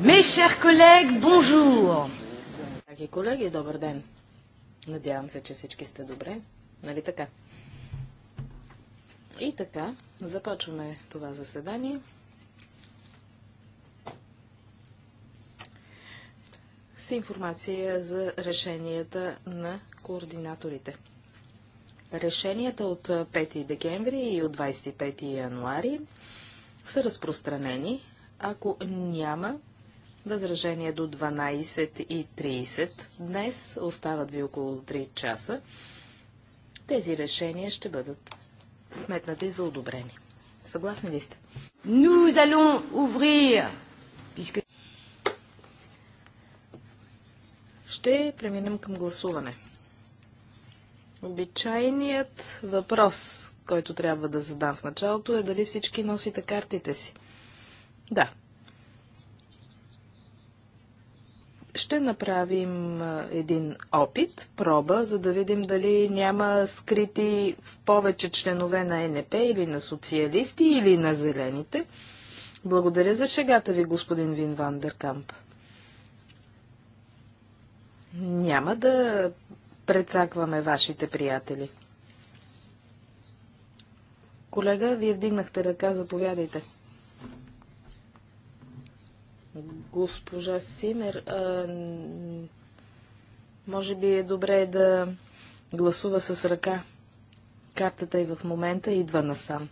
Mes chers collègues, bonjour! Драги колеги, добър ден! Надявам се, че всички сте добре. Нали така? И така, започваме това заседание. С информация за решенията на координаторите. Решенията от 5 декември и от 25 януари са разпространени. Ако няма Възражение до 12.30. Днес остават ви около 3 часа. Тези решения ще бъдат сметнати за одобрени. Съгласни ли сте? Nous allons ouvrir, puisque... Ще преминем към гласуване. Обичайният въпрос, който трябва да задам в началото е дали всички носите картите си. Да, ще направим един опит, проба, за да видим дали няма скрити в повече членове на НП или на социалисти или на зелените. Благодаря за шегата ви, господин Вин Вандеркамп. Няма да прецакваме вашите приятели. Колега, вие вдигнахте ръка, заповядайте госпожа Симер. Може би е добре да гласува с ръка. Картата и в момента идва насам.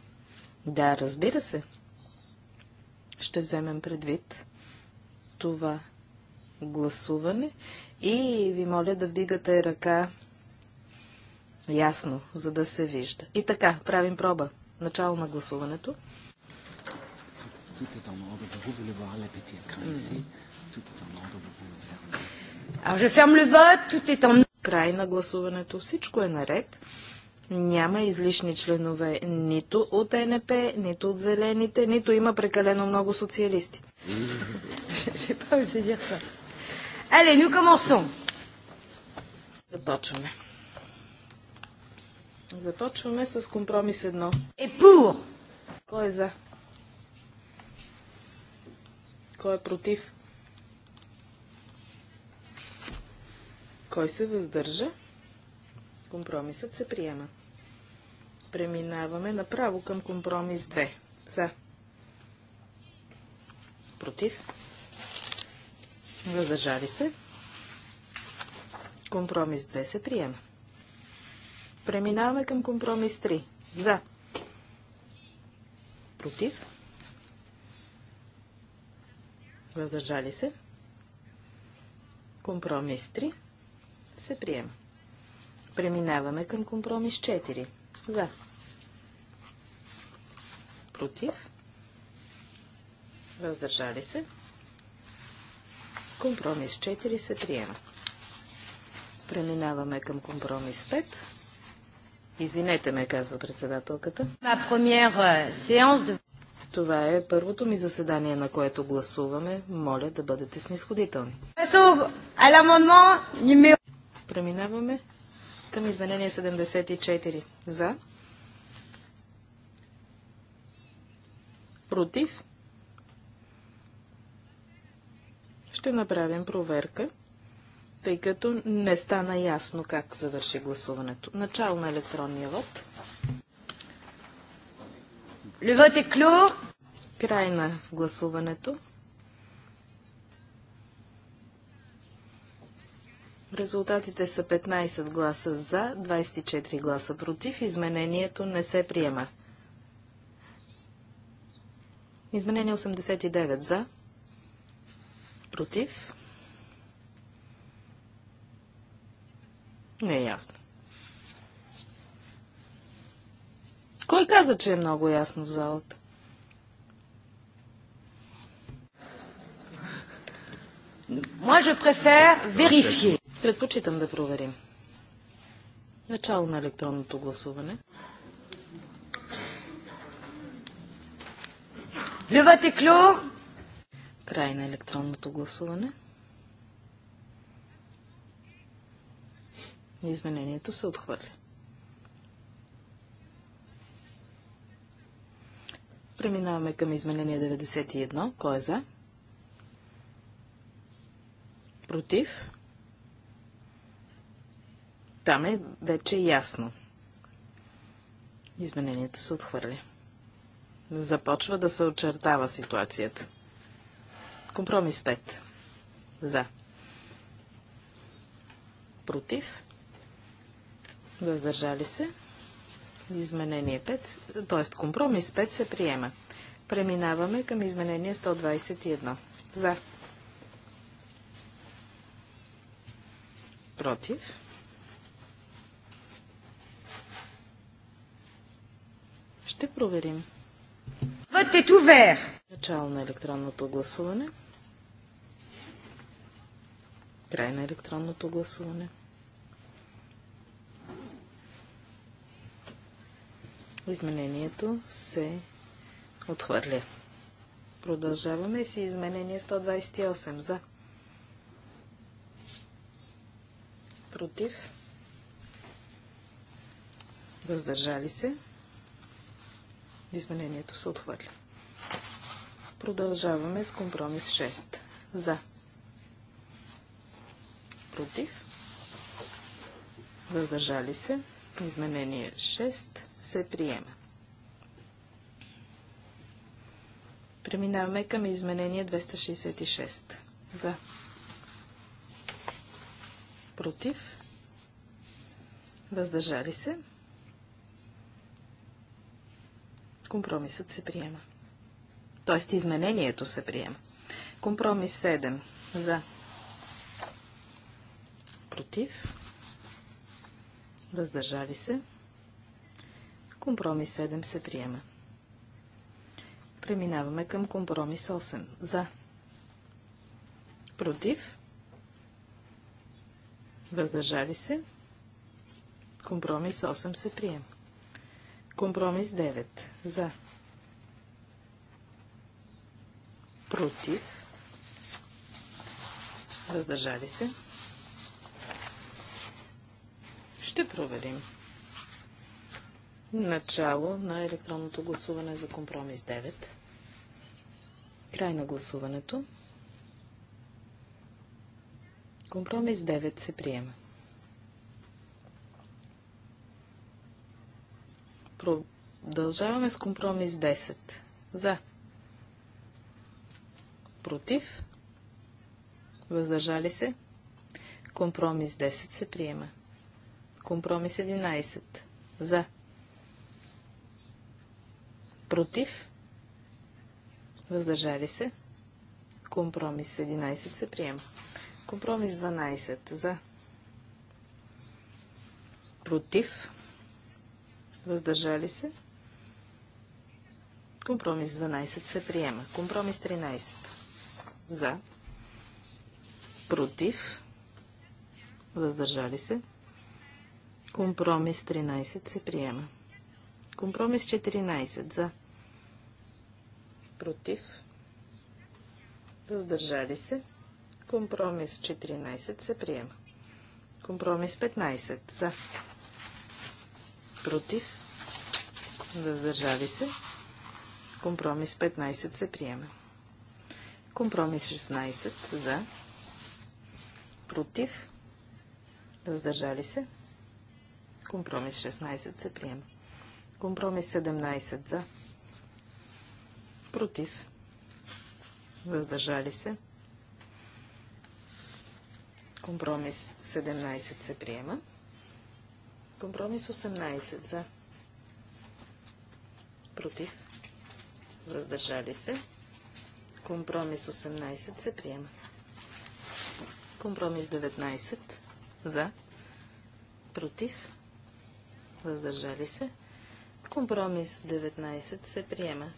Да, разбира се. Ще вземем предвид това гласуване и ви моля да вдигате ръка ясно, за да се вижда. И така, правим проба. Начало на гласуването. Питайте там, Vous voulez voir Tout est en ordre, vous pouvez faire. Alors je ferme le vote, tout est en... Край на гласуването, всичко е наред. Няма излишни членове нито от НП, нито от зелените, нито има прекалено много социалисти. Але, ну commençons. Започваме. Започваме с компромис едно. Е, пур! Кой е за? Кой е против? Кой се въздържа? Компромисът се приема. Преминаваме направо към компромис 2. За. Против. Въздържали се. Компромис 2 се приема. Преминаваме към компромис 3. За. Против въздържали се. Компромис 3 се приема. Преминаваме към компромис 4. За. Против. Въздържали се. Компромис 4 се приема. Преминаваме към компромис 5. Извинете ме, казва председателката. Това е първото ми заседание, на което гласуваме. Моля да бъдете снисходителни. Преминаваме към изменение 74. За. Против. Ще направим проверка, тъй като не стана ясно как завърши гласуването. Начало на електронния вод. Край на гласуването. Резултатите са 15 гласа за, 24 гласа против. Изменението не се приема. Изменение 89 за, против. Не е ясно. Кой каза, че е много ясно в залата? Moi, je préfère vérifier. Предпочитам да проверим. Начало на електронното гласуване. Le vote Край на електронното гласуване. Изменението се отхвърля. Преминаваме към изменение 91. Кой е за? Против? Там е вече ясно. Изменението се отхвърли. Започва да се очертава ситуацията. Компромис 5. За. Против. Въздържали се. Изменение 5, т.е. компромис 5 се приема. Преминаваме към изменение 121. За. Против. Ще проверим. Вътре Начало на електронното гласуване. Край на електронното гласуване. Изменението се отхвърля. Продължаваме си изменение 128 за. Против. Въздържали се. Изменението се отхвърля. Продължаваме с компромис 6. За. Против. Въздържали се. Изменение 6 се приема. Преминаваме към изменение 266. За. Против. Въздържали се. Компромисът се приема. Тоест изменението се приема. Компромис 7. За. Против. Въздържали се. Компромис 7 се приема. Преминаваме към компромис 8. За. Против. Въздържали се. Компромис 8 се приема. Компромис 9. За. Против. Въздържали се. Ще проверим. Начало на електронното гласуване за компромис 9. Край на гласуването. Компромис 9 се приема. Продължаваме с компромис 10. За. Против. Въздържали се. Компромис 10 се приема. Компромис 11. За. Против? Въздържали се? Компромис 11 се приема. Компромис 12 за. Против? Въздържали се? Компромис 12 се приема. Компромис 13 за. Против? Въздържали се? Компромис 13 се приема. Компромис 14 за. Против. Въздържали се. Компромис 14 се приема. Компромис 15 за. Против. Въздържали се. Компромис 15 се приема. Компромис 16 за. Против. Въздържали се. Компромис 16 се приема. Компромис 17 за. Против. Въздържали се. Компромис 17 се приема. Компромис 18 за. Против. Въздържали се. Компромис 18 се приема. Компромис 19 за. Против. Въздържали се. Компромис 19 се приема.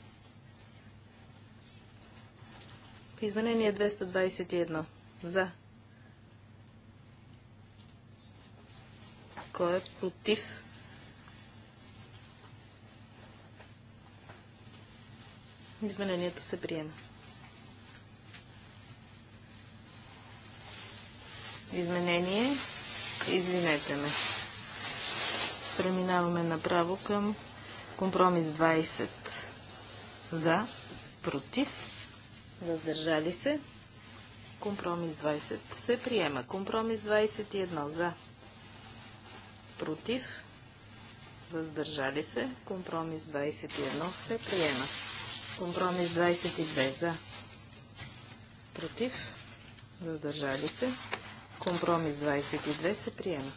Изменение 221. За. Кой е против? Изменението се приема. Изменение. Извинете ме. Преминаваме направо към Компромис 20 за, против, въздържали се. Компромис 20 се приема. Компромис 21 за, против, въздържали се. Компромис 21 се приема. Компромис 22 за, против, въздържали се. Компромис 22 се приема.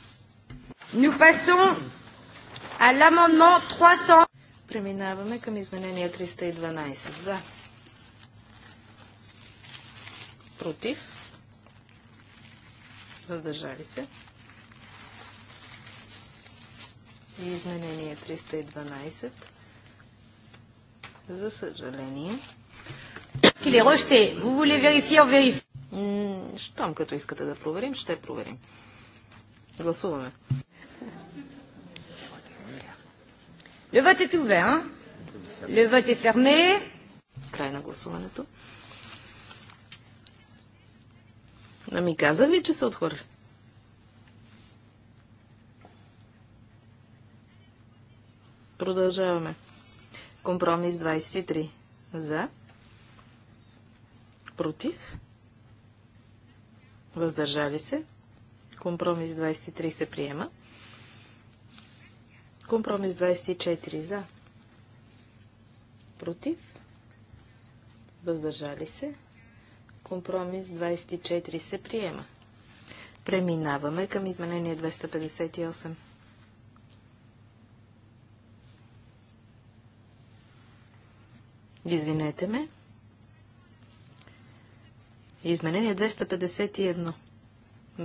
Ню пасон à l'amendement 300. Преминаваме към изменение 312. За. Против. Въздържали се. И изменение 312. За съжаление. Щом като искате да проверим, ще проверим. Гласуваме. Le vote est ouvert. Le vote est fermé. Край на гласуването. Ами каза ви, че се отхвърли. Продължаваме. Компромис 23. За. Против. Въздържали се. Компромис 23 се приема. Компромис 24 за. Против. Въздържали се. Компромис 24 се приема. Преминаваме към изменение 258. Извинете ме. Изменение 251.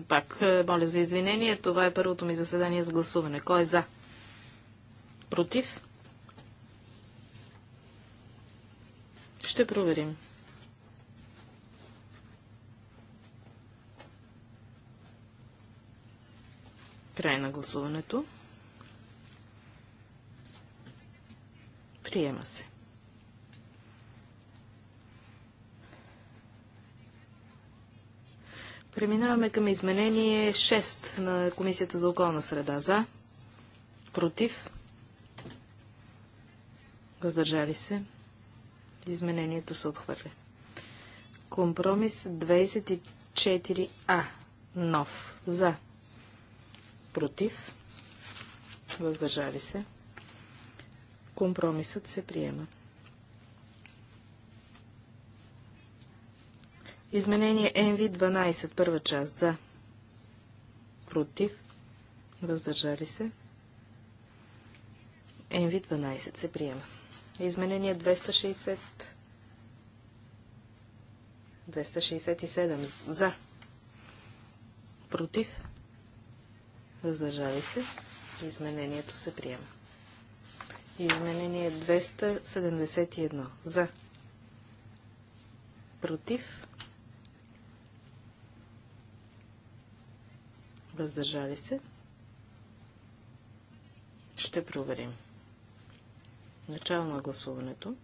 Пак, е, моля за извинение, това е първото ми заседание с гласуване. Кой е за? Против? Ще проверим. Край на гласуването. Приема се. Преминаваме към изменение 6 на Комисията за околна среда. За, против, Въздържали се. Изменението се отхвърля. Компромис 24А. Нов. За. Против. Въздържали се. Компромисът се приема. Изменение НВ-12, първа част, за. Против. Въздържали се. НВ-12 се приема. Изменение 260. 267. За. Против. Въздържали се. Изменението се приема. Изменение 271. За. Против. Въздържали се. Ще проверим. 271. Начало на гласуването.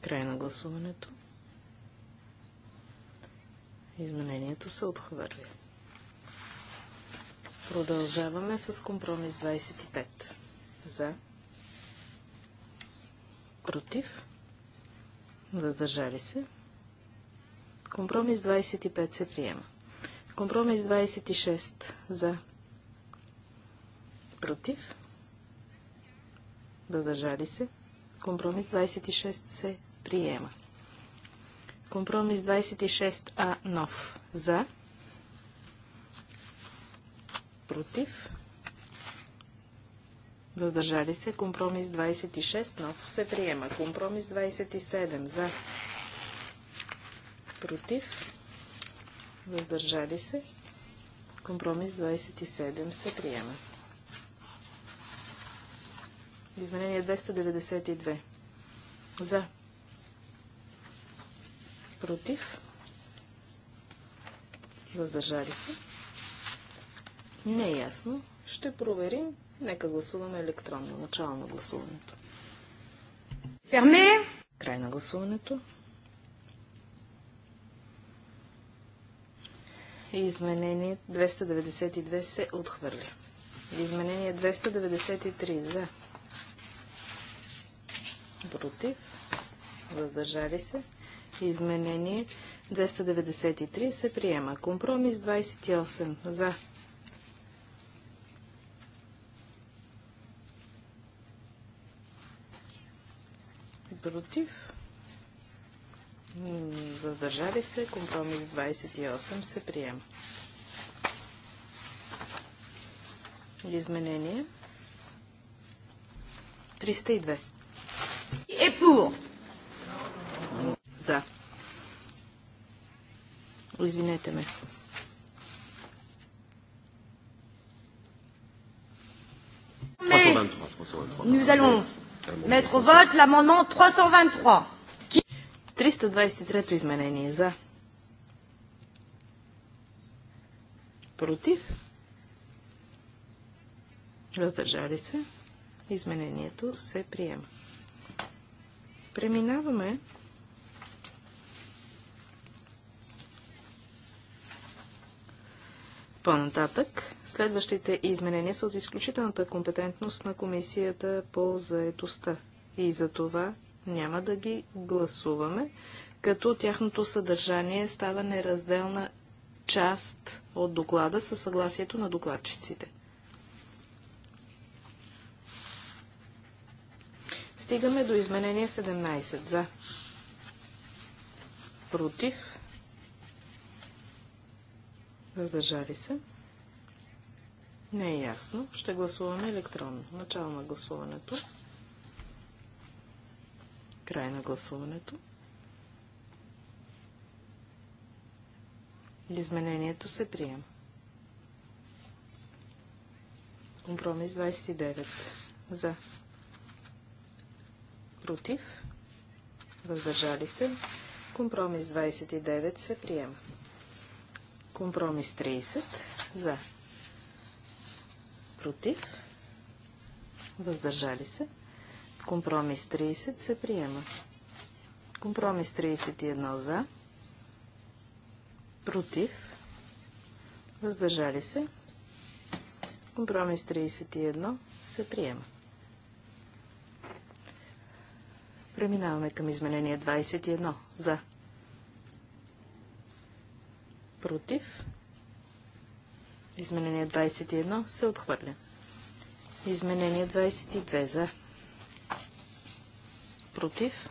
Край на гласуването. Изменението се отхвърля. Продължаваме с компромис 25. За. Против. Въздържали се. Компромис 25 се приема. Компромис 26. За против, въздържали се. Компромис 26 се приема. Компромис 26А нов за, против, въздържали се. Компромис 26 нов се приема. Компромис 27 за, против, въздържали се. Компромис 27 се приема. Изменение 292. За. Против. Въздържали се. Не е ясно. Ще проверим. Нека гласуваме електронно. Начало на гласуването. Ферме. Край на гласуването. Изменение 292 се отхвърля. Изменение 293 за против, въздържали се. Изменение 293 се приема. Компромис 28 за. Против. Въздържали се. Компромис 28 се приема. Изменение 302. Е пур. За. Извинете ме. Nous allons mettre au vote l'amendement 323. 323 Против. Въздържали се. Изменението се приема. Преминаваме По-нататък, следващите изменения са от изключителната компетентност на Комисията по заедостта и за това няма да ги гласуваме, като тяхното съдържание става неразделна част от доклада със съгласието на докладчиците. Стигаме до изменение 17. За. Против. Въздържали се. Не е ясно. Ще гласуваме електронно. Начало на гласуването. Край на гласуването. Изменението се приема. Компромис 29. За против, въздържали се. Компромис 29 се приема. Компромис 30 за, против, въздържали се. Компромис 30 се приема. Компромис 31 за, против, въздържали се. Компромис 31 се приема. Преминаваме към изменение 21. За. Против. Изменение 21 се отхвърля. Изменение 22 за. Против.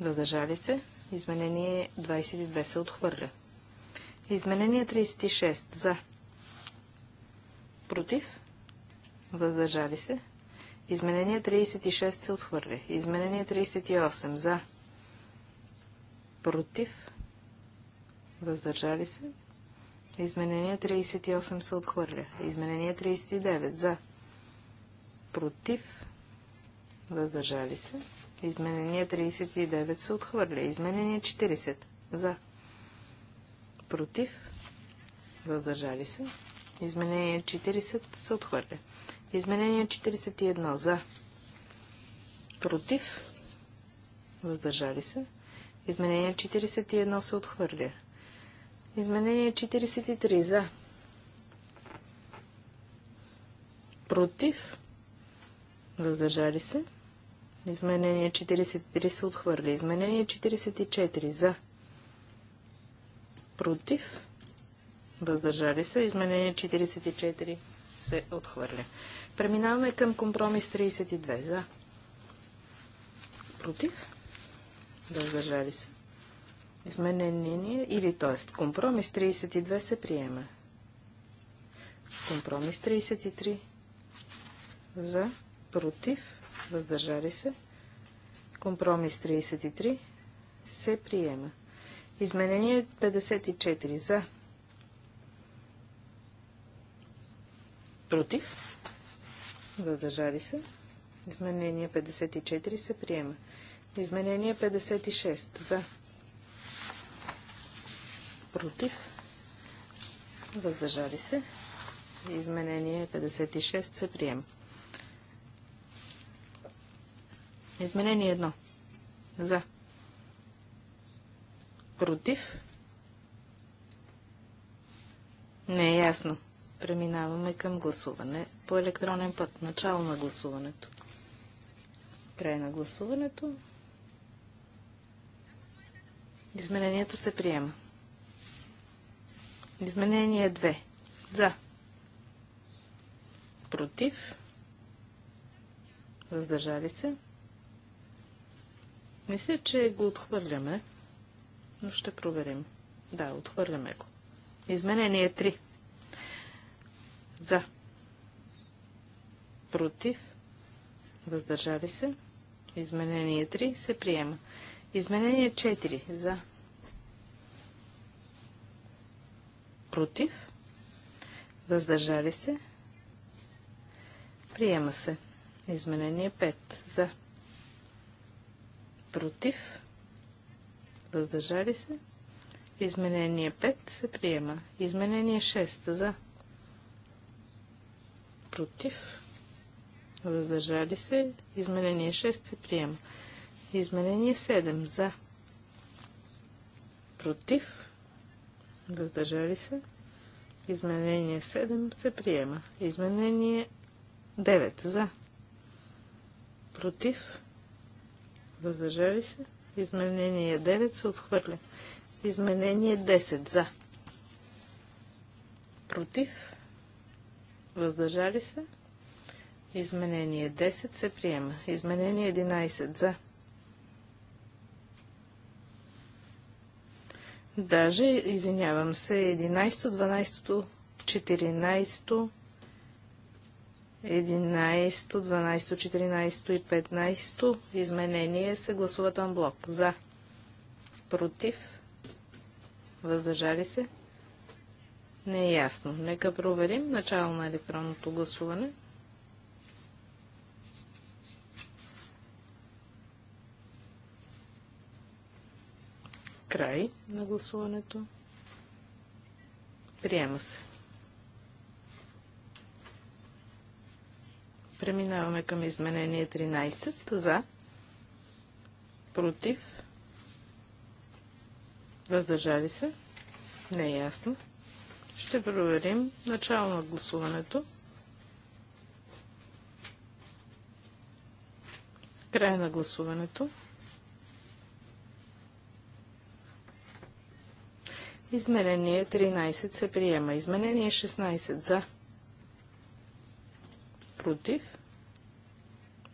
Въздържали се. Изменение 22 се отхвърля. Изменение 36 за. Против. Въздържали се. Изменение 36 се отхвърли. Изменение 38 за. Против. Въздържали се. Изменение 38 се отхвърля. Изменение 39 за. Против. Въздържали се. Изменение 39 се отхвърля. Изменение 40 за. Против. Въздържали се. Изменение 40 се отхвърля. Изменение 41 за. Против. Въздържали се. Изменение 41 се отхвърля. Изменение 43 за. Против. Въздържали се. Изменение 43 се отхвърля. Изменение 44 за. Против. Въздържали се. Изменение 44 се отхвърля. Преминаваме към компромис 32. За. Против. Въздържали се. Изменение или т.е. компромис 32 се приема. Компромис 33. За. Против. Въздържали се. Компромис 33 се приема. Изменение 54 за. Против въздържали се. Изменение 54 се приема. Изменение 56 за. Против. Въздържали се. Изменение 56 се приема. Изменение 1. За. Против. Не е ясно. Преминаваме към гласуване по електронен път. Начало на гласуването. Край на гласуването. Изменението се приема. Изменение 2. За. Против. Въздържали се. Мисля, че го отхвърляме, но ще проверим. Да, отхвърляме го. Изменение 3. За. Против. Въздържали се. Изменение 3 се приема. Изменение 4 за. Против. Въздържали се. Приема се. Изменение 5 за. Против. Въздържали се. Изменение 5 се приема. Изменение 6 за против, въздържали се, изменение 6 се приема. Изменение 7 за, против, въздържали се, изменение 7 се приема. Изменение 9 за, против, въздържали се, изменение 9 се отхвърля. Изменение 10 за, против, въздържали се. Изменение 10 се приема. Изменение 11 за. Даже, извинявам се, 11-то, 12-то, 14-то, 11-то, 12-то, 14-то и 15-то изменение се гласуват анблок. За. Против. Въздържали се. Не е ясно. Нека проверим начало на електронното гласуване. Край на гласуването. Приема се. Преминаваме към изменение 13. За. Против. Въздържали се. Не е ясно. Ще проверим начало на гласуването. Край на гласуването. Изменение 13 се приема. Изменение 16 за. Против.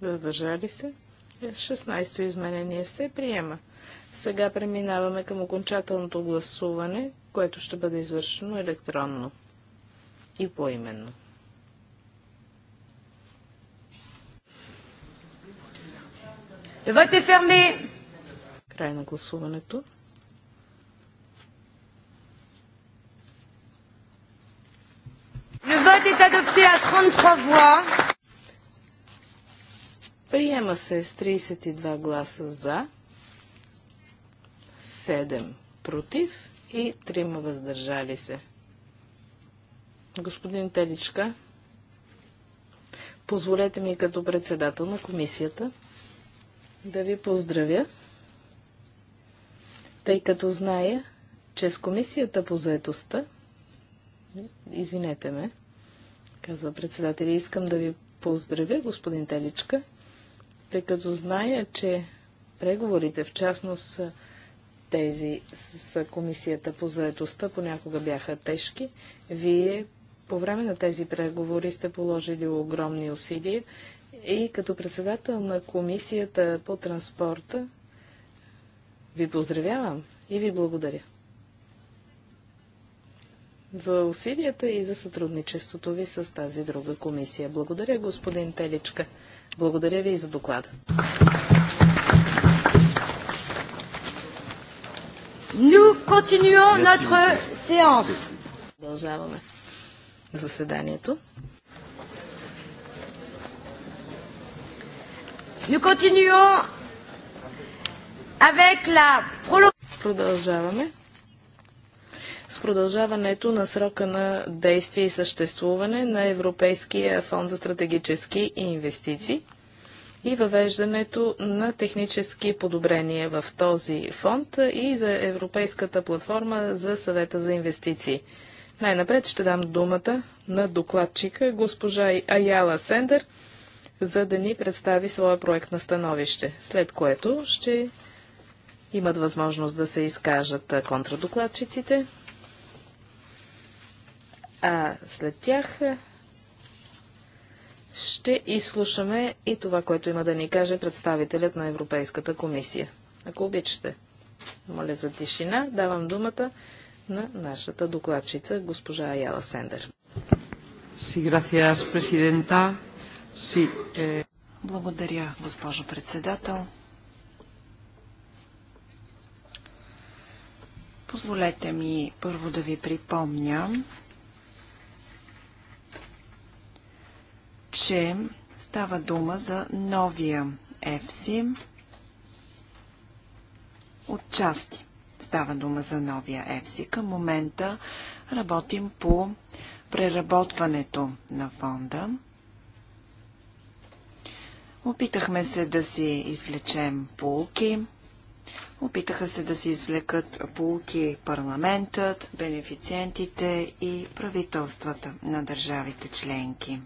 Въздържали се. 16-то изменение се приема. Сега преминаваме към окончателното гласуване което ще бъде извършено електронно и поименно. Вътре е ферме! Край на гласуването. Le vote est adopté à 33 voix. Приема се с 32 гласа за, 7 против и трима въздържали се. Господин Теличка, позволете ми като председател на комисията да ви поздравя, тъй като зная, че с комисията по заедостта, извинете ме, казва председателя, искам да ви поздравя, господин Теличка, тъй като зная, че преговорите, в частност, са тези с комисията по заедостта понякога бяха тежки. Вие по време на тези преговори сте положили огромни усилия и като председател на комисията по транспорта ви поздравявам и ви благодаря за усилията и за сътрудничеството ви с тази друга комисия. Благодаря, господин Теличка. Благодаря ви и за доклада. Nous continuons notre séance. Продължаваме заседанието. Nous continuons avec la Продължаваме с продължаването на срока на действие и съществуване на Европейския фонд за стратегически инвестиции и въвеждането на технически подобрения в този фонд и за Европейската платформа за съвета за инвестиции. Най-напред ще дам думата на докладчика госпожа Аяла Сендер, за да ни представи своя проект на становище, след което ще имат възможност да се изкажат контрадокладчиците, а след тях ще изслушаме и това, което има да ни каже представителят на Европейската комисия. Ако обичате, моля за тишина, давам думата на нашата докладчица, госпожа Аяла Сендер. Eh, Благодаря, госпожо председател. Позволете ми първо да ви припомня, че става дума за новия ЕФСИ от части. Става дума за новия ЕФСИ. Към момента работим по преработването на фонда. Опитахме се да си извлечем полки. Опитаха се да си извлекат полки парламентът, бенефициентите и правителствата на държавите членки.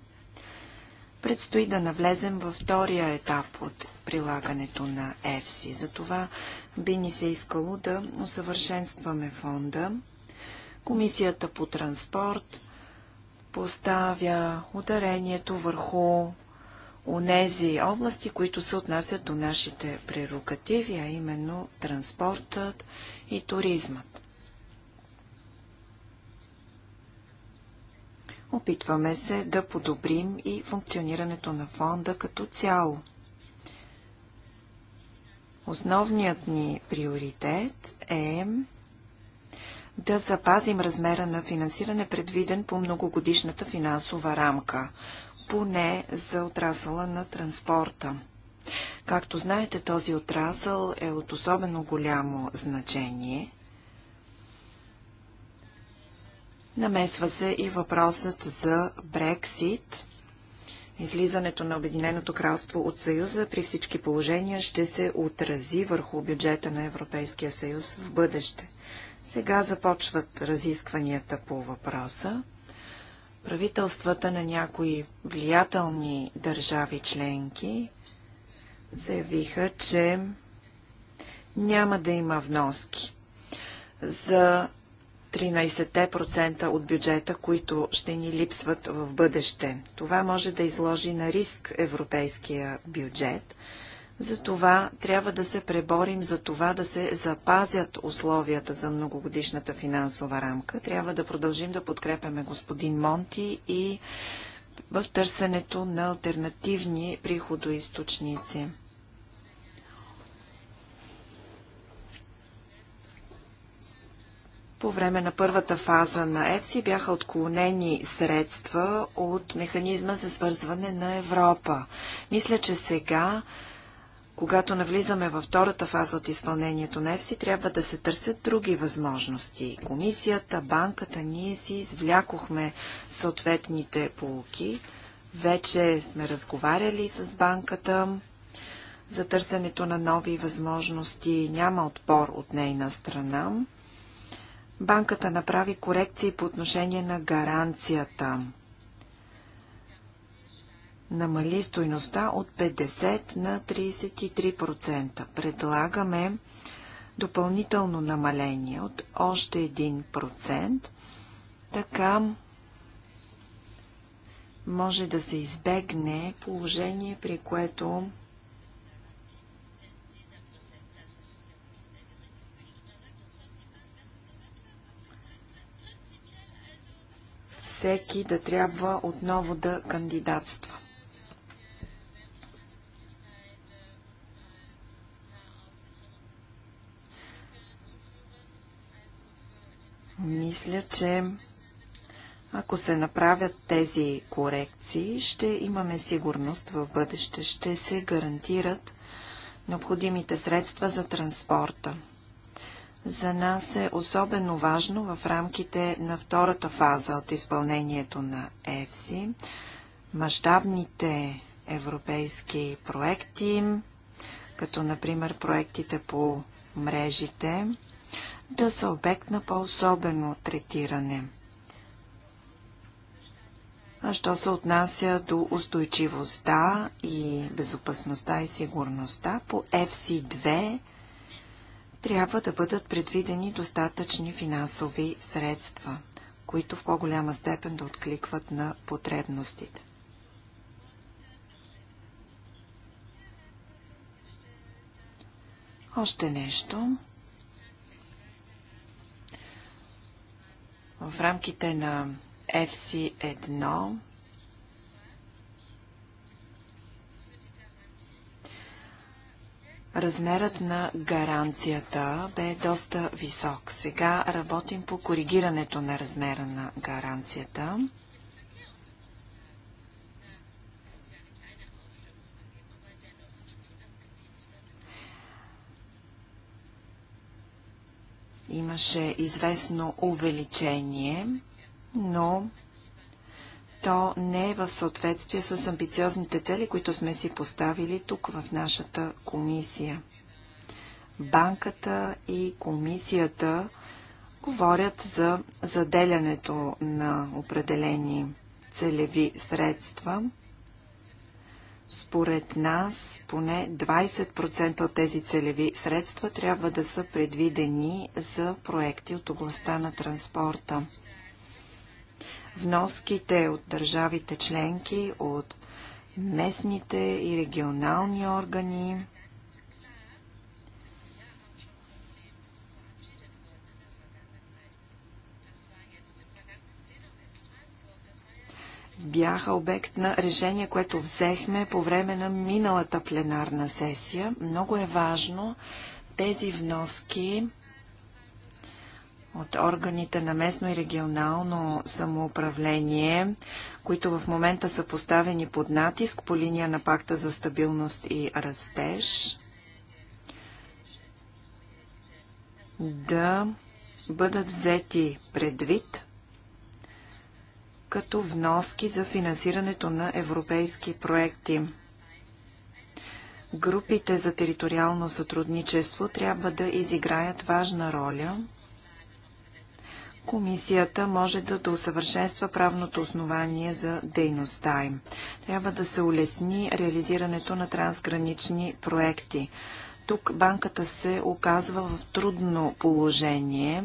Предстои да навлезем във втория етап от прилагането на ЕФСИ. Затова би ни се искало да усъвършенстваме фонда. Комисията по транспорт поставя ударението върху унези области, които се отнасят до нашите прерогативи, а именно транспортът и туризмът. Опитваме се да подобрим и функционирането на фонда като цяло. Основният ни приоритет е да запазим размера на финансиране, предвиден по многогодишната финансова рамка, поне за отрасъла на транспорта. Както знаете, този отрасъл е от особено голямо значение. Намесва се и въпросът за Брексит. Излизането на Обединеното кралство от Съюза при всички положения ще се отрази върху бюджета на Европейския съюз в бъдеще. Сега започват разискванията по въпроса. Правителствата на някои влиятелни държави членки заявиха, че няма да има вноски за 13% от бюджета, които ще ни липсват в бъдеще. Това може да изложи на риск европейския бюджет. Затова трябва да се преборим за това да се запазят условията за многогодишната финансова рамка. Трябва да продължим да подкрепяме господин Монти и в търсенето на альтернативни приходоисточници. По време на първата фаза на ЕФСИ бяха отклонени средства от механизма за свързване на Европа. Мисля, че сега когато навлизаме във втората фаза от изпълнението на ЕФСИ, трябва да се търсят други възможности. Комисията, банката, ние си извлякохме съответните полуки. Вече сме разговаряли с банката за търсенето на нови възможности. Няма отпор от нейна страна. Банката направи корекции по отношение на гаранцията. Намали стойността от 50 на 33%. Предлагаме допълнително намаление от още 1%. Така може да се избегне положение, при което всеки да трябва отново да кандидатства. Мисля, че ако се направят тези корекции, ще имаме сигурност в бъдеще. Ще се гарантират необходимите средства за транспорта за нас е особено важно в рамките на втората фаза от изпълнението на ЕФСИ. Мащабните европейски проекти, като например проектите по мрежите, да са обект на по-особено третиране. А що се отнася до устойчивостта и безопасността и сигурността, по FC2 трябва да бъдат предвидени достатъчни финансови средства, които в по-голяма степен да откликват на потребностите. Още нещо. В рамките на FC1 Размерът на гаранцията бе доста висок. Сега работим по коригирането на размера на гаранцията. Имаше известно увеличение, но то не е в съответствие с амбициозните цели, които сме си поставили тук в нашата комисия. Банката и комисията говорят за заделянето на определени целеви средства. Според нас, поне 20% от тези целеви средства трябва да са предвидени за проекти от областта на транспорта вноските от държавите членки, от местните и регионални органи. бяха обект на решение, което взехме по време на миналата пленарна сесия. Много е важно тези вноски от органите на местно и регионално самоуправление, които в момента са поставени под натиск по линия на Пакта за стабилност и растеж, да бъдат взети предвид като вноски за финансирането на европейски проекти. Групите за териториално сътрудничество трябва да изиграят важна роля – Комисията може да, да усъвършенства правното основание за дейността им. Трябва да се улесни реализирането на трансгранични проекти. Тук банката се оказва в трудно положение.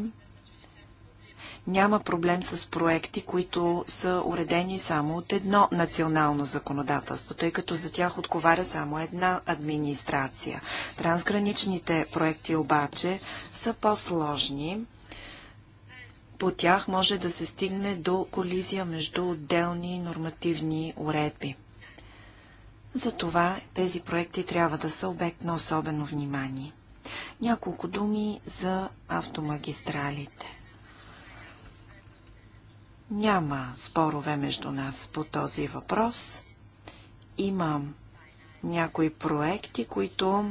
Няма проблем с проекти, които са уредени само от едно национално законодателство, тъй като за тях отговаря само една администрация. Трансграничните проекти обаче са по-сложни по тях може да се стигне до колизия между отделни нормативни уредби. Затова тези проекти трябва да са обект на особено внимание. Няколко думи за автомагистралите. Няма спорове между нас по този въпрос. Имам някои проекти, които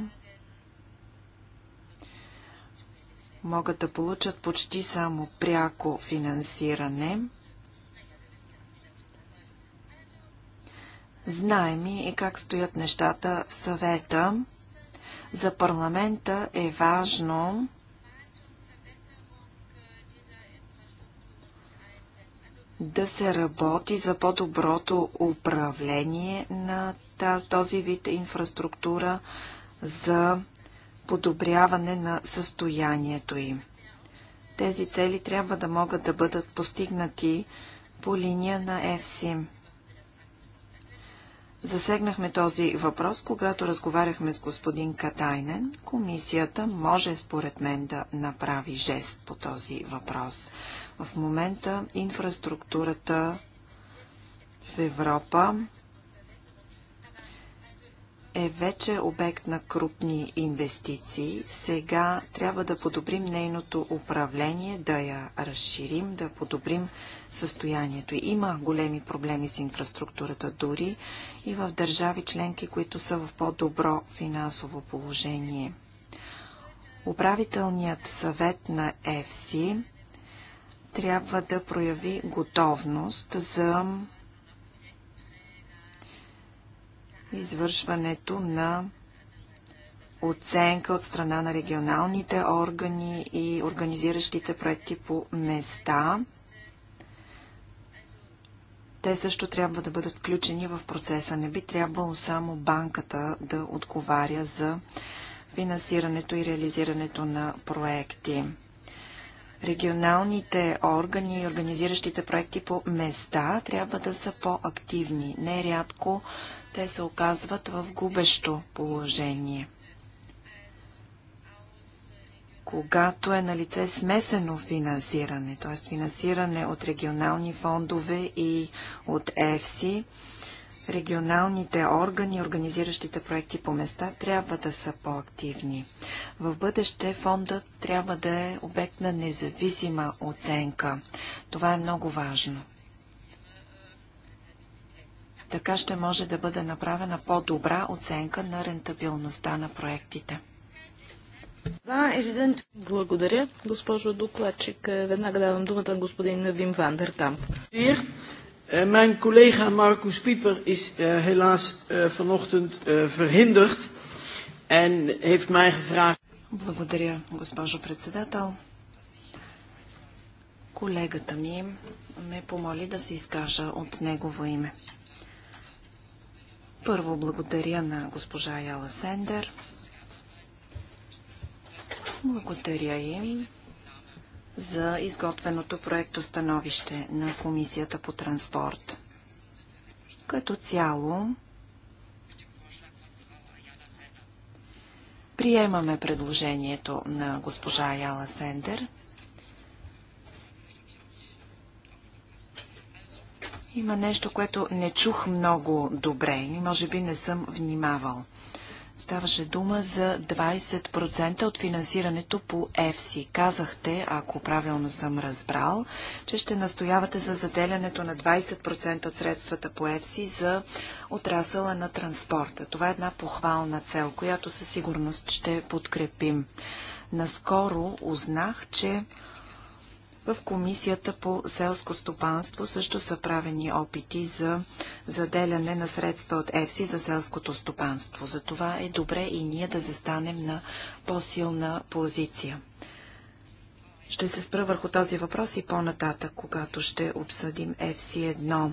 могат да получат почти само пряко финансиране. Знаем и как стоят нещата в съвета. За парламента е важно да се работи за по-доброто управление на този вид инфраструктура, за подобряване на състоянието им. Тези цели трябва да могат да бъдат постигнати по линия на ФСИМ. Засегнахме този въпрос, когато разговаряхме с господин Катайнен. Комисията може, според мен, да направи жест по този въпрос. В момента инфраструктурата в Европа е вече обект на крупни инвестиции. Сега трябва да подобрим нейното управление, да я разширим, да подобрим състоянието. Има големи проблеми с инфраструктурата дори и в държави членки, които са в по-добро финансово положение. Управителният съвет на ЕФСИ трябва да прояви готовност за извършването на оценка от страна на регионалните органи и организиращите проекти по места. Те също трябва да бъдат включени в процеса. Не би трябвало само банката да отговаря за финансирането и реализирането на проекти регионалните органи и организиращите проекти по места трябва да са по-активни. Нерядко те се оказват в губещо положение. Когато е на лице смесено финансиране, т.е. финансиране от регионални фондове и от ЕФСИ, регионалните органи, организиращите проекти по места, трябва да са по-активни. В бъдеще фондът трябва да е обект на независима оценка. Това е много важно. Така ще може да бъде направена по-добра оценка на рентабилността на проектите. Благодаря, госпожо докладчик. Веднага давам думата на господин Вим Вандеркамп. Eh, mijn collega Marcus Pieper is uh, helaas uh, vanochtend uh, verhinderd en heeft mij gevraagd. Благодаря, госпожо председател. Колегата ми ме помоли да се изкажа от негово име. Първо благодаря на госпожа Яла Сендер. Благодаря им за изготвеното проекто становище на Комисията по транспорт. Като цяло, приемаме предложението на госпожа Яла Сендер. Има нещо, което не чух много добре и може би не съм внимавал. Ставаше дума за 20% от финансирането по ЕФСИ. Казахте, ако правилно съм разбрал, че ще настоявате за заделянето на 20% от средствата по ЕФСИ за отрасъла на транспорта. Това е една похвална цел, която със сигурност ще подкрепим. Наскоро узнах, че в Комисията по селско стопанство също са правени опити за заделяне на средства от ЕФСИ за селското стопанство. Затова е добре и ние да застанем на по-силна позиция. Ще се спра върху този въпрос и по-нататък, когато ще обсъдим ФС 1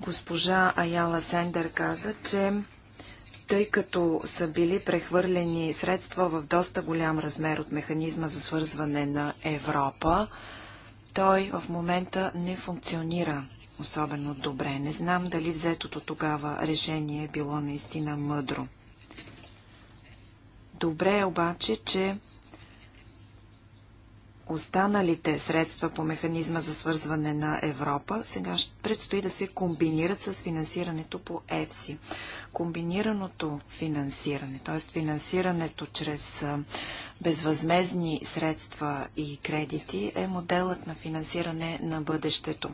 Госпожа Аяла Сендер каза, че тъй като са били прехвърлени средства в доста голям размер от механизма за свързване на Европа, той в момента не функционира особено добре. Не знам дали взетото тогава решение е било наистина мъдро. Добре е обаче, че останалите средства по механизма за свързване на Европа сега предстои да се комбинират с финансирането по ЕФСИ. Комбинираното финансиране, т.е. финансирането чрез безвъзмезни средства и кредити е моделът на финансиране на бъдещето.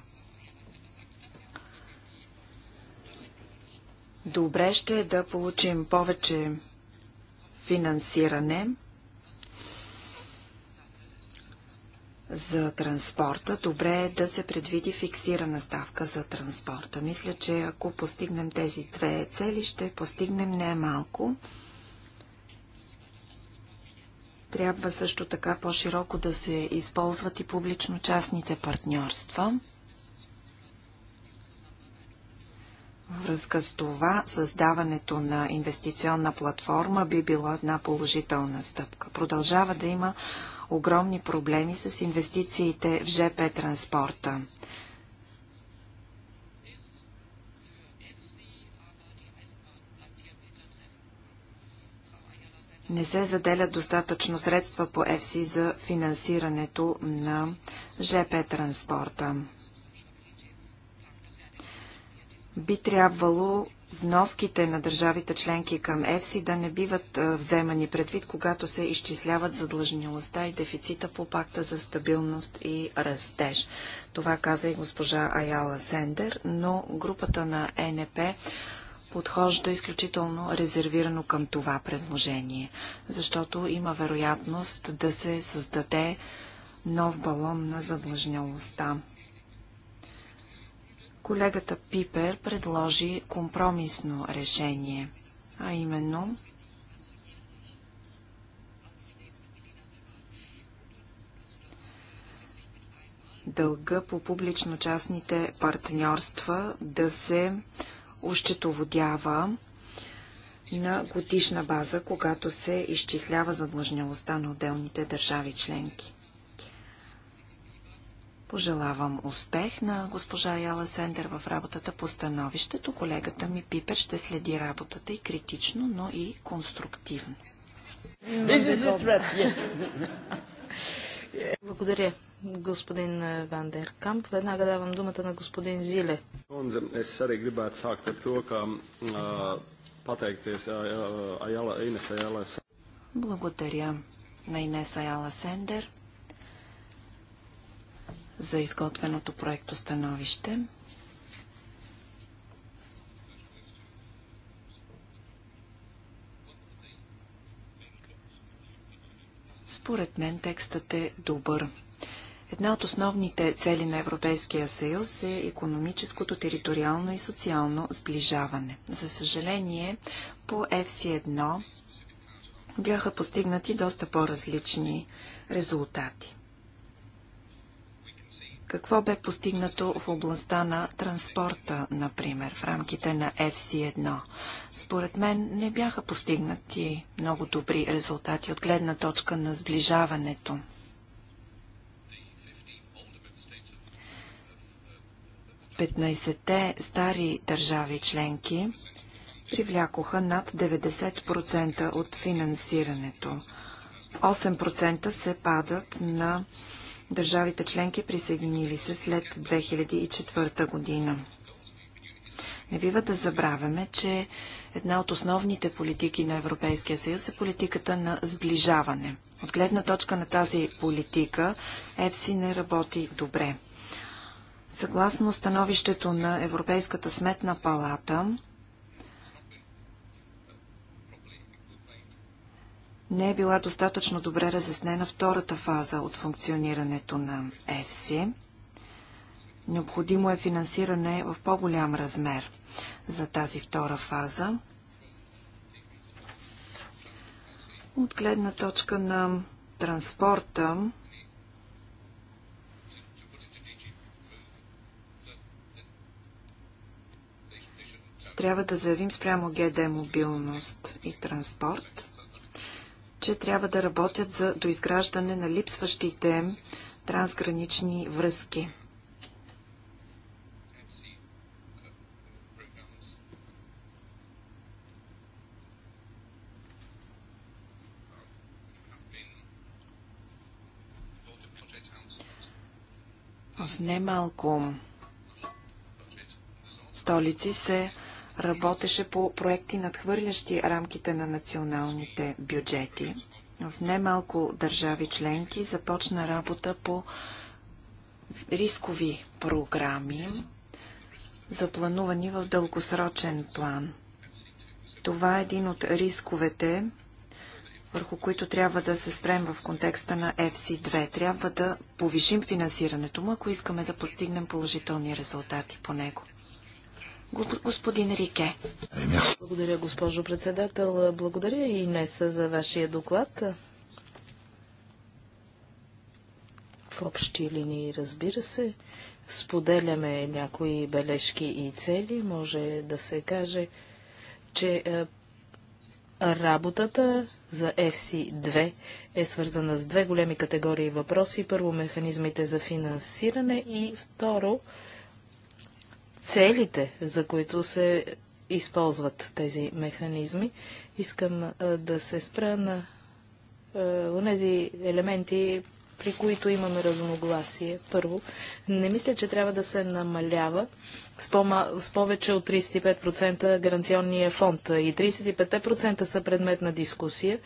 Добре ще е да получим повече финансиране – за транспорта, добре е да се предвиди фиксирана ставка за транспорта. Мисля, че ако постигнем тези две цели, ще постигнем не малко. Трябва също така по-широко да се използват и публично-частните партньорства. връзка с това създаването на инвестиционна платформа би било една положителна стъпка. Продължава да има огромни проблеми с инвестициите в ЖП транспорта. не се заделят достатъчно средства по ЕФСИ за финансирането на ЖП транспорта. Би трябвало вноските на държавите членки към ЕФСИ да не биват вземани предвид, когато се изчисляват задлъжнилостта и дефицита по пакта за стабилност и растеж. Това каза и госпожа Аяла Сендер, но групата на е НП подхожда изключително резервирано към това предложение, защото има вероятност да се създаде нов балон на задлъжнялостта. Колегата Пипер предложи компромисно решение, а именно дълга по публично-частните партньорства да се ощетоводява на годишна база, когато се изчислява задлъжнялостта на отделните държави членки. Пожелавам успех на госпожа Яла Сендер в работата по становището. Колегата ми Пипер ще следи работата и критично, но и конструктивно. Благодаря, господин Камп. Веднага давам думата на господин Зиле. Благодаря на Инеса Яла Сендер за изготвеното проекто становище. Според мен текстът е добър. Една от основните цели на Европейския съюз е економическото, териториално и социално сближаване. За съжаление, по FC1 бяха постигнати доста по-различни резултати. Какво бе постигнато в областта на транспорта, например, в рамките на FC1? Според мен не бяха постигнати много добри резултати от гледна точка на сближаването. Петнайсетте стари държави членки привлякоха над 90% от финансирането. 8% се падат на държавите членки присъединили се след 2004 година. Не бива да забравяме, че една от основните политики на Европейския съюз е политиката на сближаване. От гледна точка на тази политика ЕФСИ не работи добре. Съгласно становището на Европейската сметна палата, не е била достатъчно добре разяснена втората фаза от функционирането на ЕФСИ. Необходимо е финансиране в по-голям размер за тази втора фаза. От гледна точка на транспорта, трябва да заявим спрямо ГД мобилност и транспорт, че трябва да работят за доизграждане на липсващите трансгранични връзки. В немалко столици се работеше по проекти надхвърлящи рамките на националните бюджети. В немалко държави членки започна работа по рискови програми, запланувани в дългосрочен план. Това е един от рисковете, върху които трябва да се спрем в контекста на FC2. Трябва да повишим финансирането му, ако искаме да постигнем положителни резултати по него. Господин Рике. Благодаря, госпожо председател. Благодаря и днес за вашия доклад. В общи линии, разбира се, споделяме някои бележки и цели. Може да се каже, че е, работата за FC2 е свързана с две големи категории въпроси. Първо, механизмите за финансиране и второ, целите, за които се използват тези механизми. Искам а, да се спра на тези елементи, при които имаме разногласие. Първо, не мисля, че трябва да се намалява с, с повече от 35% гаранционния фонд. И 35% са предмет на дискусия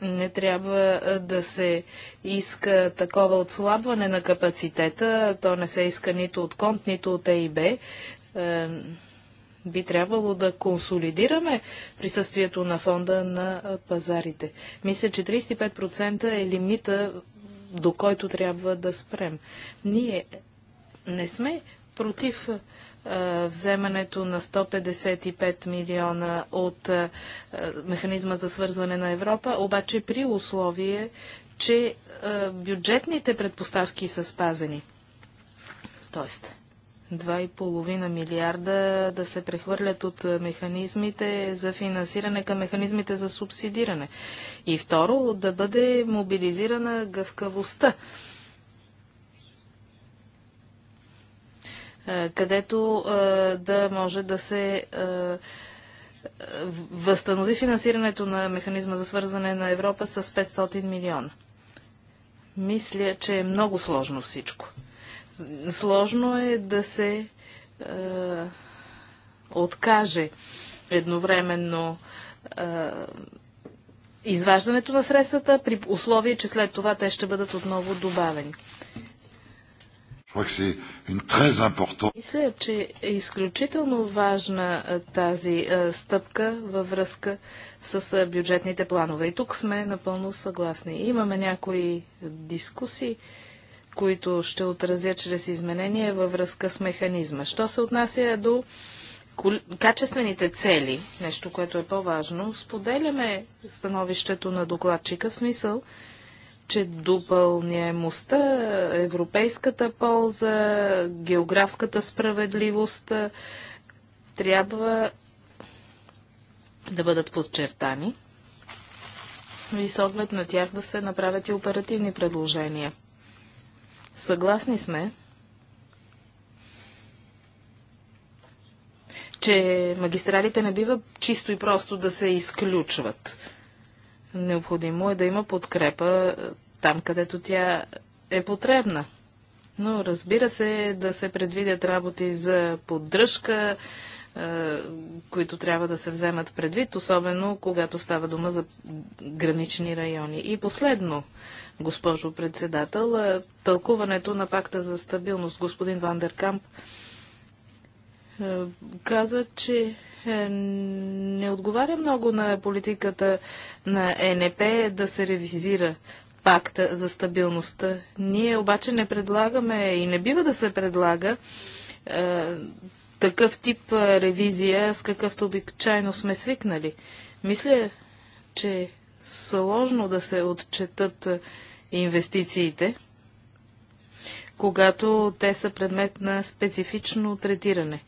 не трябва да се иска такова отслабване на капацитета. То не се иска нито от Конт, нито от ЕИБ. Е, би трябвало да консолидираме присъствието на фонда на пазарите. Мисля, че 35% е лимита, до който трябва да спрем. Ние не сме против е, вземането на 155 милиона от е, механизма за свързване на Европа, обаче при условие, че е, бюджетните предпоставки са спазени. Тоест, 2,5 милиарда да се прехвърлят от механизмите за финансиране към механизмите за субсидиране. И второ, да бъде мобилизирана гъвкавостта където да може да се възстанови финансирането на механизма за свързване на Европа с 500 милиона. Мисля, че е много сложно всичко. Сложно е да се откаже едновременно изваждането на средствата при условие, че след това те ще бъдат отново добавени. Мисля, че е изключително важна тази стъпка във връзка с бюджетните планове. И тук сме напълно съгласни. Имаме някои дискусии, които ще отразя чрез изменения във връзка с механизма. Що се отнася до качествените цели, нещо, което е по-важно, споделяме становището на докладчика в смисъл, че допълняемостта, европейската полза, географската справедливост трябва да бъдат подчертани и с оглед на тях да се направят и оперативни предложения. Съгласни сме, че магистралите не бива чисто и просто да се изключват Необходимо е да има подкрепа е, там, където тя е потребна. Но разбира се, да се предвидят работи за поддръжка, е, които трябва да се вземат предвид, особено когато става дума за гранични райони. И последно, госпожо председател, е, тълкуването на пакта за стабилност. Господин Вандеркамп каза, че е, не отговаря много на политиката на ЕНП да се ревизира пакта за стабилността. Ние обаче не предлагаме и не бива да се предлага е, такъв тип е, ревизия, с какъвто обичайно сме свикнали. Мисля, че е сложно да се отчетат е, инвестициите, когато те са предмет на специфично третиране.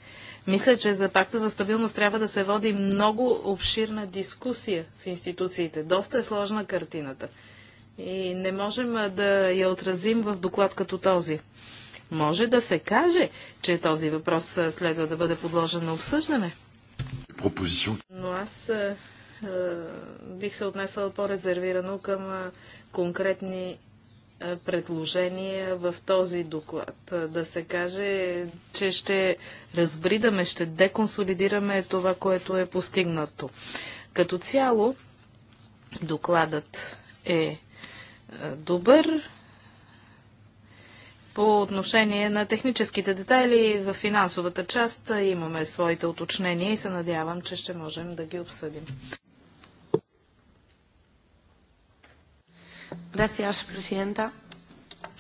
Мисля, че за пакта за стабилност трябва да се води много обширна дискусия в институциите. Доста е сложна картината. И не можем да я отразим в доклад като този. Може да се каже, че този въпрос следва да бъде подложен на обсъждане. Но аз а, а, бих се отнесъл по-резервирано към а, конкретни е, предложения в този доклад. Е, да се каже, че ще разбридаме, ще деконсолидираме това, което е постигнато. Като цяло, докладът е, е добър по отношение на техническите детайли в финансовата част имаме своите уточнения и се надявам, че ще можем да ги обсъдим. Gracias, presidenta.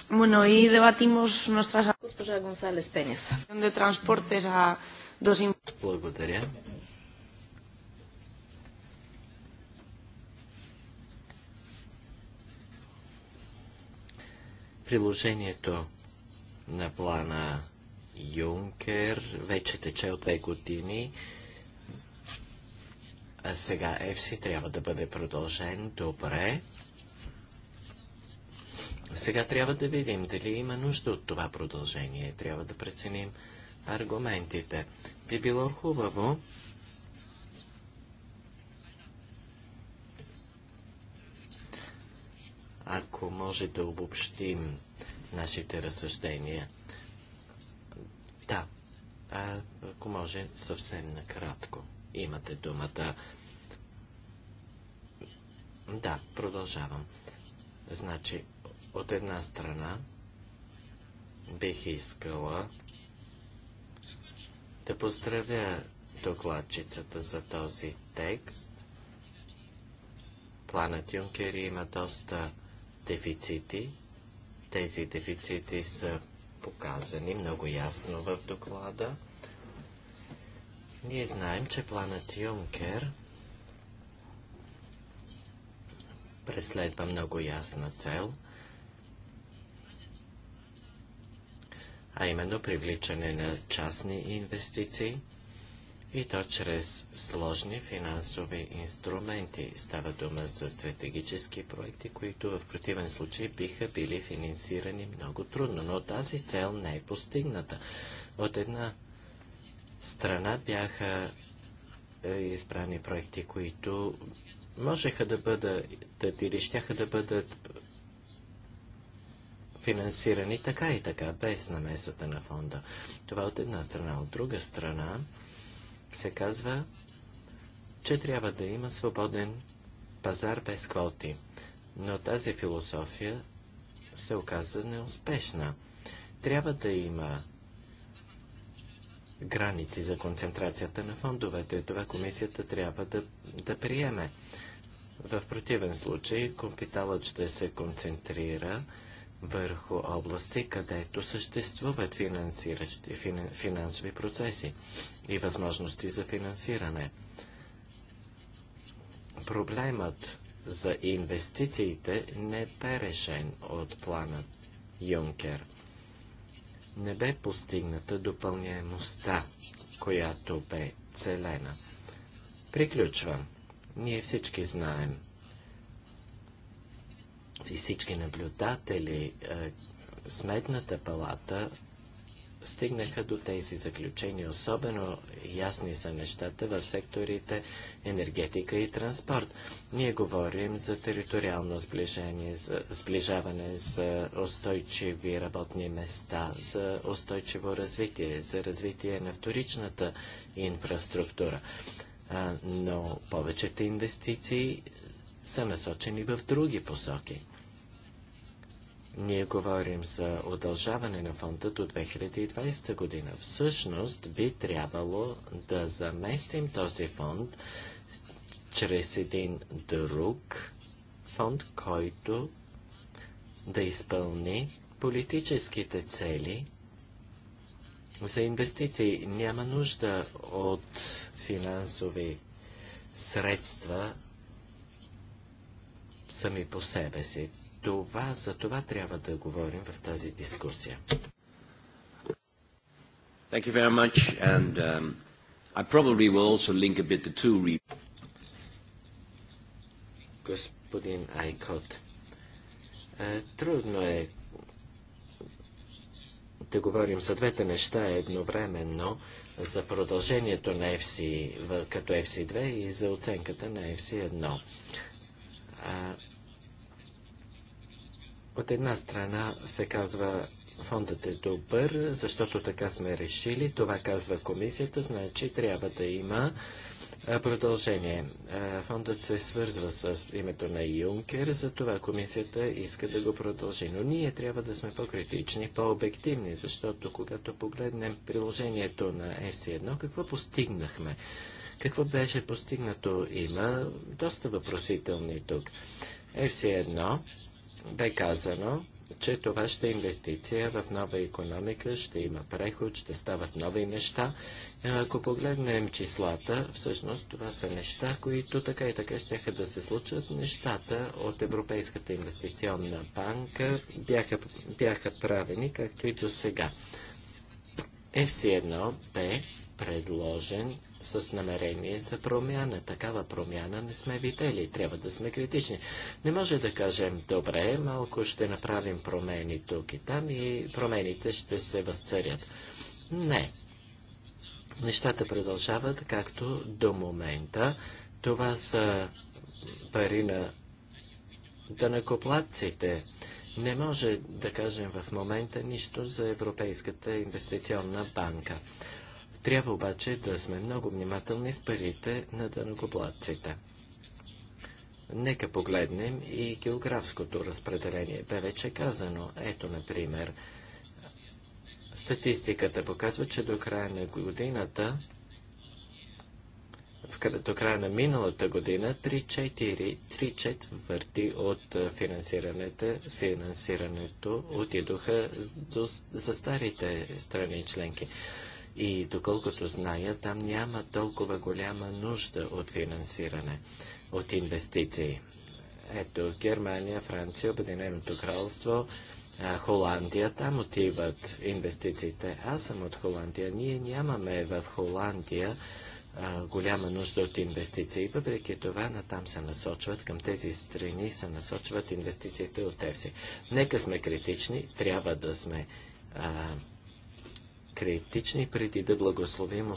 Bueno, hoy debatimos nuestras... Госпожа Гонсалес Пенес. ...de transportes a dos... Благодаря. Приложението на плана Юнкер вече тече от две години. А сега ЕФСИ трябва да бъде продължен. Добре. Сега трябва да видим дали има нужда от това продължение. Трябва да преценим аргументите. Би било хубаво ако може да обобщим нашите разсъждения. Да, а, ако може съвсем накратко. Имате думата. Да, продължавам. Значи, от една страна, бих искала да поздравя докладчицата за този текст. Планът Юнкер има доста дефицити. Тези дефицити са показани много ясно в доклада. Ние знаем, че планът Юнкер преследва много ясна цел – а именно привличане на частни инвестиции и то чрез сложни финансови инструменти. Става дума за стратегически проекти, които в противен случай биха били финансирани много трудно, но тази цел не е постигната. От една страна бяха е, избрани проекти, които можеха да бъдат или щяха да бъдат финансирани така и така, без намесата на фонда. Това от една страна. От друга страна се казва, че трябва да има свободен пазар без квоти. Но тази философия се оказа неуспешна. Трябва да има граници за концентрацията на фондовете. Това комисията трябва да, да приеме. В противен случай капиталът ще се концентрира върху области, където съществуват фин, финансови процеси и възможности за финансиране. Проблемът за инвестициите не бе решен от плана Юнкер. Не бе постигната допълняемостта, която бе целена. Приключвам. Ние всички знаем – всички наблюдатели, е, Сметната палата стигнаха до тези заключения. Особено ясни са нещата в секторите енергетика и транспорт. Ние говорим за териториално сближение, за сближаване, за устойчиви работни места, за устойчиво развитие, за развитие на вторичната инфраструктура. но повечето инвестиции са насочени в други посоки. Ние говорим за удължаване на фонда до 2020 година. Всъщност би трябвало да заместим този фонд чрез един друг фонд, който да изпълни политическите цели за инвестиции. Няма нужда от финансови средства сами по себе си това, за това трябва да говорим в тази дискусия. Thank you very much, and um, I probably will also link a bit the two. Господин Айкот, трудно е да говорим за двете неща едновременно за продължението на FC като FC2 и за оценката на FC1. От една страна се казва фондът е добър, защото така сме решили, това казва комисията, значи трябва да има Продължение. Фондът се свързва с името на Юнкер, затова комисията иска да го продължи. Но ние трябва да сме по-критични, по-обективни, защото когато погледнем приложението на FC1, какво постигнахме? Какво беше постигнато? Има доста въпросителни тук. FC1 бе казано, че това ще е инвестиция в нова економика, ще има преход, ще стават нови неща. Е, ако погледнем числата, всъщност това са неща, които така и така ще да се случат. Нещата от Европейската инвестиционна банка бяха, бяха правени, както и до сега. FC1 е, бе предложен с намерение за промяна. Такава промяна не сме видели. Трябва да сме критични. Не може да кажем, добре, малко ще направим промени тук и там и промените ще се възцарят. Не. Нещата продължават както до момента. Това са пари на дънакоплатците. Не може да кажем в момента нищо за Европейската инвестиционна банка. Трябва обаче да сме много внимателни с парите на дъногоплатците. Нека погледнем и географското разпределение. Бе вече казано, ето, например, статистиката показва, че до края на годината, до края на миналата година, 3 четвърти от финансирането, финансирането отидоха за старите страни членки. И доколкото зная, там няма толкова голяма нужда от финансиране, от инвестиции. Ето, Германия, Франция, Обединеното кралство, Холандия, там отиват инвестициите. Аз съм от Холандия. Ние нямаме в Холандия голяма нужда от инвестиции. Въпреки това, натам се насочват, към тези страни се насочват инвестициите от ЕФСИ. Нека сме критични, трябва да сме а, критични преди да благословим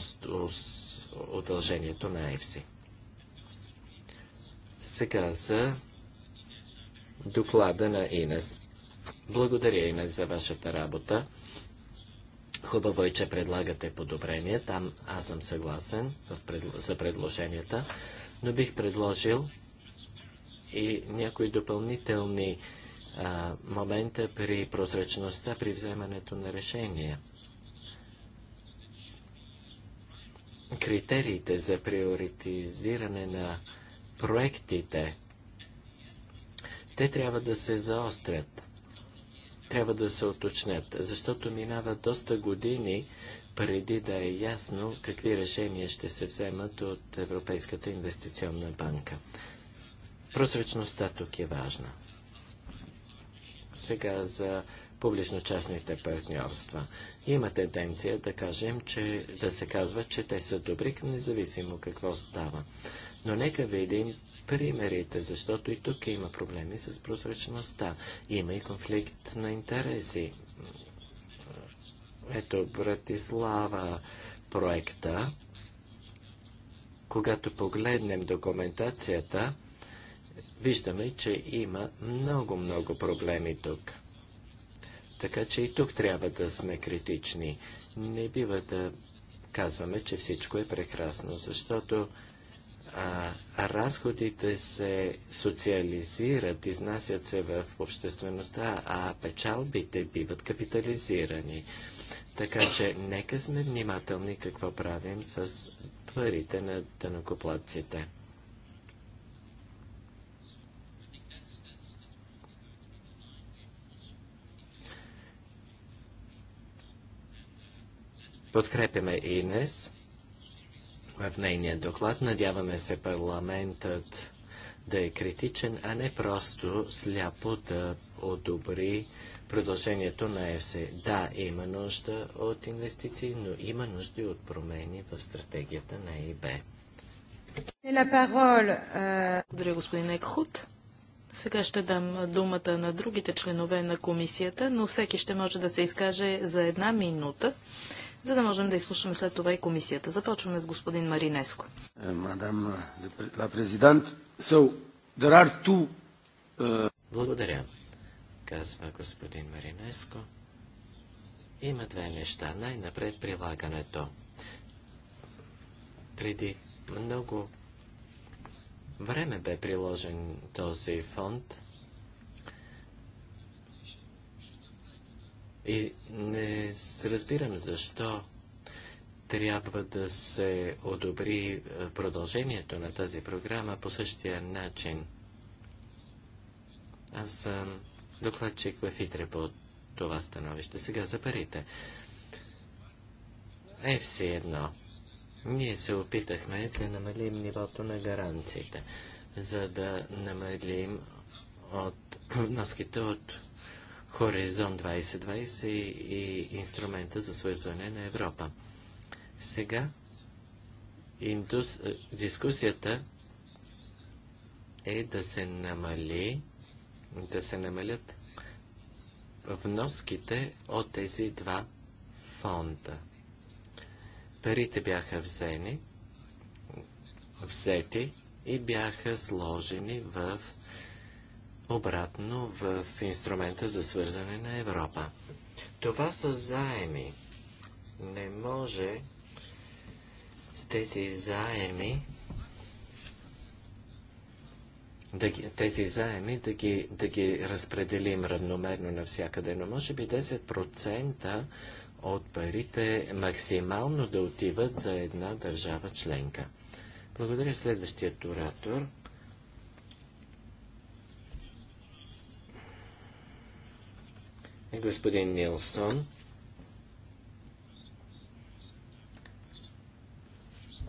удължението на ЕФСИ. Сега за доклада на Инес. Благодаря, Инес, за вашата работа. Хубаво е, че предлагате подобрение. Там аз съм съгласен за предложенията, но бих предложил и някои допълнителни а, момента при прозрачността при вземането на решения. критериите за приоритизиране на проектите, те трябва да се заострят, трябва да се уточнят, защото минават доста години преди да е ясно какви решения ще се вземат от Европейската инвестиционна банка. Прозрачността тук е важна. Сега за публично-частните партньорства. Има тенденция да кажем, че да се казва, че те са добри, независимо какво става. Но нека видим примерите, защото и тук има проблеми с прозрачността. Има и конфликт на интереси. Ето, Братислава проекта, когато погледнем документацията, виждаме, че има много-много проблеми тук. Така че и тук трябва да сме критични. Не бива да казваме, че всичко е прекрасно, защото а, разходите се социализират, изнасят се в обществеността, а печалбите биват капитализирани. Така че нека сме внимателни какво правим с парите на данокоплатците. Подкрепяме Инес в нейния доклад. Надяваме се парламентът да е критичен, а не просто сляпо да одобри продължението на ЕФС. Да, има нужда от инвестиции, но има нужда и от промени в стратегията на ЕИБ. Euh, Благодаря, господин Екхут. Сега ще дам думата на другите членове на комисията, но всеки ще може да се изкаже за една минута за да можем да изслушаме след това и комисията. Започваме с господин Маринеско. Е, мадам е, ла президент, so, е, Благодаря, казва господин Маринеско. Има две неща. Най-напред прилагането. Преди много време бе приложен този фонд И не разбирам защо трябва да се одобри е, продължението на тази програма по същия начин. Аз съм докладчик в ИТРЕ по това становище. Сега за парите. Е, все едно. Ние се опитахме да намалим нивото на гаранциите, за да намалим от вноските от Хоризонт 2020 и инструмента за свързване на Европа. Сега индус... Е, дискусията е да се намали да се намалят вноските от тези два фонда. Парите бяха взени, взети и бяха сложени в обратно в инструмента за свързане на Европа. Това са заеми. Не може с тези заеми да ги, тези заеми да ги, да ги разпределим равномерно навсякъде, но може би 10% от парите максимално да отиват за една държава членка. Благодаря следващият оратор. господин Нилсон.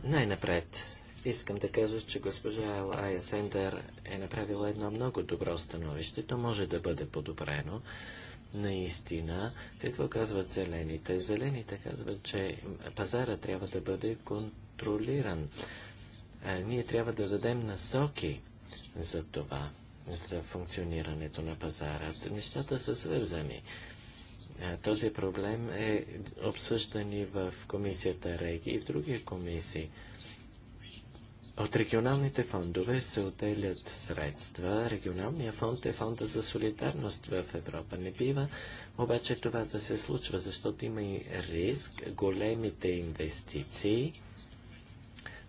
Най-напред искам да кажа, че госпожа Елая Сендер е направила едно много добро становище. То може да бъде подобрено. Наистина, какво казват зелените? Зелените казват, че пазара трябва да бъде контролиран. А, ние трябва да дадем насоки за това за функционирането на пазара. Нещата са свързани. Този проблем е обсъждан и в комисията Реги и в други комисии. От регионалните фондове се отделят средства. Регионалния фонд е фонда за солидарност в Европа. Не бива обаче това да се случва, защото има и риск големите инвестиции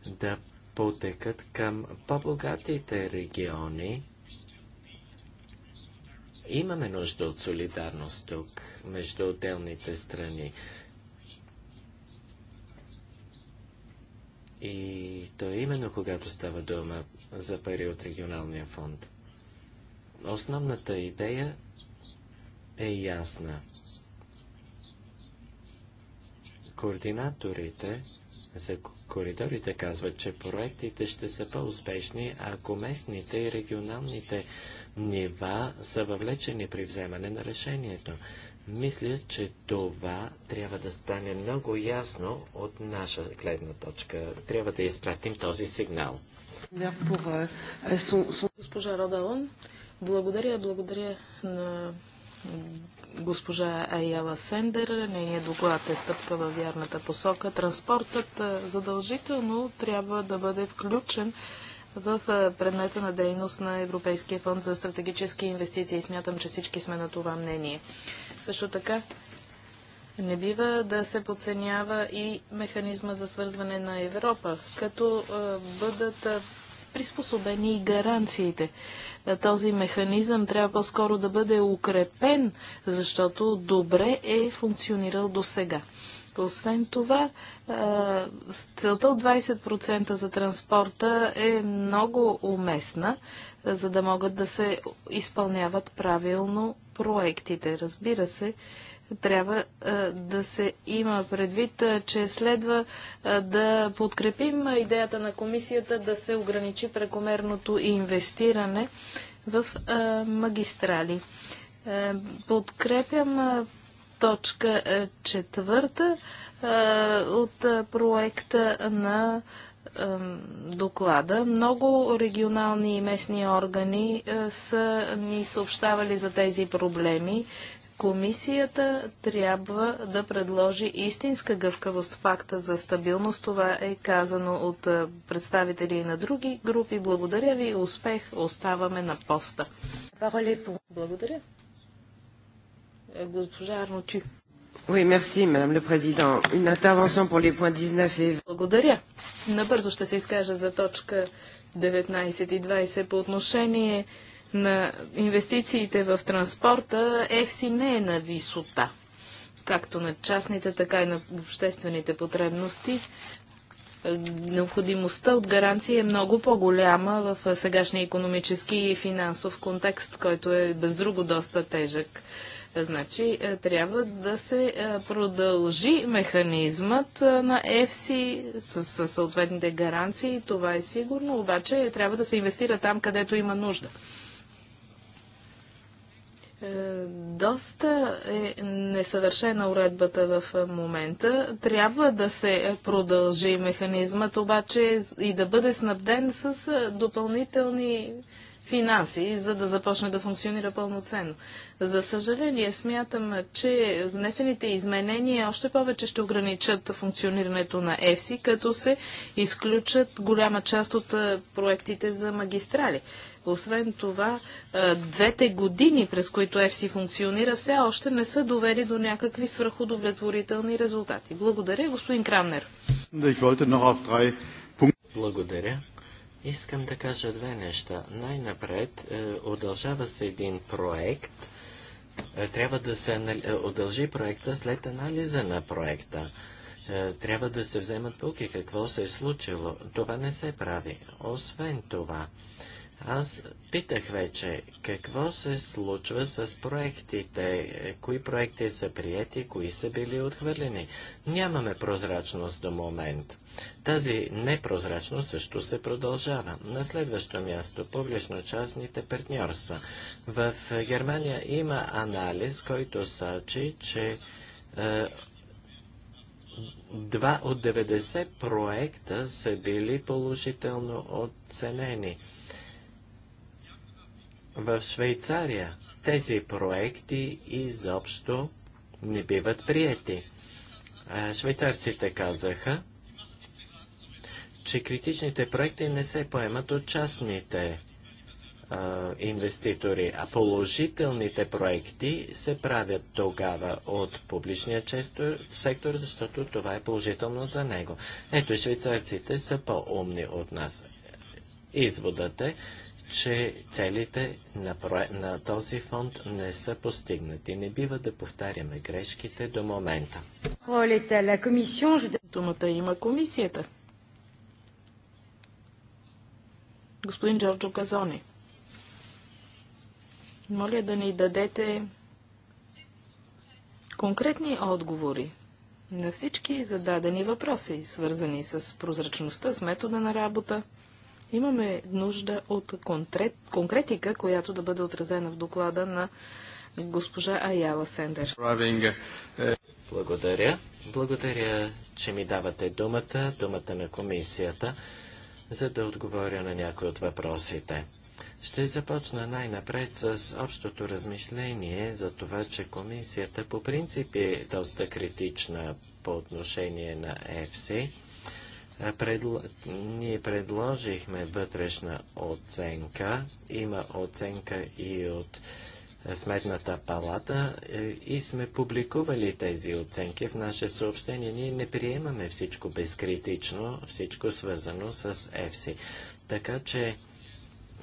да потекат към по-богатите региони, Имаме нужда от солидарност тук между отделните страни. И то е именно когато става дума за пари от регионалния фонд. Основната идея е ясна. Координаторите за коридорите казват, че проектите ще са по-успешни, ако местните и регионалните нива са въвлечени при вземане на решението. Мисля, че това трябва да стане много ясно от наша гледна точка. Трябва да изпратим този сигнал. Госпожа Родалон, благодаря, благодаря на госпожа Аяла Сендер. Нейният доклад е стъпка във вярната посока. Транспортът задължително трябва да бъде включен в предмета на дейност на Европейския фонд за стратегически инвестиции. Смятам, че всички сме на това мнение. Също така, не бива да се подценява и механизма за свързване на Европа, като бъдат приспособени и гаранциите. Е, този механизъм трябва по-скоро да бъде укрепен, защото добре е функционирал до сега. Освен това, е, целта от 20% за транспорта е много уместна, е, за да могат да се изпълняват правилно проектите. Разбира се, трябва а, да се има предвид, а, че следва а, да подкрепим идеята на комисията да се ограничи прекомерното инвестиране в магистрали. Подкрепям точка четвърта от проекта на доклада. Много регионални и местни органи са ни съобщавали за тези проблеми Комисията трябва да предложи истинска гъвкавост в пакта за стабилност. Това е казано от представители на други групи. Благодаря ви. Успех. Оставаме на поста. Е Благодаря. Е, госпожа Арночи. Oui, merci, Madame le Président. Une intervention pour les points 19 et 20. Благодаря. Набързо ще се изкажа за точка 19 и 20 по отношение на инвестициите в транспорта, ЕФСИ не е на висота, както на частните, така и на обществените потребности. Необходимостта от гаранции е много по-голяма в сегашния економически и финансов контекст, който е без друго доста тежък. Значи е, трябва да се е, продължи механизмът е, на ЕФСИ с, с съответните гаранции. Това е сигурно, обаче трябва да се инвестира там, където има нужда. Е, доста е несъвършена уредбата в момента. Трябва да се продължи механизмът, обаче и да бъде снабден с е, допълнителни финанси, за да започне да функционира пълноценно. За съжаление, смятам, че внесените изменения още повече ще ограничат функционирането на ЕФСИ, като се изключат голяма част от е, проектите за магистрали. Освен това, двете години, през които ЕФСИ функционира, все още не са довели до някакви свръходовлетворителни резултати. Благодаря, господин Крамнер. Благодаря. Искам да кажа две неща. Най-напред, е, удължава се един проект. Е, трябва да се е, удължи проекта след анализа на проекта. трябва да се вземат поки какво се е случило. Това не се прави. Освен това, аз питах вече какво се случва с проектите, кои проекти са приети, кои са били отхвърлени. Нямаме прозрачност до момент. Тази непрозрачност също се продължава. На следващо място публично-частните партньорства. В Германия има анализ, който сочи, че е, два от 90 проекта са били положително оценени в Швейцария тези проекти изобщо не биват приети. Швейцарците казаха, че критичните проекти не се поемат от частните а, инвеститори, а положителните проекти се правят тогава от публичния сектор, защото това е положително за него. Ето, швейцарците са по-умни от нас. Изводът е, че целите на, на този фонд не са постигнати. Не бива да повтаряме грешките до момента. Думата има комисията. Господин Джорджо Казони, моля да ни дадете конкретни отговори на всички зададени въпроси, свързани с прозрачността, с метода на работа, Имаме нужда от конкретика, която да бъде отразена в доклада на госпожа Аяла Сендер. Е, е. Благодаря. Благодаря, че ми давате думата, думата на комисията, за да отговоря на някои от въпросите. Ще започна най-напред с общото размишление за това, че комисията по принцип е доста критична по отношение на ЕФСИ. Предл... Ние предложихме вътрешна оценка. Има оценка и от Сметната палата е, и сме публикували тези оценки в наше съобщение. Ние не приемаме всичко безкритично, всичко свързано с ЕФСИ. Така че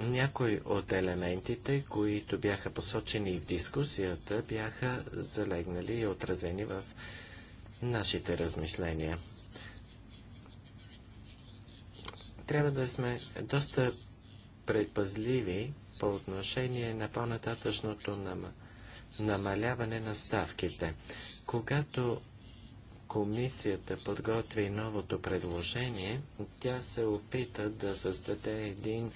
някои от елементите, които бяха посочени в дискусията, бяха залегнали и отразени в нашите размишления. трябва да сме доста предпазливи по отношение на по-нататъчното нам... намаляване на ставките. Когато комисията подготви новото предложение, тя се опита да създаде един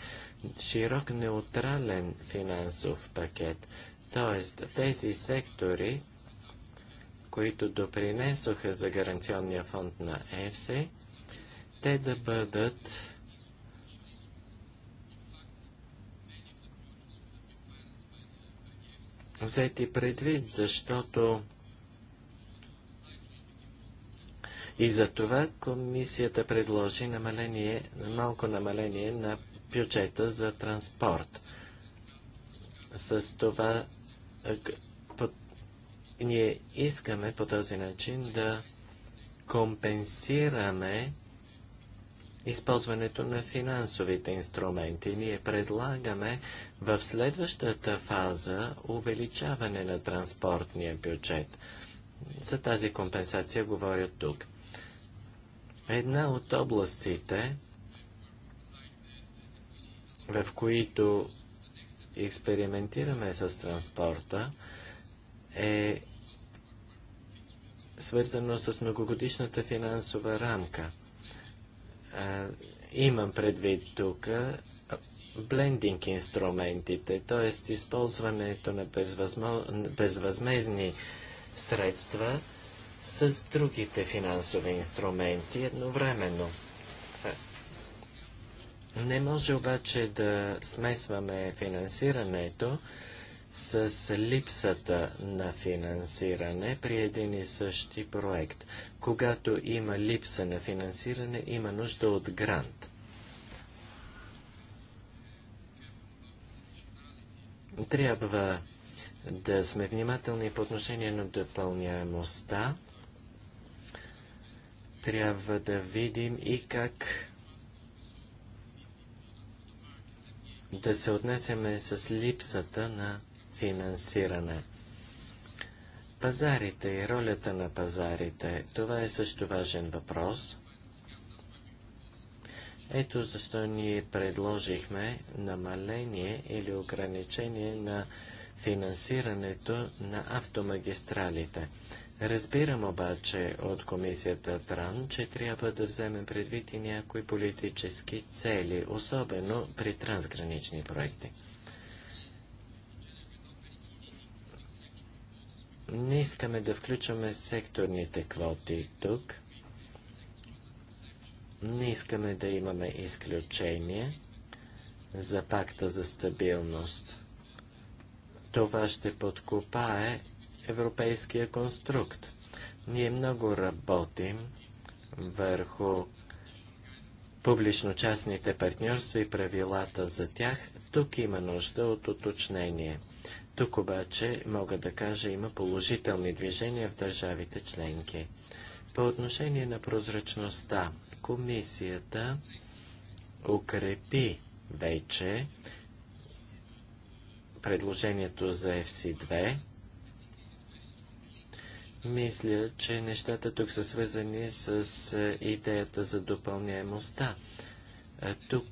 широк неутрален финансов пакет. Тоест, тези сектори, които допринесоха за гаранционния фонд на ЕФСИ, те да бъдат взети предвид, защото и за това комисията предложи намаление, малко намаление на бюджета за транспорт. С това по, ние искаме по този начин да компенсираме използването на финансовите инструменти. Ние предлагаме в следващата фаза увеличаване на транспортния бюджет. За тази компенсация говоря тук. Една от областите, в които експериментираме с транспорта, е свързано с многогодишната финансова рамка – имам предвид тук блендинг инструментите, т.е. използването на безвъзмезни средства с другите финансови инструменти едновременно. Не може обаче да смесваме финансирането с липсата на финансиране при един и същи проект. Когато има липса на финансиране, има нужда от грант. Трябва да сме внимателни по отношение на допълняемостта. Трябва да видим и как да се отнесеме с липсата на финансиране. Пазарите и ролята на пазарите – това е също важен въпрос. Ето защо ние предложихме намаление или ограничение на финансирането на автомагистралите. Разбирам обаче от комисията Тран, че трябва да вземем предвид и някои политически цели, особено при трансгранични проекти. Не искаме да включваме секторните квоти тук. Не искаме да имаме изключение за пакта за стабилност. Това ще подкопае европейския конструкт. Ние много работим върху публично-частните партньорства и правилата за тях. Тук има нужда от уточнение. Тук обаче мога да кажа има положителни движения в държавите членки. По отношение на прозрачността, комисията укрепи вече предложението за FC2. Мисля, че нещата тук са свързани с е, идеята за допълняемостта. Тук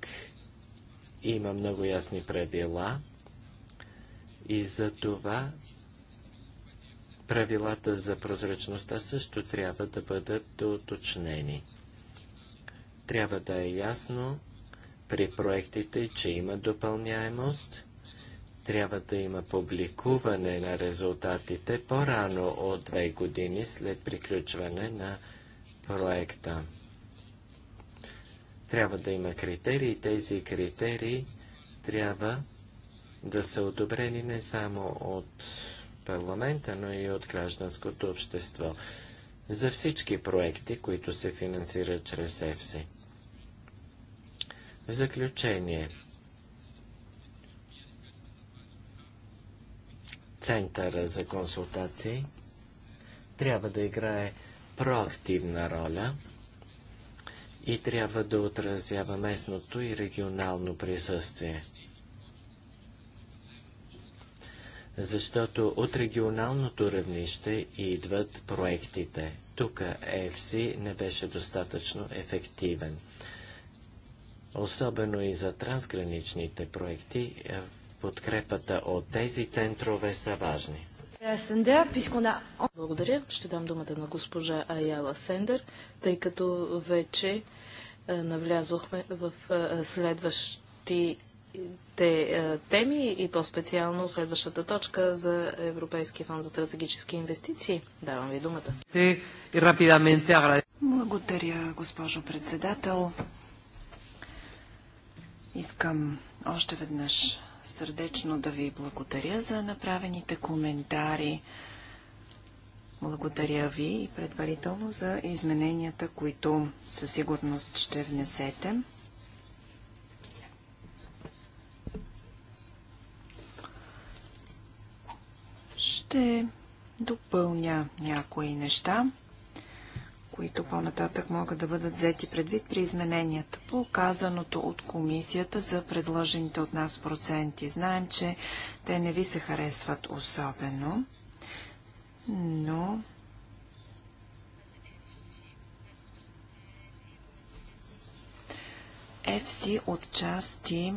има много ясни правила и за това правилата за прозрачността също трябва да бъдат доточнени. Трябва да е ясно при проектите, че има допълняемост, трябва да има публикуване на резултатите по-рано от две години след приключване на проекта. Трябва да има критерии, тези критерии трябва да са одобрени не само от парламента, но и от гражданското общество за всички проекти, които се финансират чрез ЕФСИ. В заключение, Центъра за консултации трябва да играе проактивна роля и трябва да отразява местното и регионално присъствие. защото от регионалното равнище идват проектите. Тук EFC не беше достатъчно ефективен. Особено и за трансграничните проекти, е, подкрепата от тези центрове са важни. Благодаря. Ще дам думата на госпожа Аяла Сендер, тъй като вече е, навлязохме в е, следващи те е, теми и по-специално следващата точка за Европейския фонд за стратегически инвестиции. Давам ви думата. Благодаря, госпожо председател. Искам още веднъж сърдечно да ви благодаря за направените коментари. Благодаря ви и предварително за измененията, които със сигурност ще внесете. Ще допълня някои неща, които по-нататък могат да бъдат взети предвид при измененията по казаното от комисията за предложените от нас проценти. Знаем, че те не ви се харесват особено, но FC от части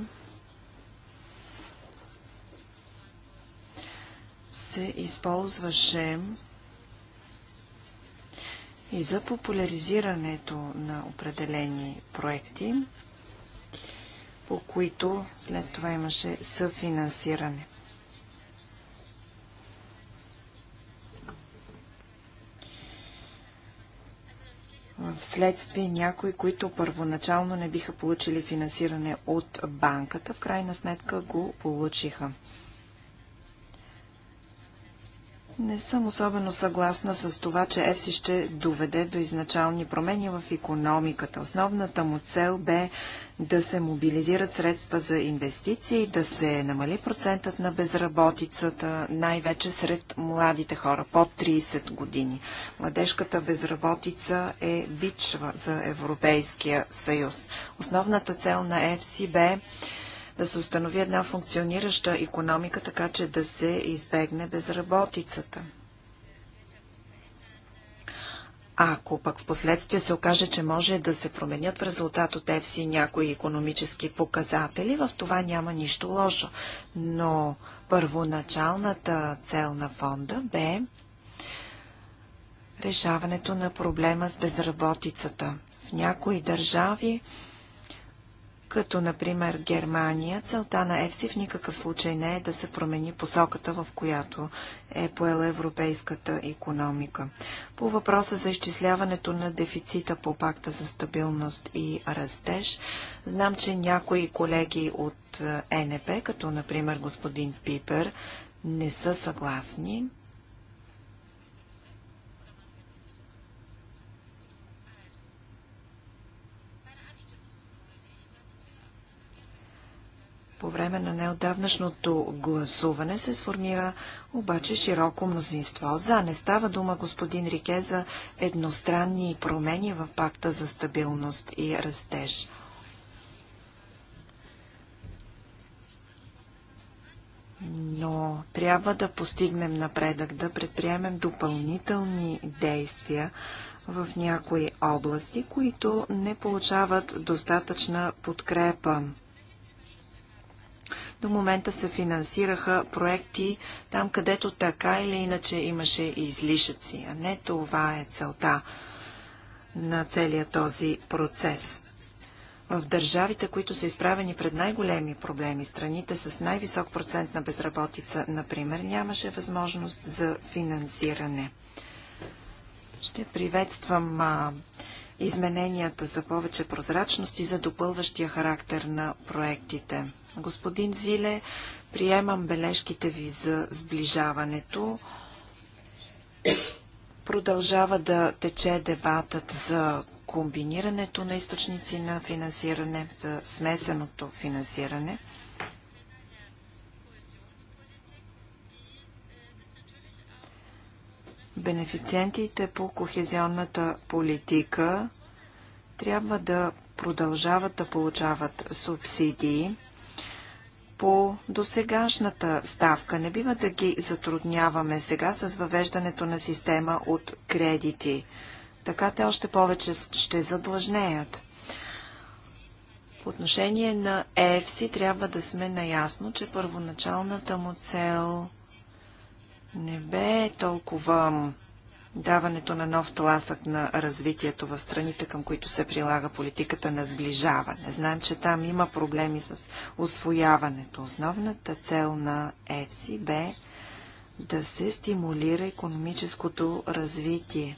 се използваше и за популяризирането на определени проекти, по които след това имаше съфинансиране. вследствие някои, които първоначално не биха получили финансиране от банката, в крайна сметка го получиха. Не съм особено съгласна с това, че ЕФСИ ще доведе до изначални промени в економиката. Основната му цел бе да се мобилизират средства за инвестиции, да се намали процентът на безработицата, най-вече сред младите хора под 30 години. Младежката безработица е бичва за Европейския съюз. Основната цел на ЕФСИ бе да се установи една функционираща економика, така че да се избегне безработицата. Ако пък в последствие се окаже, че може да се променят в резултат от ЕФСИ някои економически показатели, в това няма нищо лошо. Но първоначалната цел на фонда бе решаването на проблема с безработицата. В някои държави като например Германия, целта на ЕФСИ в никакъв случай не е да се промени посоката, в която е поела европейската економика. По въпроса за изчисляването на дефицита по пакта за стабилност и растеж, знам, че някои колеги от ЕНП, като например господин Пипер, не са съгласни. По време на неотдавнашното гласуване се сформира обаче широко мнозинство за. Не става дума, господин Рике, за едностранни промени в пакта за стабилност и растеж. но трябва да постигнем напредък, да предприемем допълнителни действия в някои области, които не получават достатъчна подкрепа. До момента се финансираха проекти там, където така или иначе имаше излишъци, а не това е целта на целия този процес. В държавите, които са изправени пред най-големи проблеми, страните с най-висок процент на безработица, например, нямаше възможност за финансиране. Ще приветствам а, измененията за повече прозрачност и за допълващия характер на проектите. Господин Зиле, приемам бележките ви за сближаването. Продължава да тече дебатът за комбинирането на източници на финансиране, за смесеното финансиране. Бенефициентите по кохезионната политика трябва да продължават да получават субсидии по досегашната ставка. Не бива да ги затрудняваме сега с въвеждането на система от кредити. Така те още повече ще задлъжнеят. По отношение на ЕФСИ трябва да сме наясно, че първоначалната му цел не бе толкова даването на нов тласък на развитието в страните, към които се прилага политиката на сближаване. Знаем, че там има проблеми с освояването. Основната цел на ЕФСИ бе да се стимулира економическото развитие.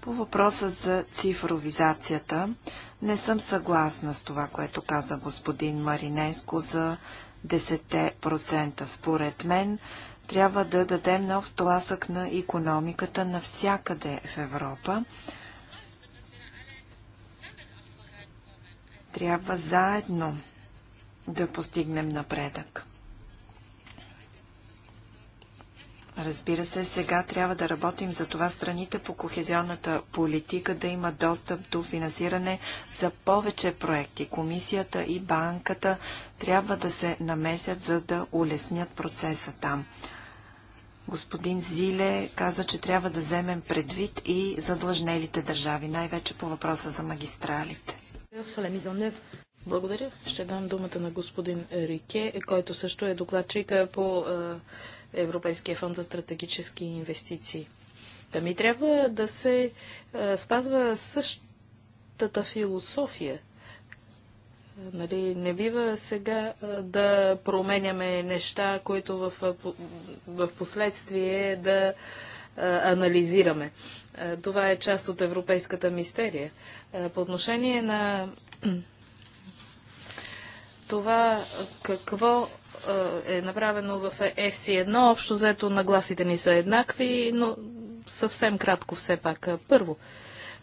По въпроса за цифровизацията, не съм съгласна с това, което каза господин Маринеско за 10%. Според мен, трябва да дадем нов тласък на економиката навсякъде в Европа. Трябва заедно да постигнем напредък. Разбира се, сега трябва да работим за това страните по кохезионната политика да имат достъп до финансиране за повече проекти. Комисията и банката трябва да се намесят, за да улеснят процеса там. Господин Зиле каза, че трябва да вземем предвид и задлъжнелите държави, най-вече по въпроса за магистралите. Благодаря. Ще дам думата на господин Рике, който също е докладчика по е, Европейския фонд за стратегически инвестиции. Ами трябва да се е, спазва същата философия Нали, не бива сега да променяме неща, които в, в последствие да анализираме. Това е част от европейската мистерия. По отношение на това какво е направено в FC1, е общо взето нагласите ни са еднакви, но съвсем кратко все пак. Първо,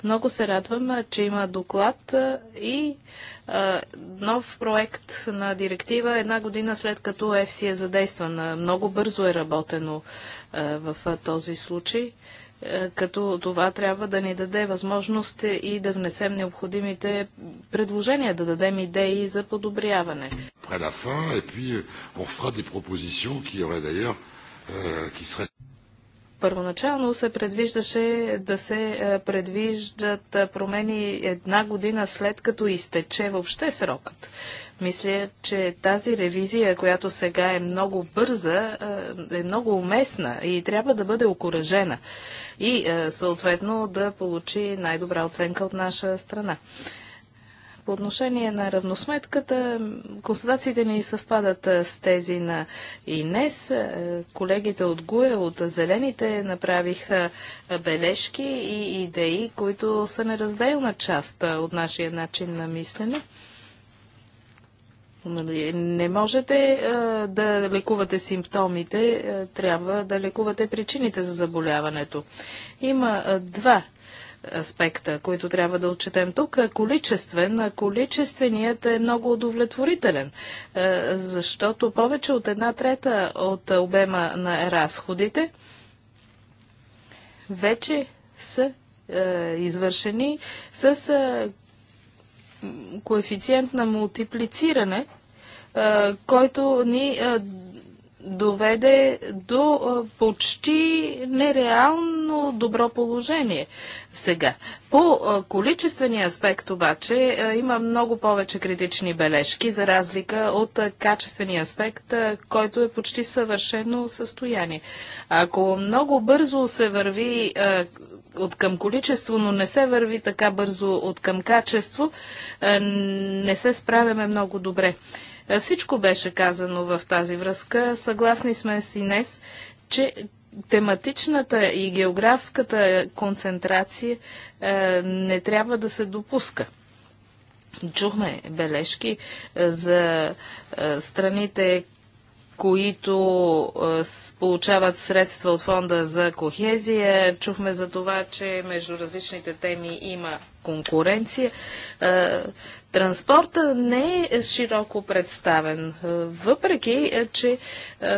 много се радвам, че има доклад и а, нов проект на директива една година след като ЕФСИ е задействана. Много бързо е работено а, в а, този случай като това трябва да ни даде възможност и да внесем необходимите предложения, да дадем идеи за подобряване. Après la fin, et puis euh, on fera des propositions qui auraient d'ailleurs, euh, qui seraient... Първоначално се предвиждаше да се е, предвиждат е, промени една година след като изтече въобще срокът. Мисля, че тази ревизия, която сега е много бърза, е, е много уместна и трябва да бъде окоръжена и съответно да получи най-добра оценка от наша страна. По отношение на равносметката, констатациите ни съвпадат с тези на Инес. Колегите от ГУЕ, от Зелените направиха бележки и идеи, които са неразделна част от нашия начин на мислене. Нали, не можете а, да лекувате симптомите, а, трябва да лекувате причините за заболяването. Има а, два аспекта, които трябва да отчетем тук, количествен, количественият е много удовлетворителен, е, защото повече от една трета от обема на разходите вече са е, извършени с е, коефициент на мултиплициране, който ни доведе до почти нереално добро положение сега. По количествения аспект обаче има много повече критични бележки, за разлика от качествения аспект, който е почти съвършено състояние. Ако много бързо се върви от към количество, но не се върви така бързо от към качество, не се справяме много добре. Е, всичко беше казано в тази връзка. Съгласни сме с Инес, че тематичната и географската концентрация е, не трябва да се допуска. Чухме бележки е, за страните, които получават средства от фонда за кохезия. Чухме за това, че между различните теми има конкуренция. Транспорта не е широко представен, е, въпреки, е, че е,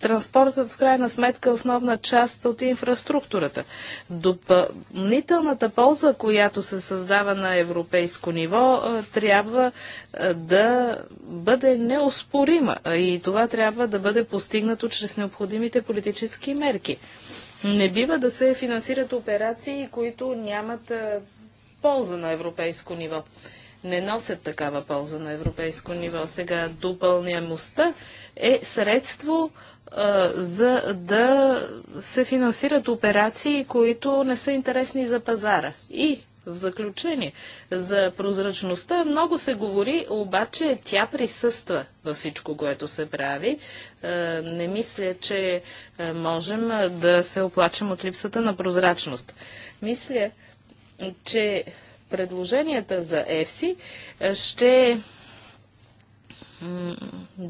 транспортът в крайна сметка е основна част от инфраструктурата. Допълнителната полза, която се създава на европейско ниво, трябва да бъде неоспорима и това трябва да бъде постигнато чрез необходимите политически мерки. Не бива да се финансират операции, които нямат полза на европейско ниво не носят такава полза на европейско ниво. Сега допълняемостта е средство, за да се финансират операции, които не са интересни за пазара. И в заключение, за прозрачността много се говори, обаче тя присъства във всичко, което се прави. Не мисля, че можем да се оплачем от липсата на прозрачност. Мисля, че предложенията за ЕФСИ ще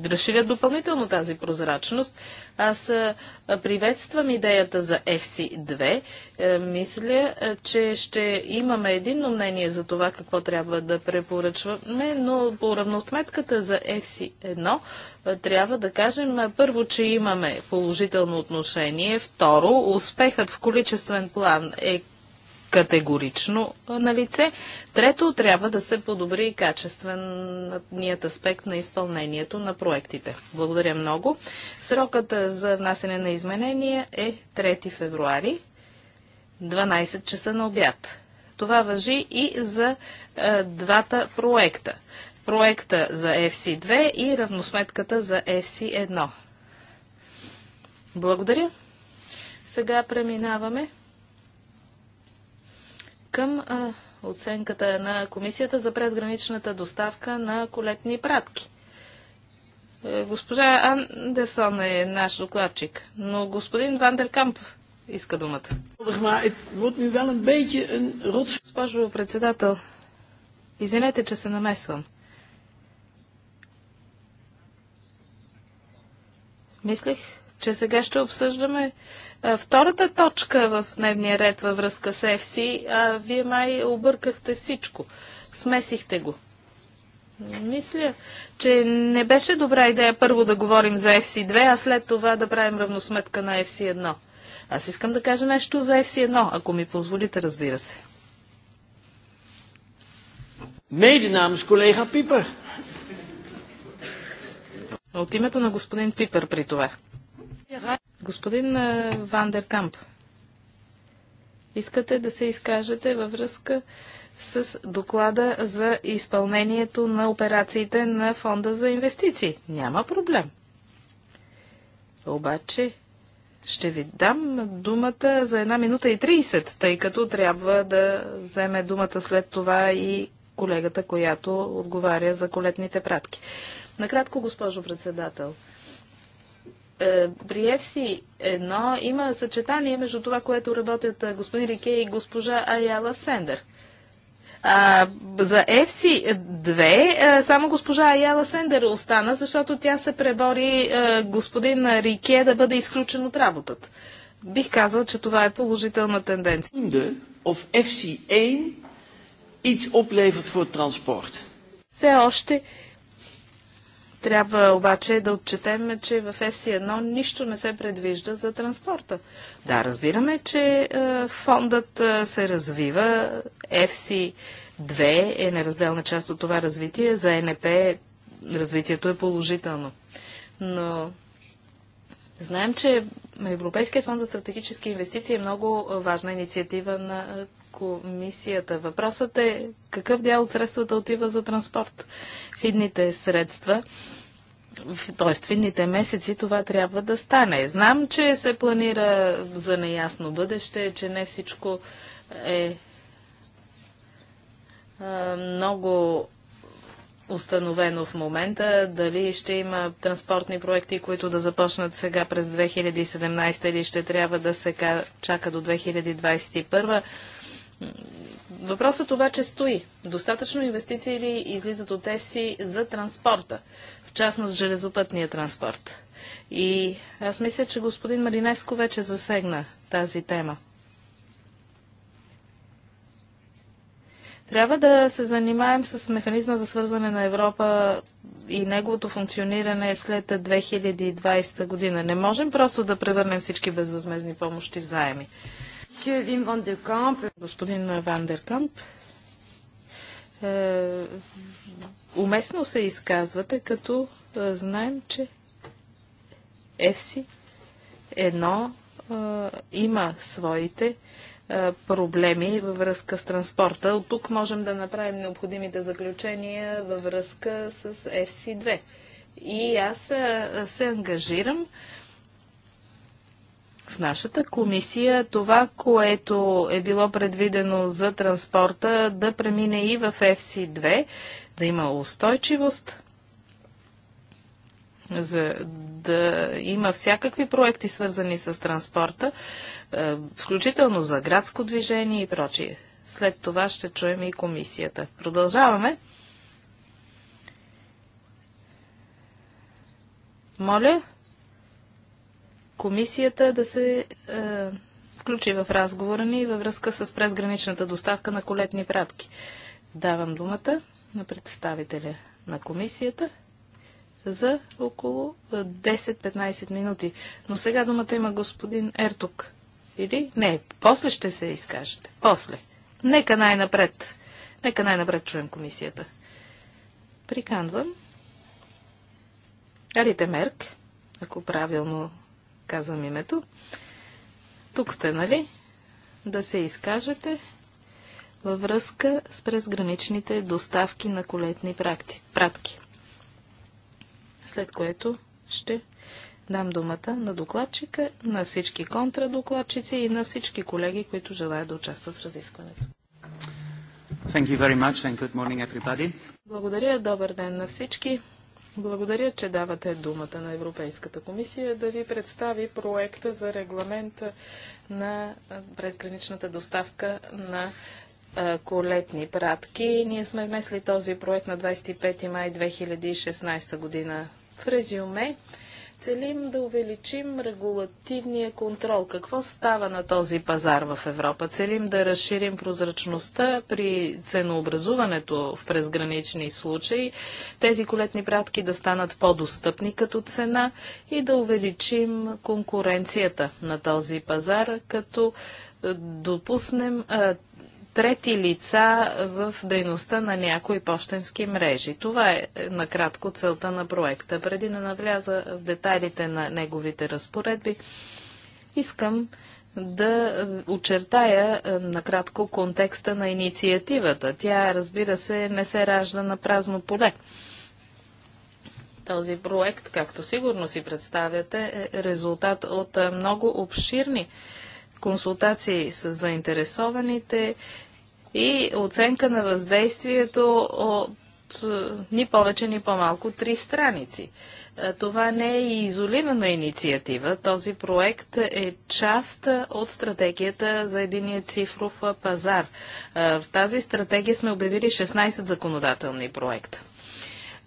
разширят допълнително тази прозрачност. Аз приветствам идеята за FC2. Е, мисля, че ще имаме единно мнение за това какво трябва да препоръчваме, но по равносметката за FC1 трябва да кажем първо, че имаме положително отношение. Второ, успехът в количествен план е категорично на лице. Трето, трябва да се подобри и качественият аспект на изпълнението на проектите. Благодаря много. Срокът за внасене на изменения е 3 февруари, 12 часа на обяд. Това въжи и за е, двата проекта. Проекта за FC2 и равносметката за FC1. Благодаря. Сега преминаваме към а, оценката на Комисията за презграничната доставка на колетни пратки. Е, госпожа Андерсон е наш докладчик, но господин Вандеркамп иска думата. Госпожо председател, извинете, че се намесвам. Мислех, че сега ще обсъждаме Втората точка в дневния ред във връзка с а вие май объркахте всичко. Смесихте го. Мисля, че не беше добра идея първо да говорим за FC2, а след това да правим равносметка на FC1. Аз искам да кажа нещо за FC1, ако ми позволите, разбира се. Mede namens колега Пипер. От името на господин Пипер при това. Господин Вандеркамп, искате да се изкажете във връзка с доклада за изпълнението на операциите на Фонда за инвестиции. Няма проблем. Обаче ще ви дам думата за една минута и 30, тъй като трябва да вземе думата след това и колегата, която отговаря за колетните пратки. Накратко, госпожо председател. Е, при ЕФСИ едно има съчетание между това, което работят е, господин Рике и госпожа Аяла Сендер. А, за FC 2 е, само госпожа Аяла Сендер остана, защото тя се пребори а, господин Рике да бъде изключен от работата. Бих казал, че това е положителна тенденция. Of FC1 iets oplevert voor transport. Все още трябва обаче да отчетем, че в FC1 нищо не се предвижда за транспорта. Да, разбираме, че е, фондът е, се развива. FC2 е неразделна част от това развитие. За НП развитието е положително. Но знаем, че Европейският фонд за стратегически инвестиции е много важна инициатива на е, комисията. Въпросът е какъв дял от средствата отива за транспорт. В идните средства, т.е. в идните месеци това трябва да стане. Знам, че се планира за неясно бъдеще, че не всичко е много установено в момента. Дали ще има транспортни проекти, които да започнат сега през 2017 или ще трябва да се чака до 2021. Въпросът обаче стои. Достатъчно инвестиции ли излизат от ЕФСИ за транспорта, в частност железопътния транспорт? И аз мисля, че господин Маринеско вече засегна тази тема. Трябва да се занимаем с механизма за свързване на Европа и неговото функциониране след 2020 година. Не можем просто да превърнем всички безвъзмезни помощи в заеми. Господин Ван е, уместно се изказвате, като е, знаем, че ЕФСИ едно е, има своите проблеми във връзка с транспорта. От тук можем да направим необходимите заключения във връзка с фс 2 И аз се ангажирам в нашата комисия това, което е било предвидено за транспорта, да премине и в FC2, да има устойчивост, за да има всякакви проекти, свързани с транспорта, е, включително за градско движение и прочие. След това ще чуем и комисията. Продължаваме. Моля комисията да се е, включи в разговора ни във връзка с презграничната доставка на колетни пратки. Давам думата на представителя на комисията за около 10-15 е, минути. Но сега думата има господин Ертук. Или? Не, после ще се изкажете. После. Нека най-напред. Нека най-напред чуем комисията. Приканвам. Арите Мерк, ако правилно казвам името. Тук сте, нали? Да се изкажете във връзка с презграничните доставки на колетни пратки. След което ще дам думата на докладчика, на всички контрадокладчици и на всички колеги, които желаят да участват в разискването. Благодаря, добър ден на всички. Благодаря, че давате думата на Европейската комисия да ви представи проекта за регламент на презграничната доставка на колетни пратки. Ние сме внесли този проект на 25 май 2016 година. В резюме, целим да увеличим регулативния контрол. Какво става на този пазар в Европа? Целим да разширим прозрачността при ценообразуването в презгранични случаи, тези колетни пратки да станат по-достъпни като цена и да увеличим конкуренцията на този пазар, като допуснем а, трети лица в дейността на някои почтенски мрежи. Това е, е накратко целта на проекта. Преди да навляза в детайлите на неговите разпоредби, искам да е, очертая е, накратко контекста на инициативата. Тя, разбира се, не се ражда на празно поле. Този проект, както сигурно си представяте, е резултат от много обширни консултации с заинтересованите и оценка на въздействието от е, ни повече, ни по-малко три страници. Е, това не е и изолирана инициатива. Този проект е част от стратегията за единия цифров пазар. Е, в тази стратегия сме обявили 16 законодателни проекта.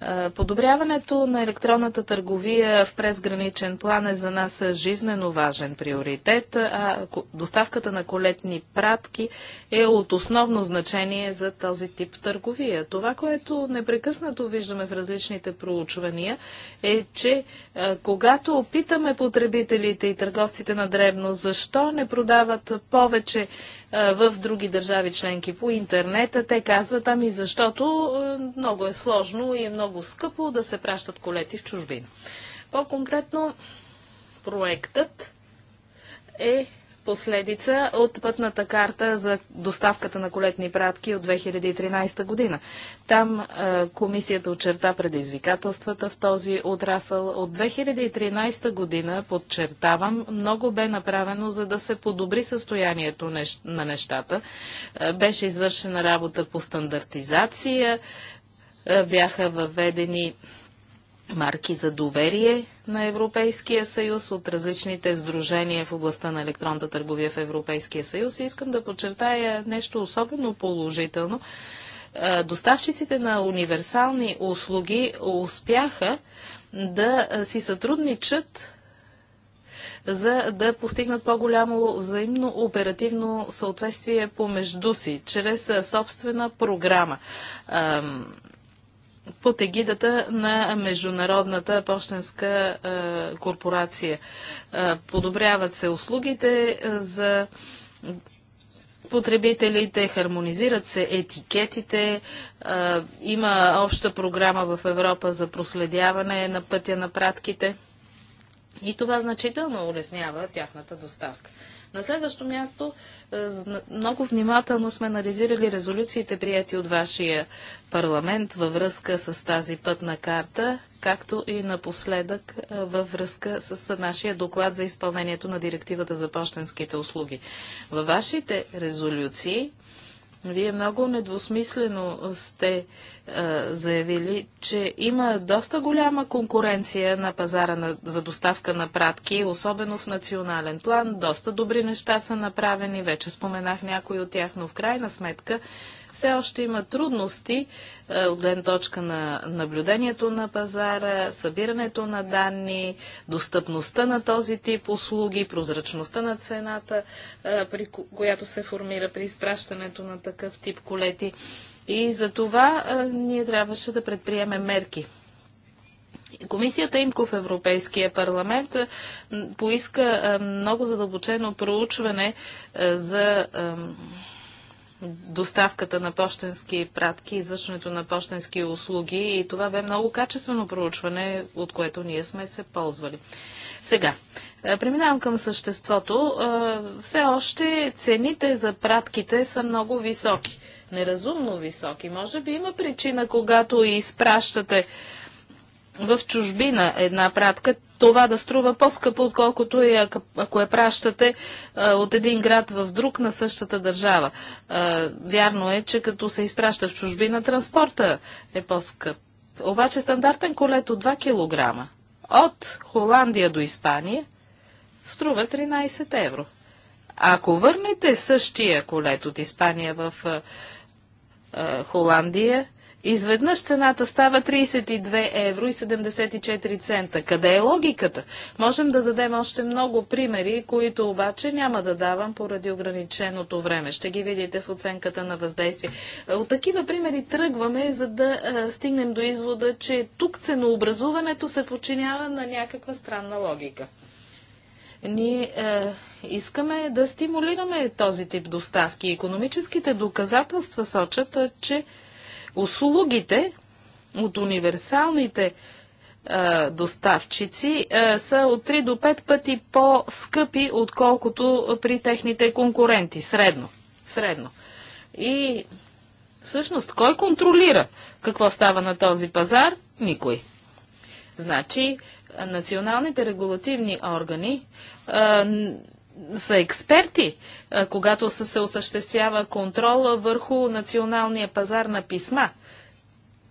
Е, подобряването на електронната търговия в презграничен план е за нас жизнено важен приоритет, а доставката на колетни пратки е от основно значение за този тип търговия. Това, което непрекъснато виждаме в различните проучвания е, че е, когато опитаме потребителите и търговците на дребно, защо не продават повече е, в други държави членки по интернета, те казват, ами защото е, много е сложно и е много скъпо да се пращат колети в чужбина. По-конкретно, проектът е последица от пътната карта за доставката на колетни пратки от 2013 година. Там а, е, комисията очерта предизвикателствата в този отрасъл. От 2013 година, подчертавам, много бе направено за да се подобри състоянието нещ... на нещата. А, е, беше извършена работа по стандартизация, а, е, бяха въведени марки за доверие на Европейския съюз от различните сдружения в областта на електронната търговия в Европейския съюз. И искам да подчертая нещо особено положително. Доставчиците на универсални услуги успяха да си сътрудничат за да постигнат по-голямо взаимно оперативно съответствие помежду си, чрез собствена програма под егидата на Международната почтенска корпорация. подобряват се услугите за потребителите, хармонизират се етикетите, а, има обща програма в Европа за проследяване на пътя на пратките и това значително улеснява тяхната доставка. На следващо място, е, много внимателно сме анализирали резолюциите, прияти от вашия парламент във връзка с тази пътна карта, както и напоследък е, във връзка с нашия доклад за изпълнението на директивата за почтенските услуги. Във вашите резолюции вие много недвусмислено сте а, е, заявили, че има доста голяма конкуренция на пазара на, за доставка на пратки, особено в национален план. Доста добри неща са направени, вече споменах някои от тях, но в крайна сметка все още има трудности е, от гледна точка на наблюдението на пазара, събирането на данни, достъпността на този тип услуги, прозрачността на цената, е, при която се формира при изпращането на такъв тип колети. И за това е, ние трябваше да предприемем мерки. Комисията Имко в Европейския парламент поиска много задълбочено проучване за доставката на почтенски пратки, извършването на почтенски услуги и това бе много качествено проучване, от което ние сме се ползвали. Сега, е, преминавам към съществото. Е, все още цените за пратките са много високи. Неразумно високи. Може би има причина, когато изпращате в чужбина една пратка, това да струва по-скъпо, отколкото и ако я е пращате от един град в друг на същата държава. Е, вярно е, че като се изпраща в чужбина, транспорта е по-скъп. Обаче стандартен колет от 2 кг от Холандия до Испания струва 13 евро. Ако върнете същия колет от Испания в е, е, Холандия, Изведнъж цената става 32 евро и 74 цента. Къде е логиката? Можем да дадем още много примери, които обаче няма да давам поради ограниченото време. Ще ги видите в оценката на въздействие. От такива примери тръгваме, за да стигнем до извода, че тук ценообразуването се подчинява на някаква странна логика. Ние е, искаме да стимулираме този тип доставки. Економическите доказателства сочат, че Услугите от универсалните а, доставчици а, са от 3 до 5 пъти по-скъпи, отколкото при техните конкуренти. Средно. Средно. И всъщност, кой контролира какво става на този пазар? Никой. Значи, националните регулативни органи а, са експерти, когато се осъществява контрола върху националния пазар на писма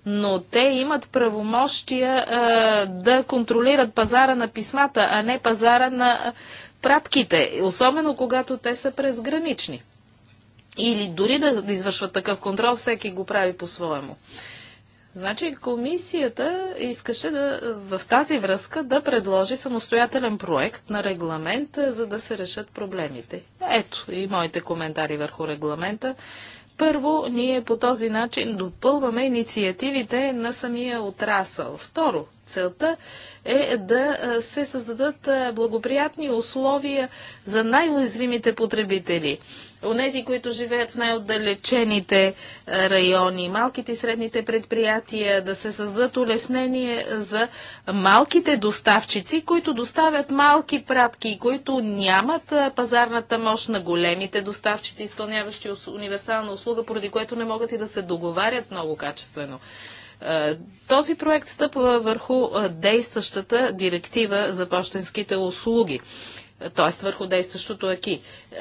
но те имат правомощия да контролират пазара на писмата, а не пазара на пратките, особено когато те са презгранични. Или дори да извършват такъв контрол, всеки го прави по-своему. Значи комисията искаше да, в тази връзка да предложи самостоятелен проект на регламент, е, за да се решат проблемите. Ето и моите коментари върху регламента. Първо, ние по този начин допълваме инициативите на самия отрасъл. Второ, целта е да е, се създадат е, благоприятни условия за най-уязвимите потребители Онези, които живеят в най-отдалечените е, райони, малките и средните предприятия, да се създадат улеснение за малките доставчици, които доставят малки пратки и които нямат е, пазарната мощ на големите доставчици, изпълняващи универсална услуга, поради което не могат и да се договарят много качествено. Е, този проект стъпва върху действащата директива за почтенските услуги т.е. върху действащото АКИ.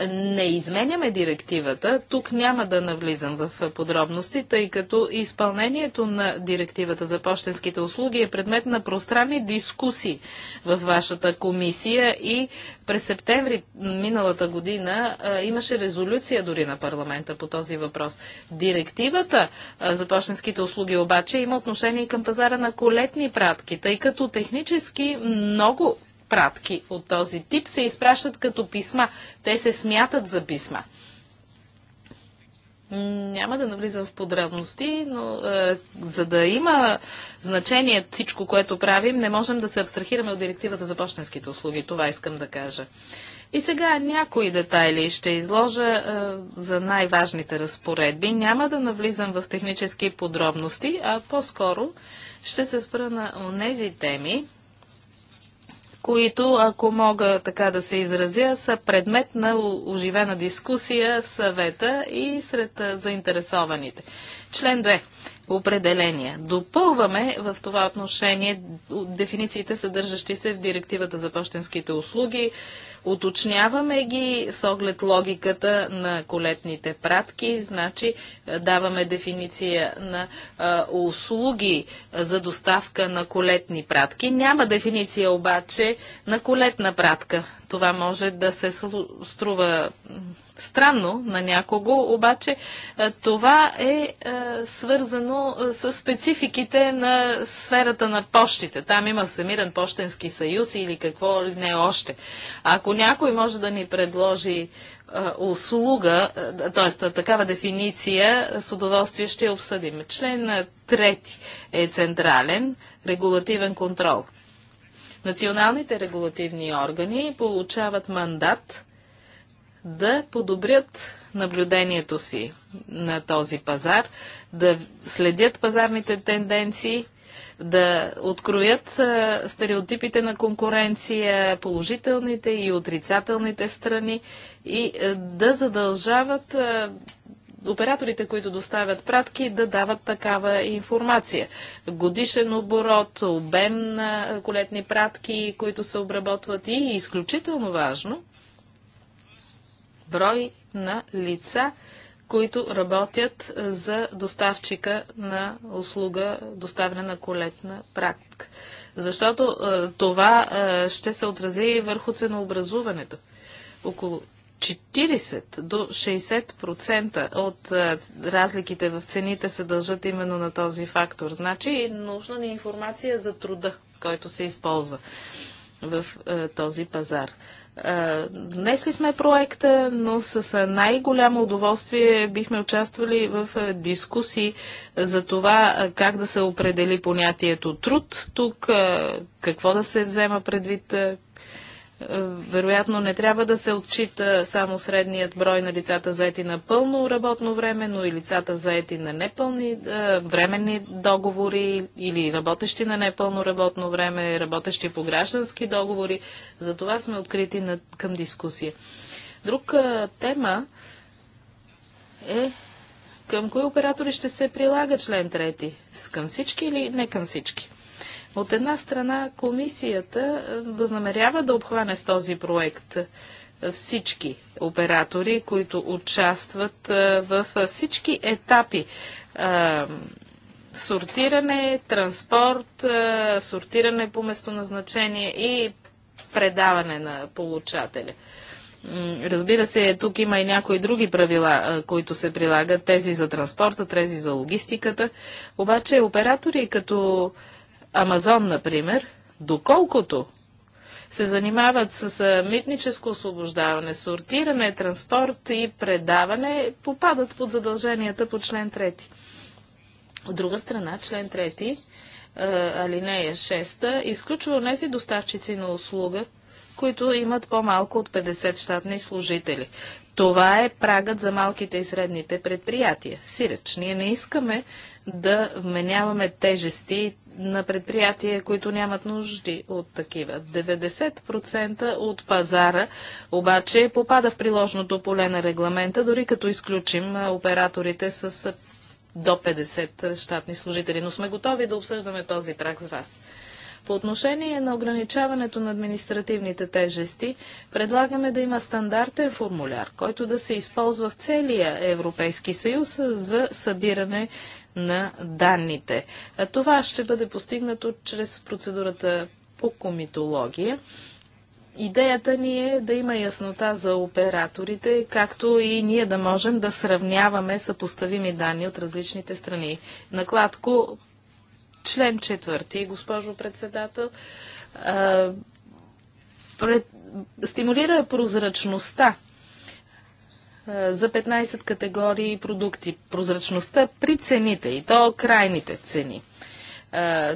Не изменяме директивата, тук няма да навлизам в подробности, тъй като изпълнението на директивата за почтенските услуги е предмет на пространни дискусии в вашата комисия и през септември миналата година имаше резолюция дори на парламента по този въпрос. Директивата за почтенските услуги обаче има отношение към пазара на колетни пратки, тъй като технически много пратки от този тип се изпращат като писма. Те се смятат за писма. Няма да навлизам в подробности, но е, за да има значение всичко, което правим, не можем да се абстрахираме от директивата за почтенските услуги. Това искам да кажа. И сега някои детайли ще изложа е, за най-важните разпоредби. Няма да навлизам в технически подробности, а по-скоро ще се спра на тези теми, които, ако мога така да се изразя, са предмет на оживена дискусия в съвета и сред заинтересованите. Член 2 определения. Допълваме в това отношение дефинициите, съдържащи се в директивата за почтенските услуги, Уточняваме ги с оглед логиката на колетните пратки, значи е, даваме дефиниция на а, е, услуги за доставка на колетни пратки. Няма дефиниция обаче на колетна пратка. Това може да се струва странно на някого, обаче това е свързано с спецификите на сферата на почтите. Там има Всемирен почтенски съюз или какво ли не още. Ако някой може да ни предложи услуга, т.е. такава дефиниция, с удоволствие ще обсъдим. Член трети е централен регулативен контрол. Националните регулативни органи получават мандат да подобрят наблюдението си на този пазар, да следят пазарните тенденции, да откроят стереотипите на конкуренция, положителните и отрицателните страни и да задължават операторите, които доставят пратки, да дават такава информация. Годишен оборот, обем на колетни пратки, които се обработват и изключително важно брой на лица, които работят за доставчика на услуга доставяне на колетна пратка. Защото е, това е, ще се отрази и върху ценообразуването. Около 40 до 60% от е, разликите в цените се дължат именно на този фактор. Значи нужна ни е информация за труда, който се използва в е, този пазар. Е, днесли сме проекта, но с най-голямо удоволствие бихме участвали в дискусии за това как да се определи понятието труд тук, какво да се взема предвид вероятно не трябва да се отчита само средният брой на лицата заети на пълно работно време, но и лицата заети на непълни временни договори или работещи на непълно работно време, работещи по граждански договори. За това сме открити към дискусия. Друг тема е към кои оператори ще се прилага член трети? Към всички или не към всички? От една страна комисията е, възнамерява да обхване с този проект е, всички оператори, които участват е, в всички етапи сортиране, транспорт, сортиране по местоназначение и предаване на получателя. Разбира се, тук има и някои други правила, които се прилагат, тези за транспорта, тези за логистиката. Обаче оператори като Амазон, например, доколкото се занимават с митническо освобождаване, сортиране, транспорт и предаване, попадат под задълженията по член 3. От друга страна, член 3, алинея 6, изключва тези доставчици на услуга, които имат по-малко от 50 щатни служители. Това е прагът за малките и средните предприятия. Сиреч, ние не искаме да вменяваме тежести на предприятия, които нямат нужди от такива. 90% от пазара обаче попада в приложното поле на регламента, дори като изключим операторите с до 50 щатни служители. Но сме готови да обсъждаме този прак с вас. По отношение на ограничаването на административните тежести, предлагаме да има стандартен формуляр, който да се използва в целия Европейски съюз за събиране на данните. А това ще бъде постигнато чрез процедурата по комитология. Идеята ни е да има яснота за операторите, както и ние да можем да сравняваме съпоставими данни от различните страни. Накладко Член четвърти, госпожо председател, пред, стимулира прозрачността за 15 категории продукти. Прозрачността при цените и то крайните цени.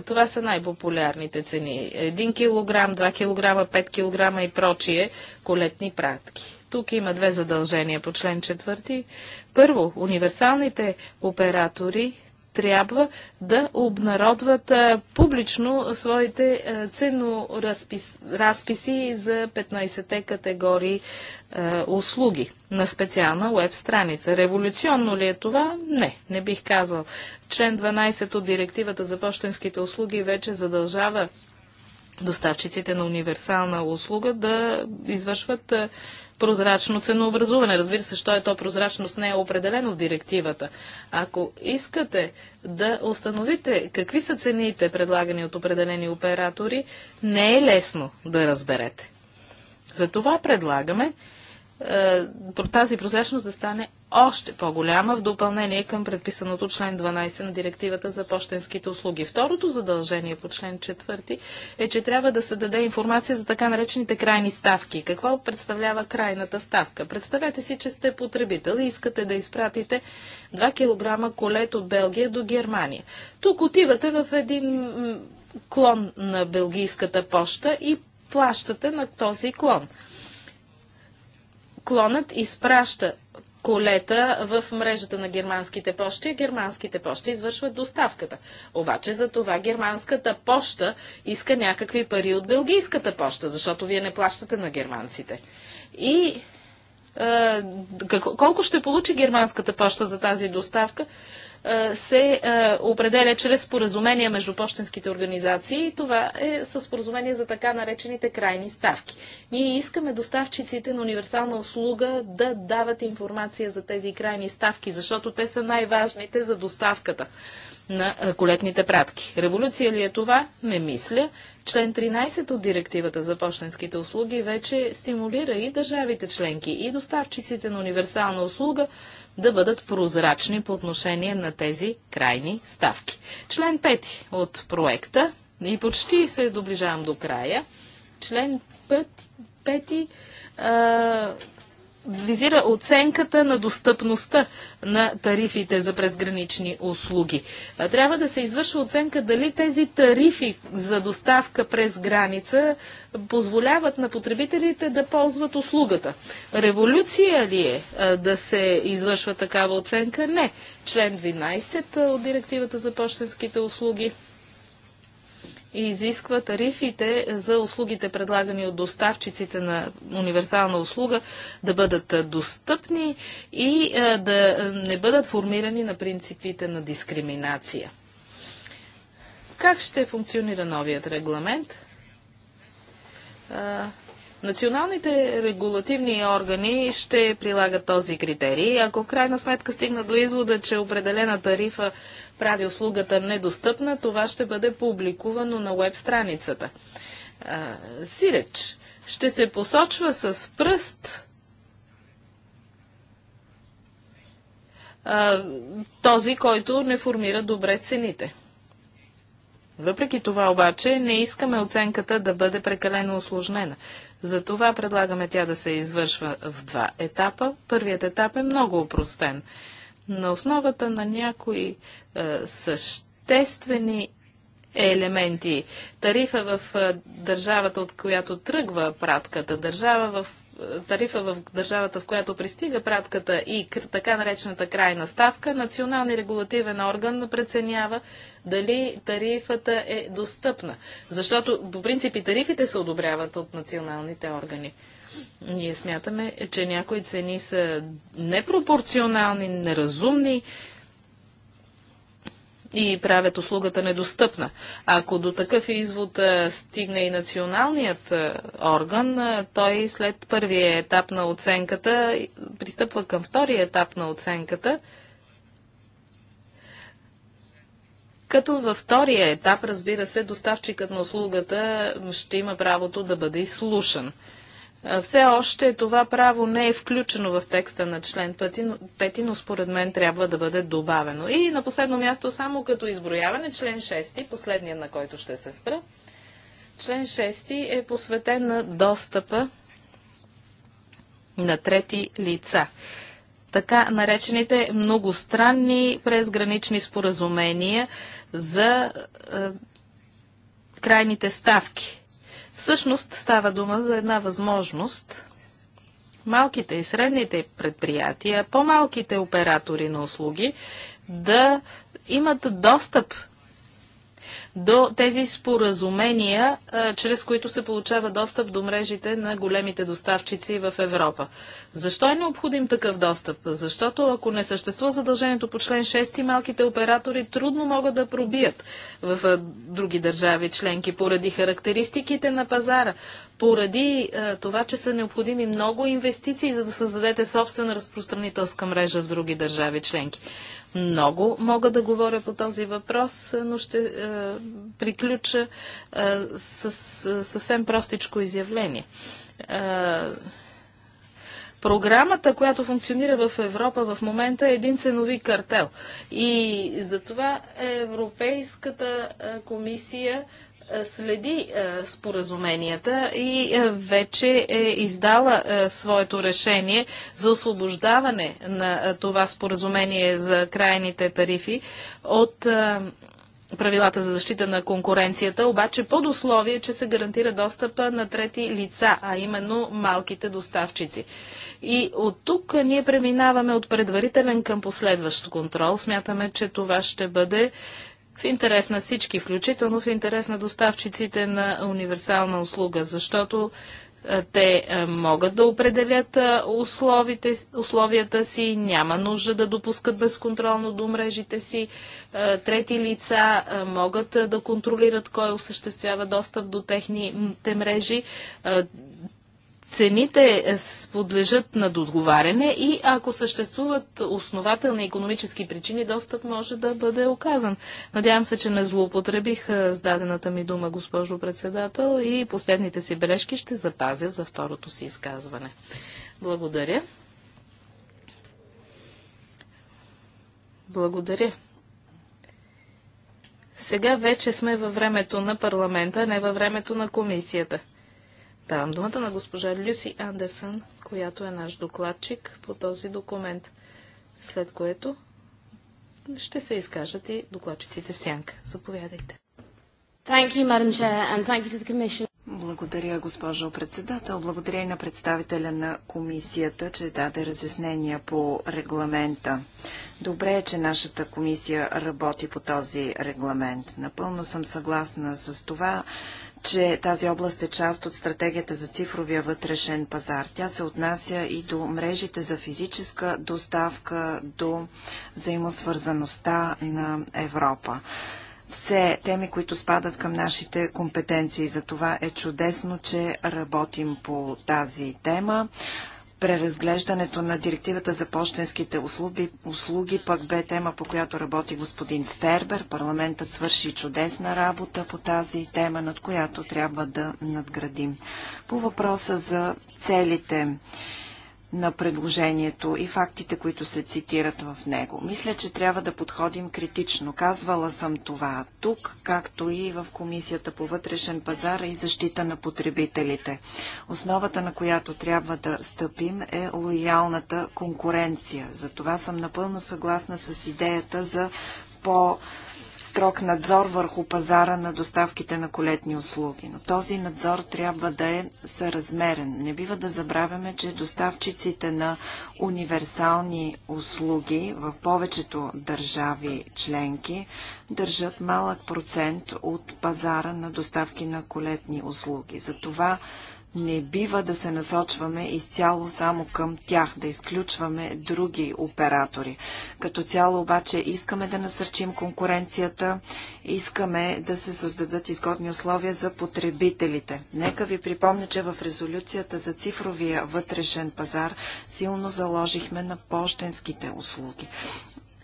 това са най-популярните цени. 1 кг, 2 кг, 5 кг и прочие колетни пратки. Тук има две задължения по член четвърти. Първо, универсалните оператори трябва да обнародват публично своите ценно разписи за 15-те категории услуги на специална веб страница. Революционно ли е това? Не, не бих казал. Член 12 от директивата за почтенските услуги вече задължава доставчиците на универсална услуга да извършват прозрачно ценообразуване. Разбира се, що е то прозрачност не е определено в директивата. Ако искате да установите какви са цените, предлагани от определени оператори, не е лесно да разберете. Затова предлагаме е, тази прозрачност да стане още по-голяма в допълнение към предписаното член 12 на директивата за почтенските услуги. Второто задължение по член 4 е, че трябва да се даде информация за така наречените крайни ставки. Какво представлява крайната ставка? Представете си, че сте потребител и искате да изпратите 2 кг колет от Белгия до Германия. Тук отивате в един клон на белгийската поща и плащате на този клон клонът изпраща колета в мрежата на германските почти, а германските почти извършват доставката. Обаче за това германската поща иска някакви пари от белгийската поща, защото вие не плащате на германците. И е, колко ще получи германската поща за тази доставка? Е, се е, определя чрез споразумение между почтенските организации. Това е със споразумение за така наречените крайни ставки. Ние искаме доставчиците на универсална услуга да дават информация за тези крайни ставки, защото те са най-важните за доставката на е, колетните пратки. Революция ли е това? Не мисля. Член 13 от директивата за почтенските услуги вече стимулира и държавите членки, и доставчиците на универсална услуга да бъдат прозрачни по отношение на тези крайни ставки. Член 5 от проекта и почти се доближавам до края. Член 5, 5 а, визира оценката на достъпността на тарифите за презгранични услуги. Трябва да се извършва оценка дали тези тарифи за доставка през граница позволяват на потребителите да ползват услугата. Революция ли е да се извършва такава оценка? Не. Член 12 от директивата за почтенските услуги и изисква тарифите за услугите, предлагани от доставчиците на универсална услуга, да бъдат достъпни и да не бъдат формирани на принципите на дискриминация. Как ще функционира новият регламент? Националните регулативни органи ще прилагат този критерий. Ако в крайна сметка стигна до извода, че определена тарифа прави услугата недостъпна, това ще бъде публикувано на веб страницата. Сиреч ще се посочва с пръст а, този, който не формира добре цените. Въпреки това обаче не искаме оценката да бъде прекалено осложнена. Затова предлагаме тя да се извършва в два етапа. Първият етап е много упростен на основата на някои е, съществени елементи. Тарифа в е, държавата, от която тръгва пратката, държава в е, тарифа в държавата, в която пристига пратката и така наречената крайна ставка, национални регулативен орган преценява дали тарифата е достъпна. Защото по принципи тарифите се одобряват от националните органи. Ние смятаме, че някои цени са непропорционални, неразумни и правят услугата недостъпна. Ако до такъв извод стигне и националният орган, той след първия етап на оценката пристъпва към втория етап на оценката. Като във втория етап, разбира се, доставчикът на услугата ще има правото да бъде изслушан. Все още това право не е включено в текста на член 5, но според мен трябва да бъде добавено. И на последно място, само като изброяване, член 6, последния на който ще се спра. Член 6 е посветен на достъпа на трети лица. Така наречените многостранни презгранични споразумения за е, крайните ставки Всъщност става дума за една възможност малките и средните предприятия, по-малките оператори на услуги да имат достъп до тези споразумения, чрез които се получава достъп до мрежите на големите доставчици в Европа. Защо е необходим такъв достъп? Защото ако не съществува задължението по член 6, малките оператори трудно могат да пробият в други държави членки поради характеристиките на пазара, поради това, че са необходими много инвестиции, за да създадете собствена разпространителска мрежа в други държави членки. Много мога да говоря по този въпрос, но ще е, приключа е, с е, съвсем простичко изявление. Е, Програмата, която функционира в Европа в момента е един ценови картел. И затова Европейската е, комисия е, следи е, споразуменията и е, вече е издала своето решение за освобождаване на това споразумение за крайните тарифи от правилата за защита на конкуренцията, обаче под условие, че се гарантира достъпа на трети лица, а именно малките доставчици. И от тук ние преминаваме от предварителен към последващ контрол. Смятаме, че това ще бъде в интерес на всички, включително в интерес на доставчиците на универсална услуга, защото те могат да определят условите, условията си, няма нужда да допускат безконтролно до мрежите си. Трети лица могат да контролират кой осъществява достъп до техните мрежи цените подлежат на договаряне и ако съществуват основателни економически причини, достъп може да бъде оказан. Надявам се, че не злоупотребих с дадената ми дума, госпожо председател, и последните си бележки ще запазя за второто си изказване. Благодаря. Благодаря. Сега вече сме във времето на парламента, не във времето на комисията. Давам думата на госпожа Люси Андерсън, която е наш докладчик по този документ, след което ще се изкажат и докладчиците в сянка. Заповядайте. You, благодаря, госпожо председател. Благодаря и на представителя на комисията, че даде разяснения по регламента. Добре е, че нашата комисия работи по този регламент. Напълно съм съгласна с това, че тази област е част от стратегията за цифровия вътрешен пазар. Тя се отнася и до мрежите за физическа доставка, до взаимосвързаността на Европа все теми, които спадат към нашите компетенции. За това е чудесно, че работим по тази тема преразглеждането на директивата за почтенските услуги, услуги пък бе тема, по която работи господин Фербер. Парламентът свърши чудесна работа по тази тема, над която трябва да надградим. По въпроса за целите на предложението и фактите, които се цитират в него. Мисля, че трябва да подходим критично. Казвала съм това тук, както и в Комисията по вътрешен пазар и защита на потребителите. Основата, на която трябва да стъпим е лоялната конкуренция. За това съм напълно съгласна с идеята за по- строг надзор върху пазара на доставките на колетни услуги, но този надзор трябва да е съразмерен. Не бива да забравяме, че доставчиците на универсални услуги в повечето държави членки държат малък процент от пазара на доставки на колетни услуги. Затова не бива да се насочваме изцяло само към тях, да изключваме други оператори. Като цяло обаче искаме да насърчим конкуренцията, искаме да се създадат изгодни условия за потребителите. Нека ви припомня, че в резолюцията за цифровия вътрешен пазар силно заложихме на пощенските услуги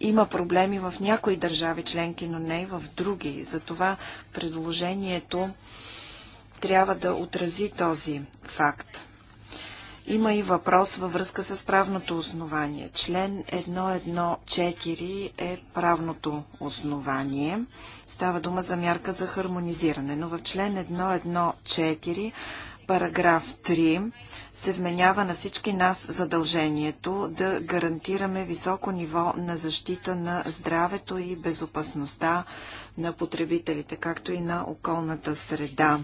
има проблеми в някои държави членки, но не и в други. Затова предложението трябва да отрази този факт. Има и въпрос във връзка с правното основание. Член 1.1.4 е правното основание. Става дума за мярка за хармонизиране, но в член 1.1.4 параграф 3 се вменява на всички нас задължението да гарантираме високо ниво на защита на здравето и безопасността на потребителите, както и на околната среда.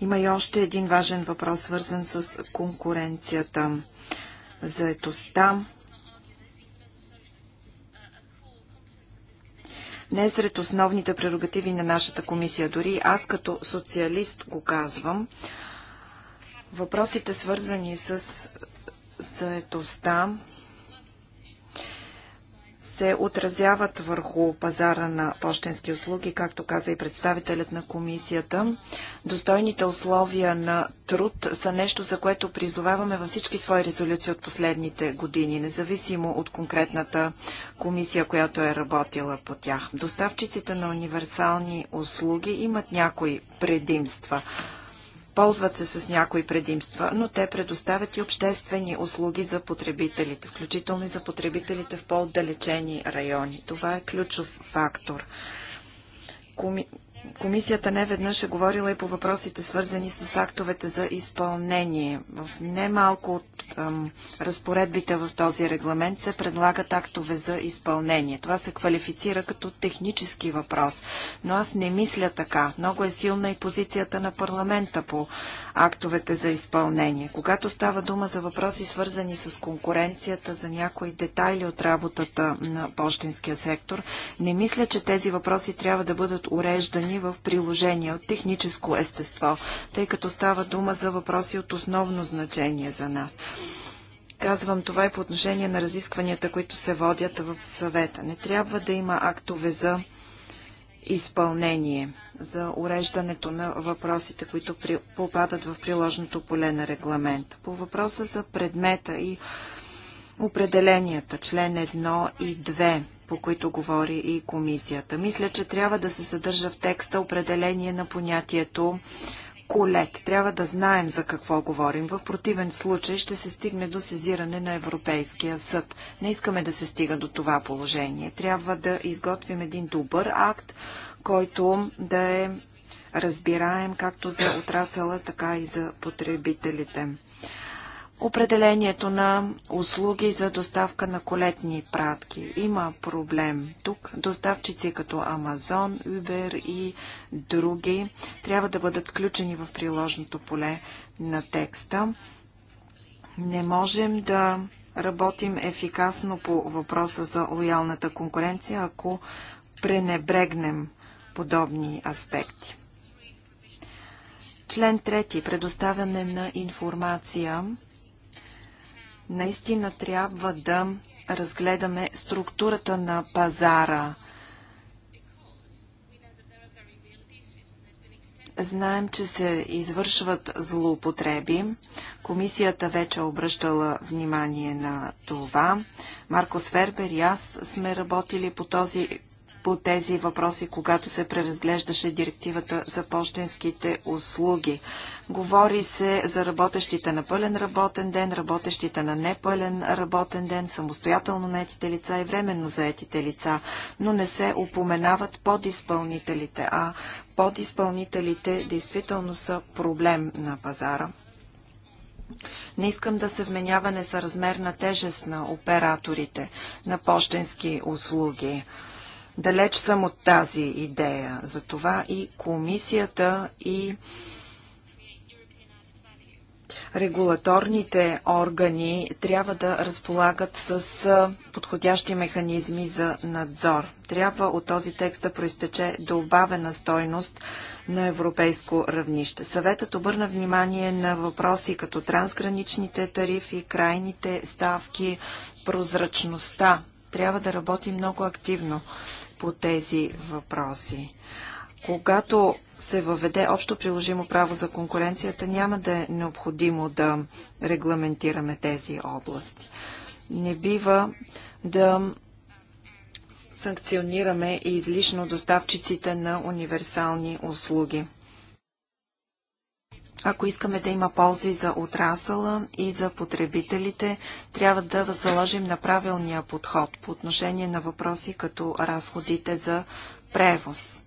Има и още един важен въпрос, свързан с конкуренцията, заетостта. Не е сред основните прерогативи на нашата комисия. Дори аз като социалист го казвам. Въпросите свързани с заетостта се отразяват върху пазара на почтенски услуги, както каза и представителят на комисията. Достойните условия на труд са нещо, за което призоваваме във всички свои резолюции от последните години, независимо от конкретната комисия, която е работила по тях. Доставчиците на универсални услуги имат някои предимства Ползват се с някои предимства, но те предоставят и обществени услуги за потребителите, включително и за потребителите в по-отдалечени райони. Това е ключов фактор. Комисията не веднъж е говорила и по въпросите, свързани с актовете за изпълнение. В немалко от ам, разпоредбите в този регламент се предлагат актове за изпълнение. Това се квалифицира като технически въпрос, но аз не мисля така. Много е силна и позицията на парламента по актовете за изпълнение. Когато става дума за въпроси, свързани с конкуренцията, за някои детайли от работата на почтенския сектор, не мисля, че тези въпроси трябва да бъдат уреждани включени в приложения от техническо естество, тъй като става дума за въпроси от основно значение за нас. Казвам това и по отношение на разискванията, които се водят в съвета. Не трябва да има актове за изпълнение, за уреждането на въпросите, които при... попадат в приложното поле на регламента. По въпроса за предмета и определенията, член 1 и по които говори и комисията. Мисля, че трябва да се съдържа в текста определение на понятието колет. Трябва да знаем за какво говорим. В противен случай ще се стигне до сезиране на Европейския съд. Не искаме да се стига до това положение. Трябва да изготвим един добър акт, който да е разбираем както за отрасъла, така и за потребителите. Определението на услуги за доставка на колетни пратки. Има проблем тук. Доставчици като Амазон, Uber и други трябва да бъдат включени в приложното поле на текста. Не можем да работим ефикасно по въпроса за лоялната конкуренция, ако пренебрегнем подобни аспекти. Член 3. Предоставяне на информация Наистина трябва да разгледаме структурата на пазара. Знаем, че се извършват злоупотреби. Комисията вече е обръщала внимание на това. Марко Свербер и аз сме работили по този по тези въпроси, когато се преразглеждаше директивата за почтенските услуги. Говори се за работещите на пълен работен ден, работещите на непълен работен ден, самостоятелно наетите лица и временно заетите лица, но не се упоменават подизпълнителите, а подизпълнителите действително са проблем на пазара. Не искам да се вменява несъразмерна тежест на операторите на почтенски услуги. Далеч съм от тази идея. Затова и комисията и регулаторните органи трябва да разполагат с подходящи механизми за надзор. Трябва от този текст да проистече добавена стойност на европейско равнище. Съветът обърна внимание на въпроси като трансграничните тарифи, крайните ставки, прозрачността. Трябва да работи много активно по тези въпроси. Когато се въведе общо приложимо право за конкуренцията, няма да е необходимо да регламентираме тези области. Не бива да санкционираме и излишно доставчиците на универсални услуги. Ако искаме да има ползи за отрасъла и за потребителите, трябва да заложим на правилния подход по отношение на въпроси като разходите за превоз.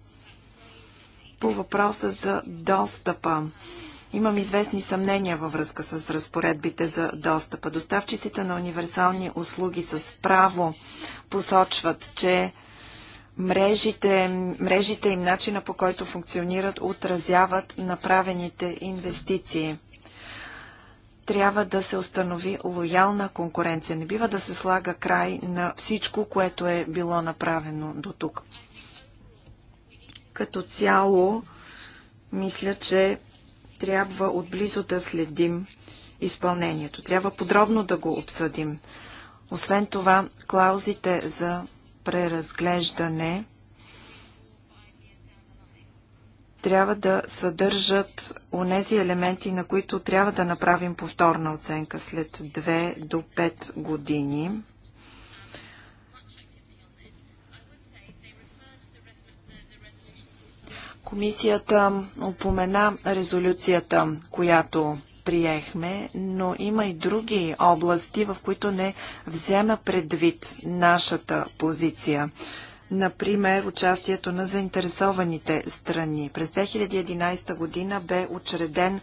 По въпроса за достъпа. Имам известни съмнения във връзка с разпоредбите за достъпа. Доставчиците на универсални услуги с право посочват, че мрежите, мрежите им, начина по който функционират, отразяват направените инвестиции. Трябва да се установи лоялна конкуренция. Не бива да се слага край на всичко, което е било направено до тук. Като цяло, мисля, че трябва отблизо да следим изпълнението. Трябва подробно да го обсъдим. Освен това, клаузите за преразглеждане трябва да съдържат онези елементи, на които трябва да направим повторна оценка след 2 до 5 години. Комисията упомена резолюцията, която приехме, но има и други области, в които не взема предвид нашата позиция. Например, участието на заинтересованите страни. През 2011 година бе учреден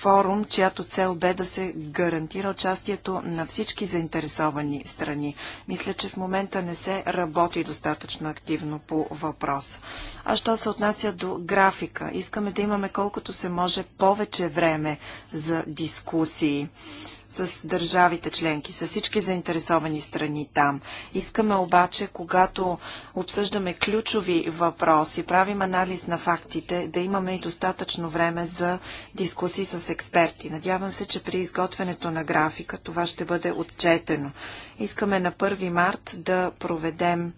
форум, чиято цел бе да се гарантира участието на всички заинтересовани страни. Мисля, че в момента не се работи достатъчно активно по въпроса. А що се отнася до графика? Искаме да имаме колкото се може повече време за дискусии с държавите членки, с всички заинтересовани страни там. Искаме обаче, когато обсъждаме ключови въпроси, правим анализ на фактите, да имаме и достатъчно време за дискусии с експерти. Надявам се, че при изготвянето на графика това ще бъде отчетено. Искаме на 1 март да проведем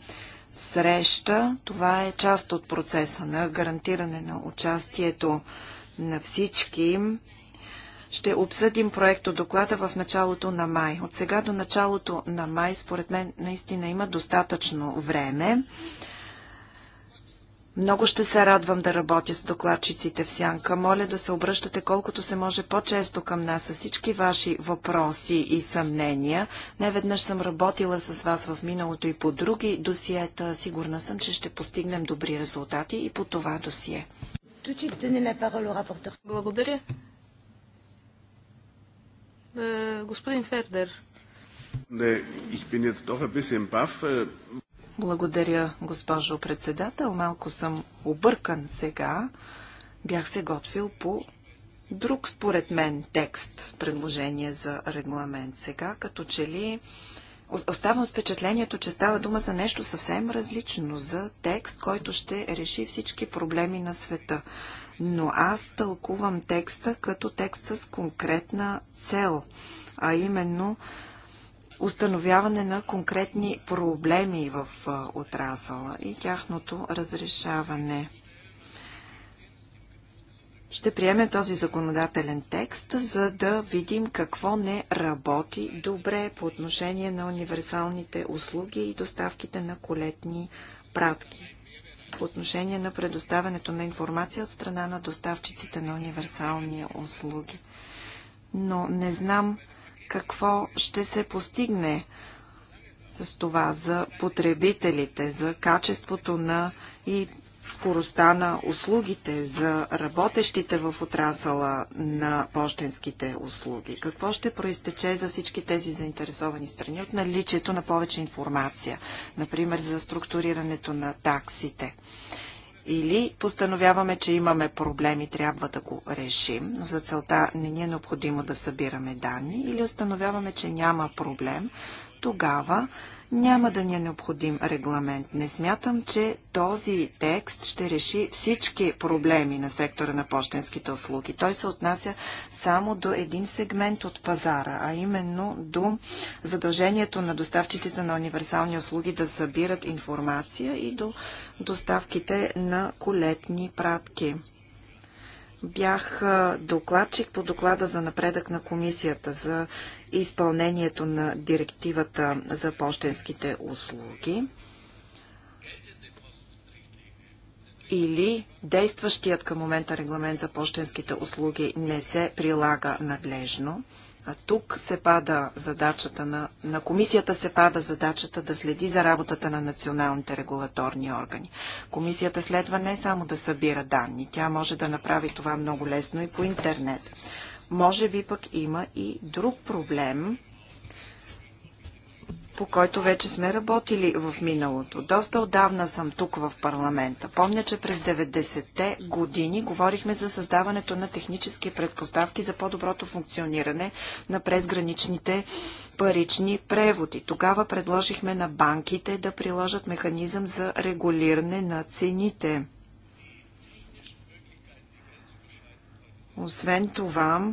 среща. Това е част от процеса на гарантиране на участието на всички ще обсъдим проекто доклада в началото на май. От сега до началото на май, според мен, наистина има достатъчно време. Много ще се радвам да работя с докладчиците в Сянка. Моля да се обръщате колкото се може по-често към нас с всички ваши въпроси и съмнения. Не веднъж съм работила с вас в миналото и по други досиета. Сигурна съм, че ще постигнем добри резултати и по това досие. Благодаря. Е, господин Фердер. Е. Благодаря, госпожо председател. Малко съм объркан сега. Бях се готвил по друг, според мен, текст, предложение за регламент. Сега, като че ли оставам с впечатлението, че става дума за нещо съвсем различно, за текст, който ще реши всички проблеми на света но аз тълкувам текста като текст с конкретна цел, а именно установяване на конкретни проблеми в отрасъла и тяхното разрешаване. Ще приемем този законодателен текст, за да видим какво не работи добре по отношение на универсалните услуги и доставките на колетни пратки по отношение на предоставянето на информация от страна на доставчиците на универсални услуги. Но не знам какво ще се постигне с това за потребителите, за качеството на и скоростта на услугите за работещите в отрасъла на почтенските услуги? Какво ще проистече за всички тези заинтересовани страни от наличието на повече информация, например за структурирането на таксите? Или постановяваме, че имаме проблеми, трябва да го решим, но за целта не ни е необходимо да събираме данни, или установяваме, че няма проблем, тогава няма да ни е необходим регламент. Не смятам, че този текст ще реши всички проблеми на сектора на почтенските услуги. Той се отнася само до един сегмент от пазара, а именно до задължението на доставчиците на универсални услуги да събират информация и до доставките на колетни пратки. Бях докладчик по доклада за напредък на комисията за изпълнението на директивата за почтенските услуги. или действащият към момента регламент за почтенските услуги не се прилага надлежно. А тук се пада задачата на, на комисията се пада задачата да следи за работата на националните регулаторни органи. Комисията следва не само да събира данни, тя може да направи това много лесно и по интернет. Може би пък има и друг проблем, по който вече сме работили в миналото. Доста отдавна съм тук в парламента. Помня, че през 90-те години говорихме за създаването на технически предпоставки за по-доброто функциониране на презграничните парични преводи. Тогава предложихме на банките да приложат механизъм за регулиране на цените. Освен това,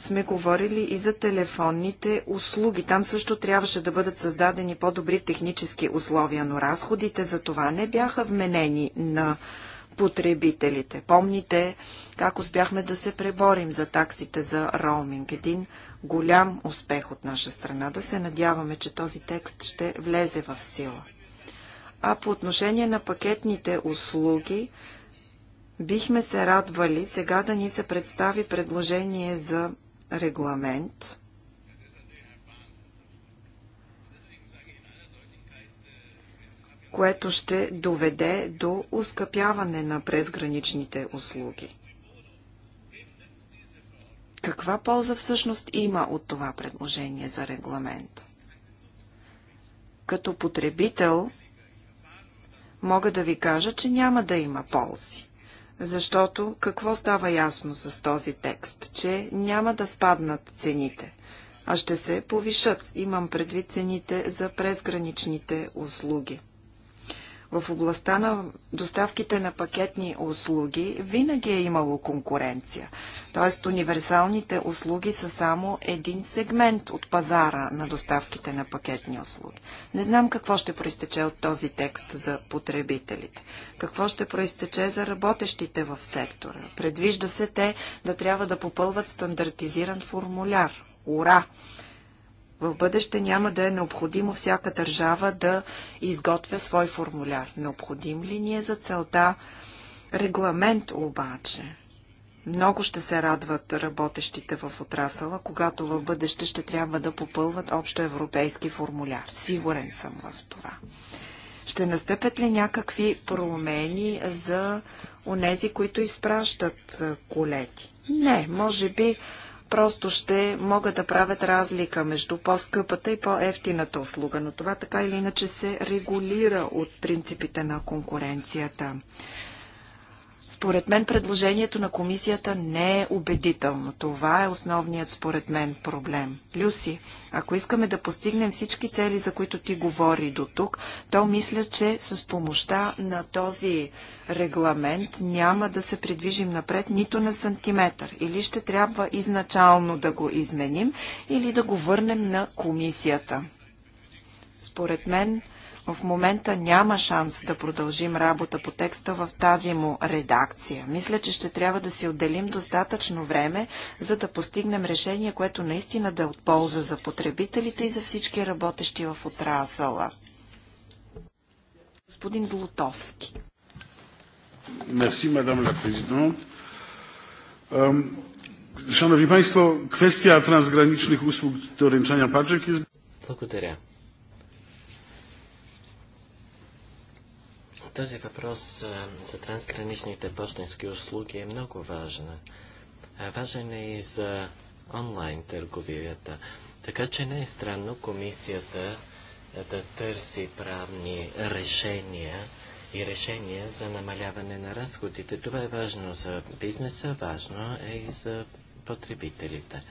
сме говорили и за телефонните услуги. Там също трябваше да бъдат създадени по-добри технически условия, но разходите за това не бяха вменени на потребителите. Помните как успяхме да се преборим за таксите за роуминг. Един голям успех от наша страна. Да се надяваме, че този текст ще влезе в сила. А по отношение на пакетните услуги, бихме се радвали сега да ни се представи предложение за регламент. което ще доведе до ускъпяване на презграничните услуги. Каква полза всъщност има от това предложение за регламент? Като потребител мога да ви кажа, че няма да има ползи. Защото какво става ясно с този текст? Че няма да спаднат цените, а ще се повишат. Имам предвид цените за презграничните услуги в областта на доставките на пакетни услуги винаги е имало конкуренция. Тоест универсалните услуги са само един сегмент от пазара на доставките на пакетни услуги. Не знам какво ще проистече от този текст за потребителите. Какво ще проистече за работещите в сектора. Предвижда се те да трябва да попълват стандартизиран формуляр. Ура! В бъдеще няма да е необходимо всяка държава да изготвя свой формуляр. Необходим ли ни е за целта регламент обаче? Много ще се радват работещите в отрасъла, когато в бъдеще ще трябва да попълват общо европейски формуляр. Сигурен съм в това. Ще настъпят ли някакви промени за онези, които изпращат колети? Не, може би просто ще могат да правят разлика между по-скъпата и по-ефтината услуга, но това така или иначе се регулира от принципите на конкуренцията. Според мен предложението на комисията не е убедително. Това е основният според мен проблем. Люси, ако искаме да постигнем всички цели, за които ти говори до тук, то мисля, че с помощта на този регламент няма да се придвижим напред нито на сантиметър. Или ще трябва изначално да го изменим, или да го върнем на комисията. Според мен, в момента няма шанс да продължим работа по текста в тази му редакция. Мисля, че ще трябва да си отделим достатъчно време, за да постигнем решение, което наистина да е от полза за потребителите и за всички работещи в отрасъла. Господин Злотовски. Мерси, мадам ла президент. Szanowni Państwo, kwestia transgranicznych usług doręczania paczek jest... Благодаря. Този въпрос за трансграничните почтенски услуги е много важен. Важен е и за онлайн търговията. Така че не е странно комисията да търси правни решения и решения за намаляване на разходите. Това е важно за бизнеса, важно е и за потребителите.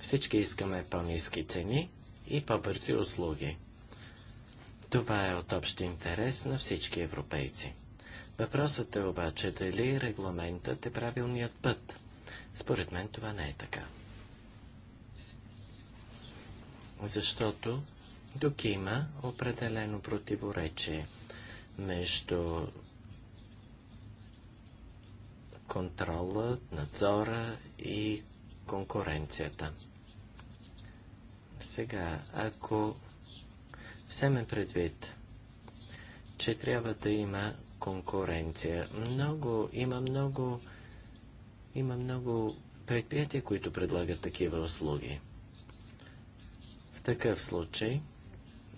Всички искаме по-низки цени и по-бързи услуги. Това е от общ интерес на всички европейци. Въпросът е обаче дали регламентът е правилният път. Според мен това не е така. Защото тук има определено противоречие между контрола, надзора и конкуренцията. Сега, ако Вземе предвид, че трябва да има конкуренция. Много, има много, има много предприятия, които предлагат такива услуги. В такъв случай,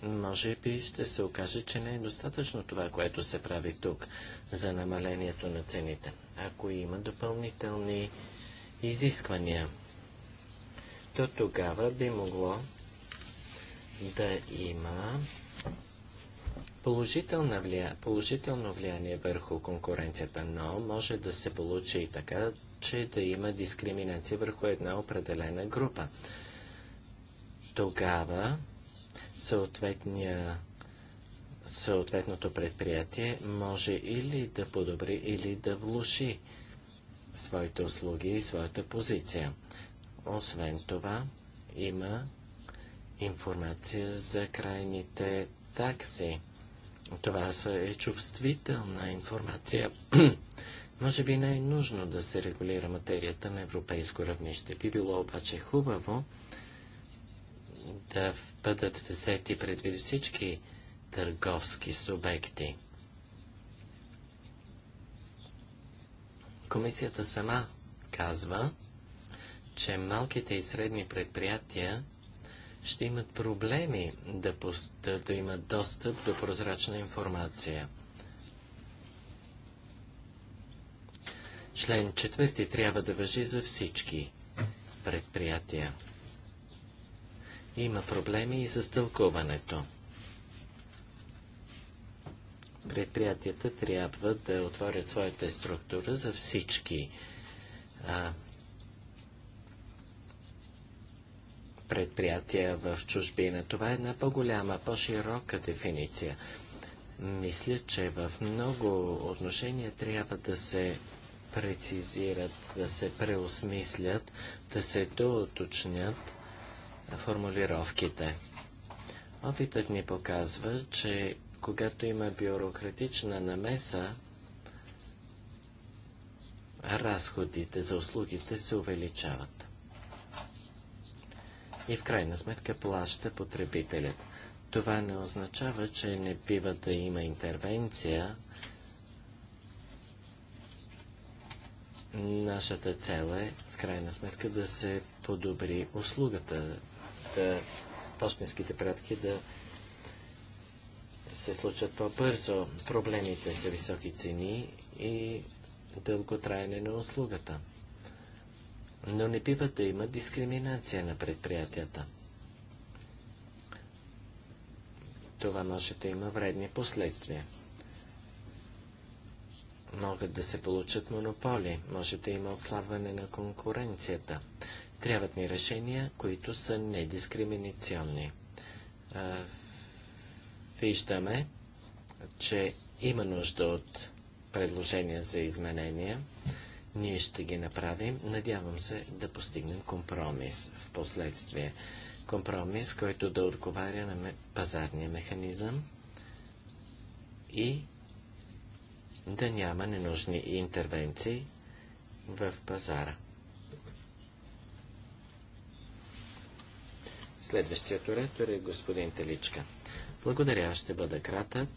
може би ще се окаже, че не е достатъчно това, което се прави тук за намалението на цените, ако има допълнителни изисквания то тогава би могло да има положително, влия... положително влияние върху конкуренцията, но може да се получи и така, че да има дискриминация върху една определена група. Тогава съответния съответното предприятие може или да подобри, или да влуши своите услуги и своята позиция. Освен това, има информация за крайните такси. Това е чувствителна информация. Може би не е нужно да се регулира материята на европейско равнище. Би било обаче хубаво да бъдат взети предвид всички търговски субекти. Комисията сама казва, че малките и средни предприятия ще имат проблеми да, да, да имат достъп до прозрачна информация. Член четвърти трябва да въжи за всички предприятия. Има проблеми и с тълкуването. Предприятията трябва да отворят своята структура за всички а, предприятия в чужбина. Това е една по-голяма, по-широка дефиниция. Мисля, че в много отношения трябва да се прецизират, да се преосмислят, да се доуточнят формулировките. Опитът ни показва, че когато има бюрократична намеса, разходите за услугите се увеличават и в крайна сметка плаща потребителят. Това не означава, че не бива да има интервенция. Нашата цел е, в крайна сметка, да се подобри услугата, да почтенските пратки да се случат по-бързо. Проблемите са високи цени и дълготрайне на услугата но не бива да има дискриминация на предприятията. Това може да има вредни последствия. Могат да се получат монополи, може да има отслабване на конкуренцията. Трябват ни решения, които са недискриминационни. виждаме, че има нужда от предложения за изменения. Ние ще ги направим. Надявам се да постигнем компромис в последствие. Компромис, който да отговаря на пазарния механизъм и да няма ненужни интервенции в пазара. Следващият оратор е господин Теличка. Благодаря, ще бъда кратък,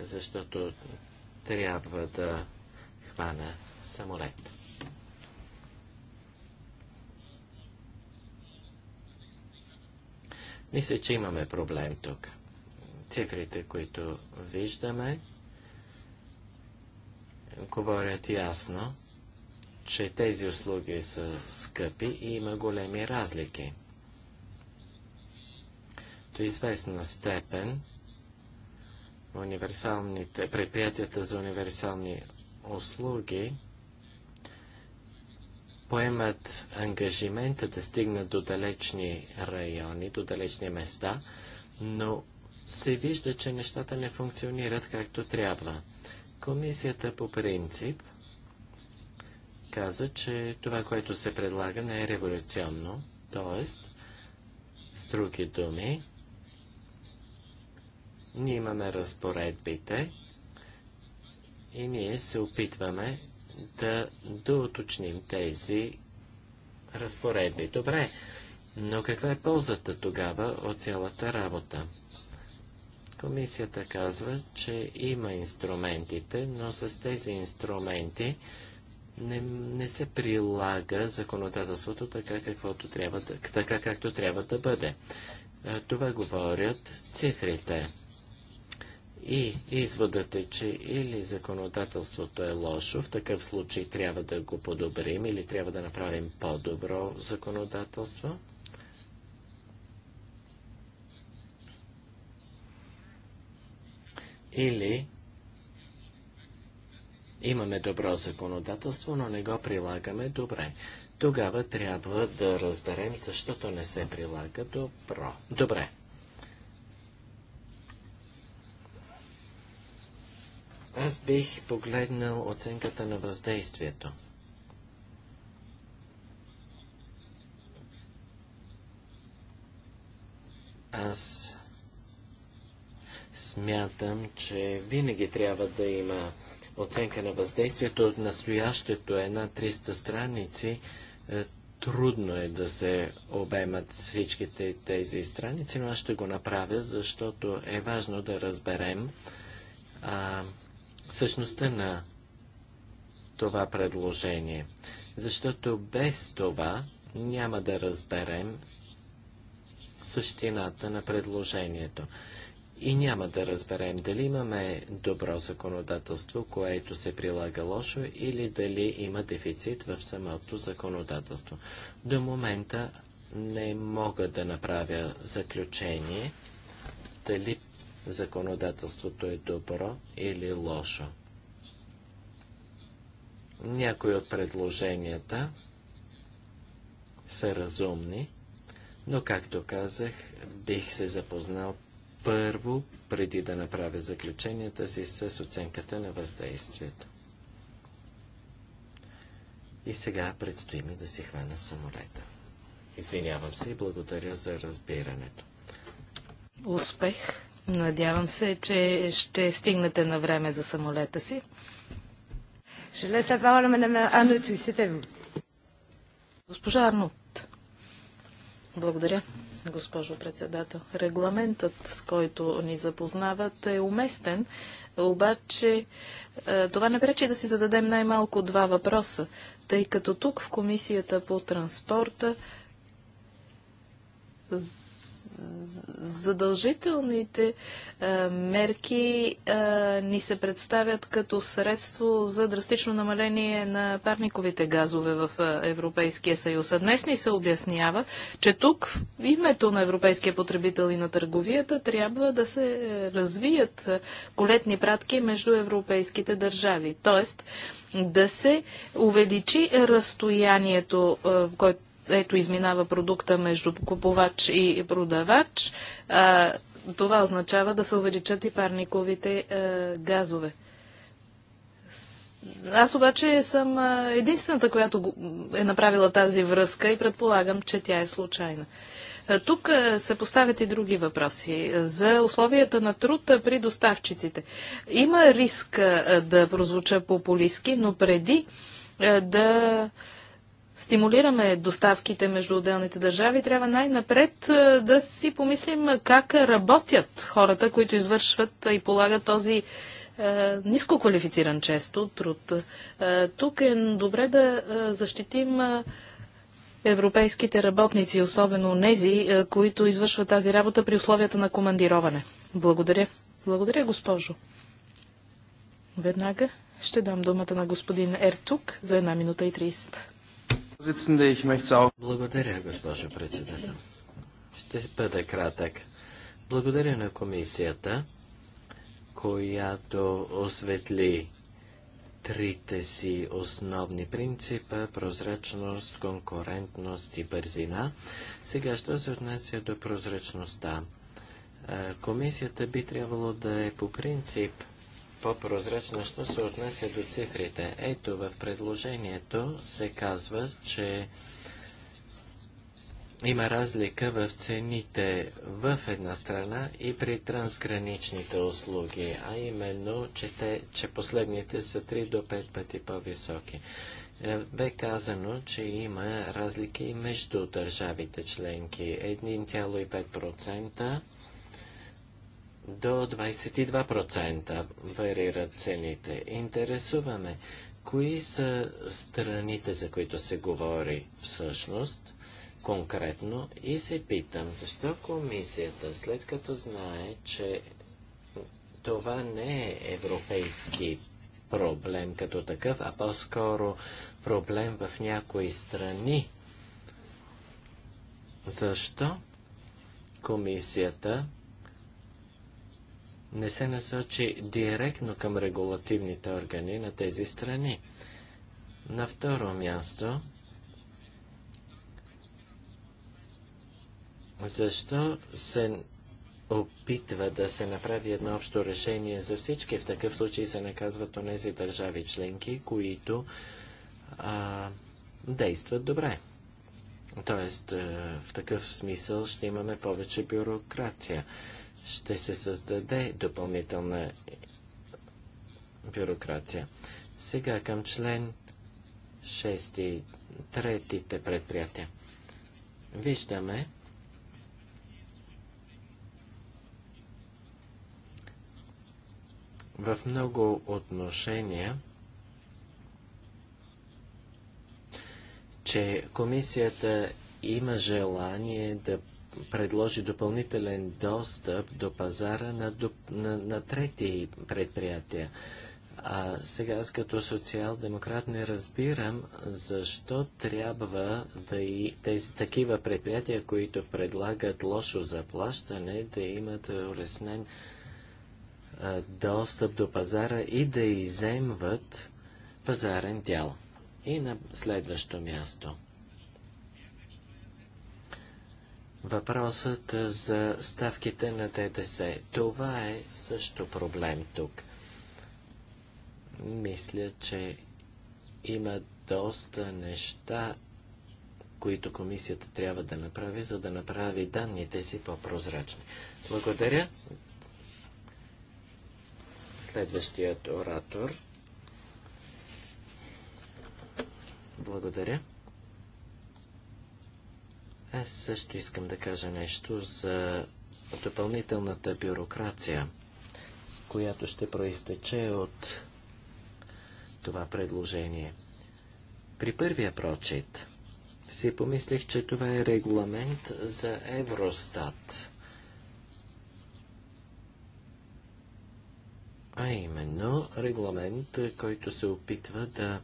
защото трябва да капана самолет. Мисля, че имаме проблем тук. Цифрите, които виждаме, говорят ясно, че тези услуги са скъпи и има големи разлики. До известна степен универсалните, предприятията за универсални услуги поемат ангажимента да стигнат до далечни райони, до далечни места, но се вижда, че нещата не функционират както трябва. Комисията по принцип каза, че това, което се предлага, не е революционно, т.е. с други думи, ние имаме разпоредбите, и ние се опитваме да доуточним тези разпоредби. Добре, но каква е ползата тогава от цялата работа? Комисията казва, че има инструментите, но с тези инструменти не, не се прилага законодателството така, каквото трябва да, така както трябва да бъде. Това говорят цифрите. И изводът е, че или законодателството е лошо, в такъв случай трябва да го подобрим или трябва да направим по-добро законодателство. Или имаме добро законодателство, но не го прилагаме добре. Тогава трябва да разберем, защото не се прилага добро. Добре. Аз бих погледнал оценката на въздействието. Аз смятам, че винаги трябва да има оценка на въздействието от настоящето една 300 страници. Е, трудно е да се обемат всичките тези страници, но аз ще го направя, защото е важно да разберем а, същността на това предложение, защото без това няма да разберем същината на предложението. И няма да разберем дали имаме добро законодателство, което се прилага лошо, или дали има дефицит в самото законодателство. До момента не мога да направя заключение дали законодателството е добро или лошо. Някои от предложенията са разумни, но, както казах, бих се запознал първо, преди да направя заключенията си с оценката на въздействието. И сега предстои ми да си хвана самолета. Извинявам се и благодаря за разбирането. Успех! Надявам се, че ще стигнете на време за самолета си. Госпожа Арнут. Благодаря, госпожо председател. Регламентът, с който ни запознават, е уместен, обаче е, това не пречи да си зададем най-малко два въпроса, тъй като тук в Комисията по транспорта задължителните а, мерки а, ни се представят като средство за драстично намаление на парниковите газове в Европейския съюз. А днес ни се обяснява, че тук в името на европейския потребител и на търговията трябва да се е, развият колетни пратки между европейските държави. Тоест, да се увеличи разстоянието, което ето изминава продукта между купувач и продавач, а, това означава да се увеличат и парниковите а, е, газове. Аз обаче съм е, единствената, която е направила тази връзка и предполагам, че тя е случайна. Е, тук се поставят и други въпроси. За условията на труд при доставчиците. Има риск да прозвуча популистски, но преди да стимулираме доставките между отделните държави, трябва най-напред е, да си помислим как работят хората, които извършват и полагат този е, ниско квалифициран често труд. Е, тук е добре да защитим европейските работници, особено нези, които извършват тази работа при условията на командироване. Благодаря. Благодаря, госпожо. Веднага ще дам думата на господин Ертук за една минута и 30. Благодаря, госпожо председател. Ще бъда кратък. Благодаря на комисията, която осветли трите си основни принципа – прозрачност, конкурентност и бързина. Сега, що се отнася до прозрачността? Е, комисията би трябвало да е по принцип – по-прозрачна, що се отнесе до цифрите. Ето в предложението се казва, че има разлика в цените в една страна и при трансграничните услуги, а именно, че, те, че последните са 3 до 5 пъти по-високи. Е, бе казано, че има разлики между държавите членки. 1,5% до 22% варират цените. Интересуваме, кои са страните, за които се говори всъщност, конкретно, и се питам, защо комисията, след като знае, че това не е европейски проблем като такъв, а по-скоро проблем в някои страни, защо комисията не се насочи директно към регулативните органи на тези страни. На второ място, защо се опитва да се направи едно общо решение за всички? В такъв случай се наказват онези държави членки, които а, действат добре. Тоест, в такъв смисъл ще имаме повече бюрокрация ще се създаде допълнителна бюрокрация. Сега към член 6. Третите предприятия. Виждаме, в много отношения, че комисията има желание да предложи допълнителен достъп до пазара на, на, на трети предприятия. А сега аз като социал-демократ не разбирам защо трябва да и тези такива предприятия, които предлагат лошо заплащане, да имат улеснен достъп до пазара и да иземват пазарен дял. И на следващо място – въпросът за ставките на ДДС. Това е също проблем тук. Мисля, че има доста неща, които комисията трябва да направи, за да направи данните си по-прозрачни. Благодаря. Следващият оратор. Благодаря. Аз също искам да кажа нещо за допълнителната бюрокрация, която ще проистече от това предложение. При първия прочит си помислих, че това е регламент за Евростат. А именно регламент, който се опитва да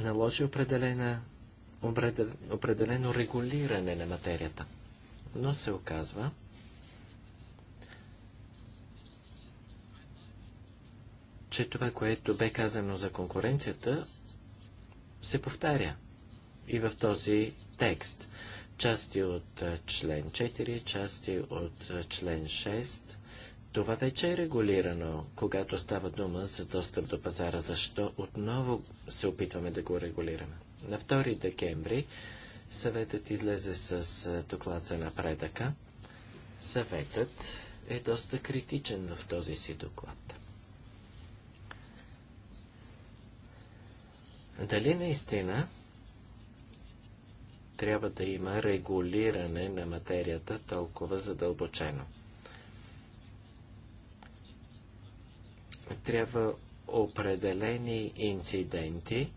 наложи определена, определено регулиране на материята. Но се оказва, че това, което бе казано за конкуренцията, се повтаря и в този текст. Части от член 4, части от член 6 това вече е регулирано, когато става дума за достъп до пазара. Защо отново се опитваме да го регулираме? На 2 декември съветът излезе с доклад за напредъка. Съветът е доста критичен в този си доклад. Дали наистина трябва да има регулиране на материята толкова задълбочено? трябва определени инциденти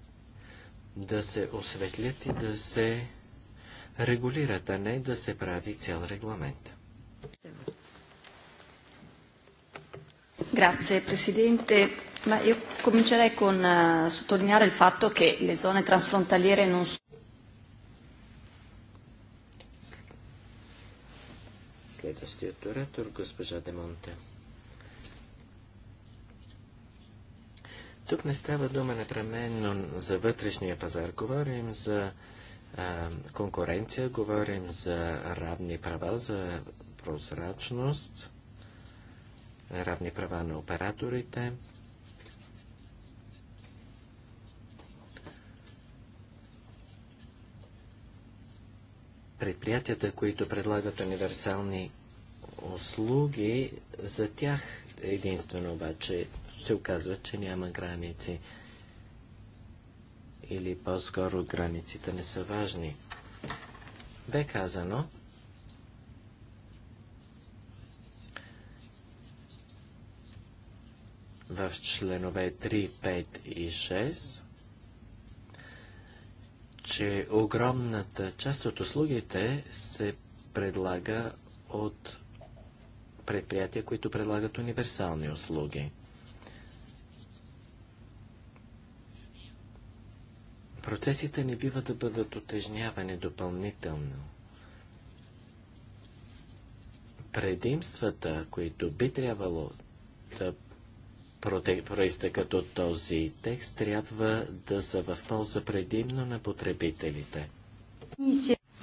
да се осветлят и да се регулират, а не да се прави цял регламент. Grazie Presidente, ma io comincerei con uh, sottolineare il fatto che le zone transfrontaliere non sono. Следващият оратор, госпожа Демонте. Тук не става дума непременно за вътрешния пазар. Говорим за а, конкуренция, говорим за равни права, за прозрачност, равни права на операторите. Предприятията, които предлагат универсални услуги, за тях единствено обаче се оказва, че няма граници. Или по-скоро границите не са важни. Бе казано, в членове 3, 5 и 6, че огромната част от услугите се предлага от предприятия, които предлагат универсални услуги. Процесите не бива да бъдат отежнявани допълнително. Предимствата, които би трябвало да проистъкат от този текст, трябва да са в полза предимно на потребителите.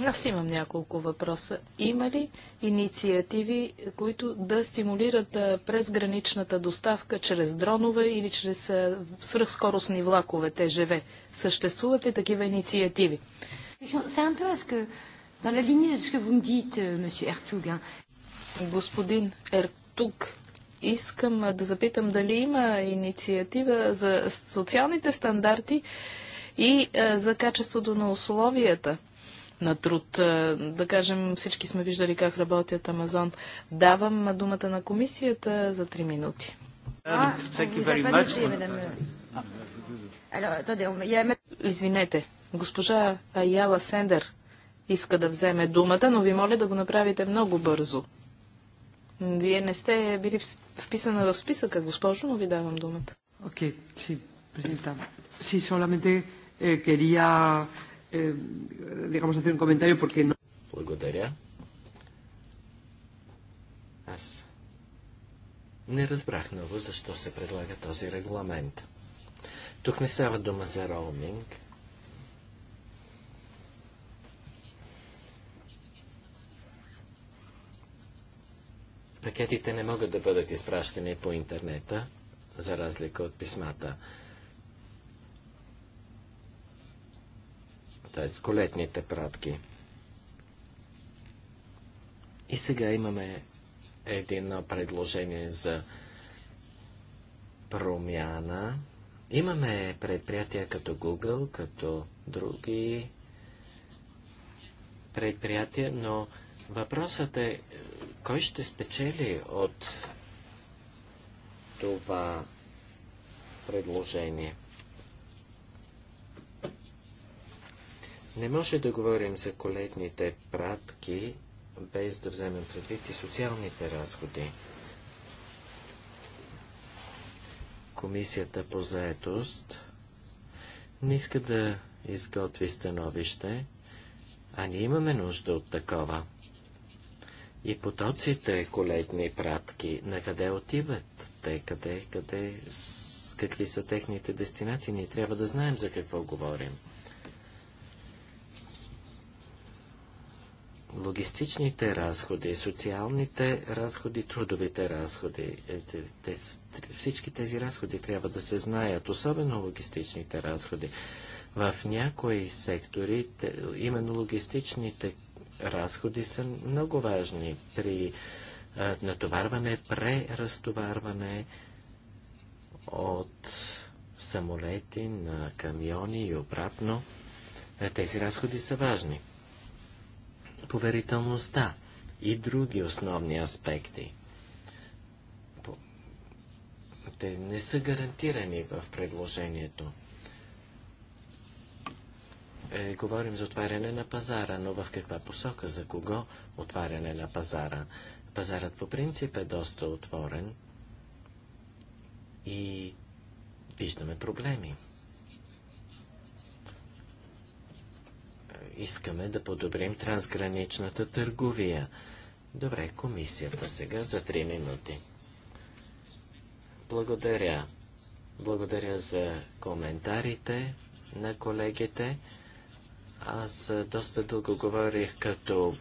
Аз имам няколко въпроса. Има ли инициативи, които да стимулират през презграничната доставка чрез дронове или чрез свръхскоростни влакове ТЖВ? Съществуват ли такива инициативи? Euh, Господин Ертуг, искам да запитам дали има инициатива за социалните стандарти и за качеството на условията на труд. Е, да кажем, всички сме виждали как работят Амазон. Давам думата на комисията за 3 минути. Извинете, госпожа Аяла Сендер иска да вземе думата, но ви моля да го направите много бързо. Вие не сте били вписана в списъка, госпожо, но ви давам думата. Окей, си, презентам. Си, solamente quería е, digamos, hacer un comentario porque no. Благодаря. Аз не разбрах много защо се предлага този регламент. Тук не става дума за роуминг. Пакетите не могат да бъдат изпращани по интернета, за разлика от писмата. т.е. колетните пратки. И сега имаме едно предложение за промяна. Имаме предприятия като Google, като други предприятия, но въпросът е кой ще спечели от това предложение. Не може да говорим за колетните пратки, без да вземем предвид и социалните разходи. Комисията по заетост не иска да изготви становище, а ние имаме нужда от такова. И потоците колетни пратки, на къде отиват те, къде, къде, с какви са техните дестинации, ние трябва да знаем за какво говорим. логистичните разходи, социалните разходи, трудовите разходи. Е, всички тези разходи трябва да се знаят, особено логистичните разходи. В някои сектори именно логистичните разходи са много важни при натоварване, преразтоварване от самолети на камиони и обратно. Е, тези разходи са важни поверителността и други основни аспекти. Те не са гарантирани в предложението. Е, говорим за отваряне на пазара, но в каква посока, за кого отваряне на пазара? Пазарът по принцип е доста отворен и виждаме проблеми. искаме да подобрим трансграничната търговия. Добре, комисията сега за 3 минути. Благодаря. Благодаря за коментарите на колегите. Аз доста дълго говорих, като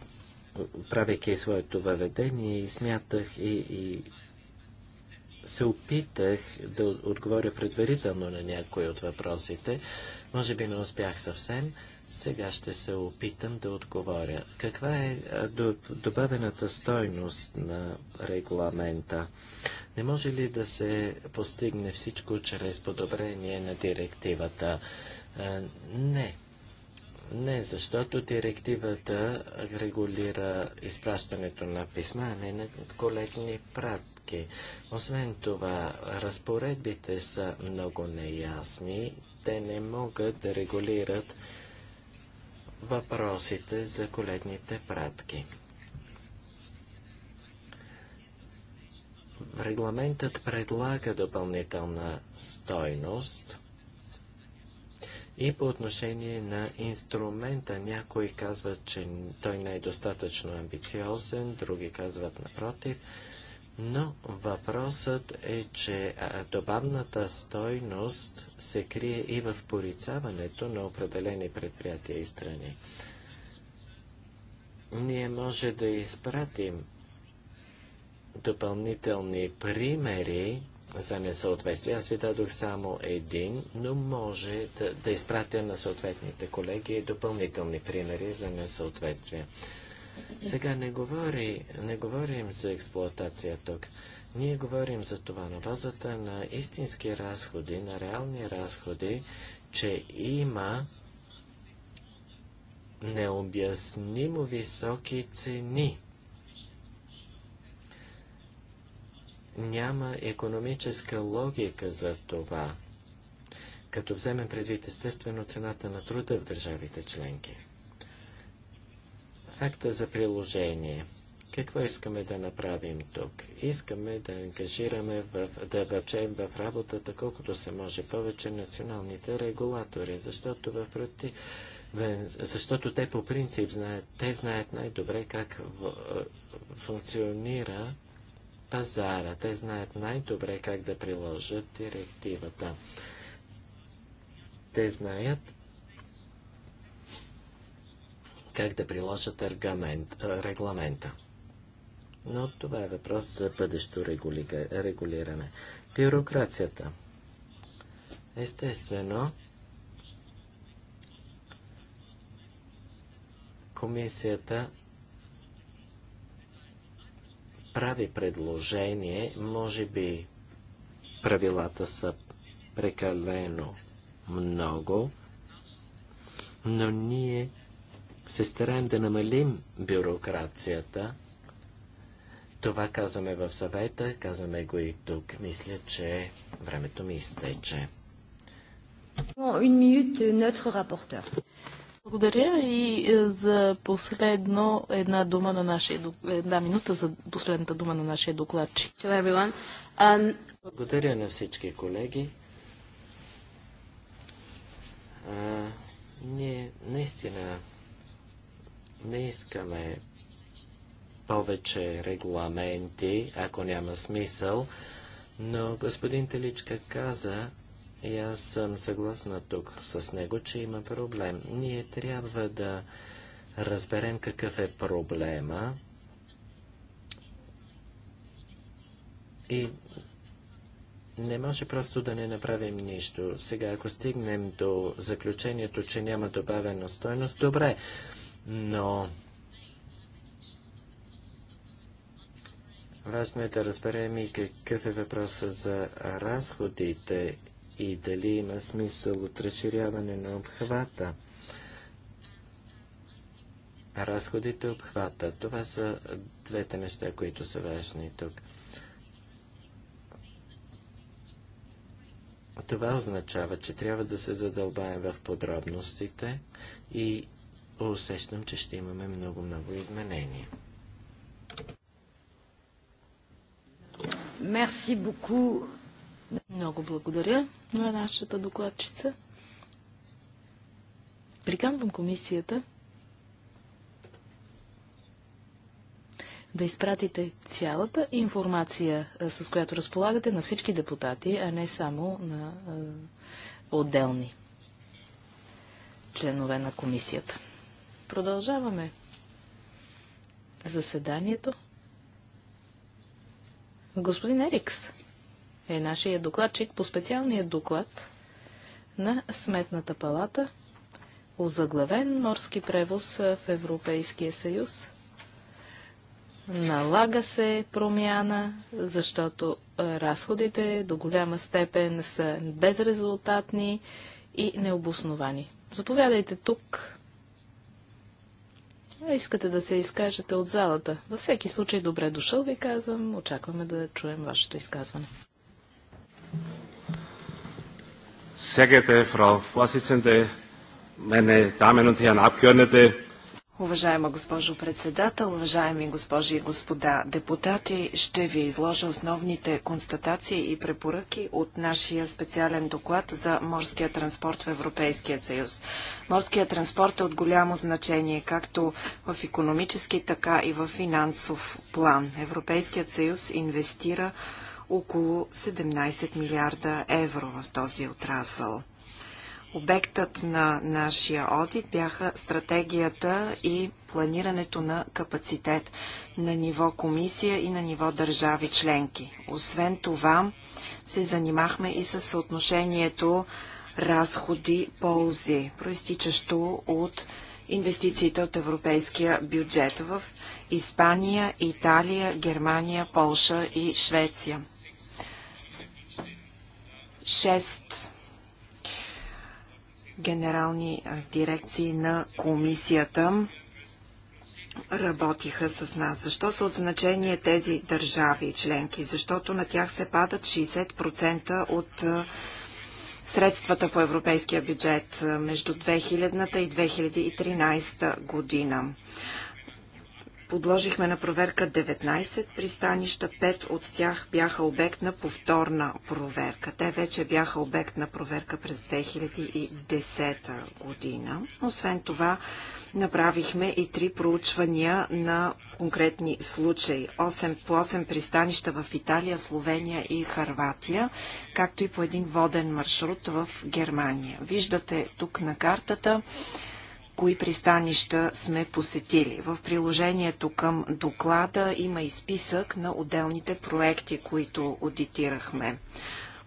правяки своето въведение и смятах и, и се опитах да отговоря предварително на някои от въпросите. Може би не успях съвсем. Сега ще се опитам да отговоря. Каква е добавената стойност на регламента? Не може ли да се постигне всичко чрез подобрение на директивата? Не. Не, защото директивата регулира изпращането на писма, а не на колетни пратки. Освен това, разпоредбите са много неясни. Те не могат да регулират въпросите за коледните пратки. Регламентът предлага допълнителна стойност и по отношение на инструмента. Някои казват, че той не е достатъчно амбициозен, други казват напротив – но въпросът е, че добавната стойност се крие и в порицаването на определени предприятия и страни. Ние може да изпратим допълнителни примери за несъответствие. Аз ви дадох само един, но може да, да изпратя на съответните колеги допълнителни примери за несъответствие. Сега не, говори, не говорим за експлоатация тук. Ние говорим за това на базата на истински разходи, на реални разходи, че има необяснимо високи цени. Няма економическа логика за това, като вземем предвид естествено цената на труда в държавите членки. Акта за приложение. Какво искаме да направим тук? Искаме да ангажираме, в, да въвлечем в работата колкото се може повече националните регулатори, защото въпроти. защото те по принцип знаят, те знаят най-добре как в, е, функционира пазара. Те знаят най-добре как да приложат директивата. Те знаят как да приложат аргамент, регламента. Но това е въпрос за бъдещо регулиране. Бюрокрацията. Естествено, комисията прави предложение, може би правилата са прекалено много, но ние се стараем да намалим бюрокрацията. Това казваме в съвета, казваме го и тук. Мисля, че времето ми изтече. Е, Благодаря и е, за последно една дума на нашия една минута за последната дума на нашия докладчик. Um, Благодаря на всички колеги. А, ние наистина не искаме повече регламенти, ако няма смисъл, но господин Теличка каза, и аз съм съгласна тук с него, че има проблем. Ние трябва да разберем какъв е проблема и не може просто да не направим нищо. Сега, ако стигнем до заключението, че няма добавена стойност, добре но важно е да разберем и какъв е въпроса за разходите и дали има смисъл от разширяване на обхвата. Разходите и обхвата. Това са двете неща, които са важни тук. Това означава, че трябва да се задълбаем в подробностите и усещам, че ще имаме много-много изменения. Мерси буку. Много благодаря на нашата докладчица. Приканвам комисията да изпратите цялата информация, с която разполагате на всички депутати, а не само на отделни членове на комисията. Продължаваме заседанието. Господин Ерикс е нашия докладчик по специалния доклад на Сметната палата, озаглавен морски превоз в Европейския съюз. Налага се промяна, защото разходите до голяма степен са безрезултатни и необосновани. Заповядайте тук а искате да се изкажете от залата. Във всеки случай, добре дошъл ви казвам. Очакваме да чуем вашето изказване. Sehr geehrte Frau Vorsitzende, meine Damen und Herren Abgeordnete, Уважаема госпожо председател, уважаеми госпожи и господа депутати, ще ви изложа основните констатации и препоръки от нашия специален доклад за морския транспорт в Европейския съюз. Морския транспорт е от голямо значение както в економически, така и в финансов план. Европейският съюз инвестира около 17 милиарда евро в този отрасъл. Обектът на нашия одит бяха стратегията и планирането на капацитет на ниво комисия и на ниво държави членки. Освен това, се занимахме и с съотношението разходи-ползи, проистичащо от инвестициите от европейския бюджет в Испания, Италия, Германия, Полша и Швеция. Шест генерални дирекции на комисията работиха с нас. Защо са от значение тези държави и членки? Защото на тях се падат 60% от средствата по европейския бюджет между 2000 та и 2013 година. Подложихме на проверка 19 пристанища, 5 от тях бяха обект на повторна проверка. Те вече бяха обект на проверка през 2010 година. Освен това, направихме и три проучвания на конкретни случаи. 8 по 8 пристанища в Италия, Словения и Харватия, както и по един воден маршрут в Германия. Виждате тук на картата кои пристанища сме посетили. В приложението към доклада има и списък на отделните проекти, които аудитирахме.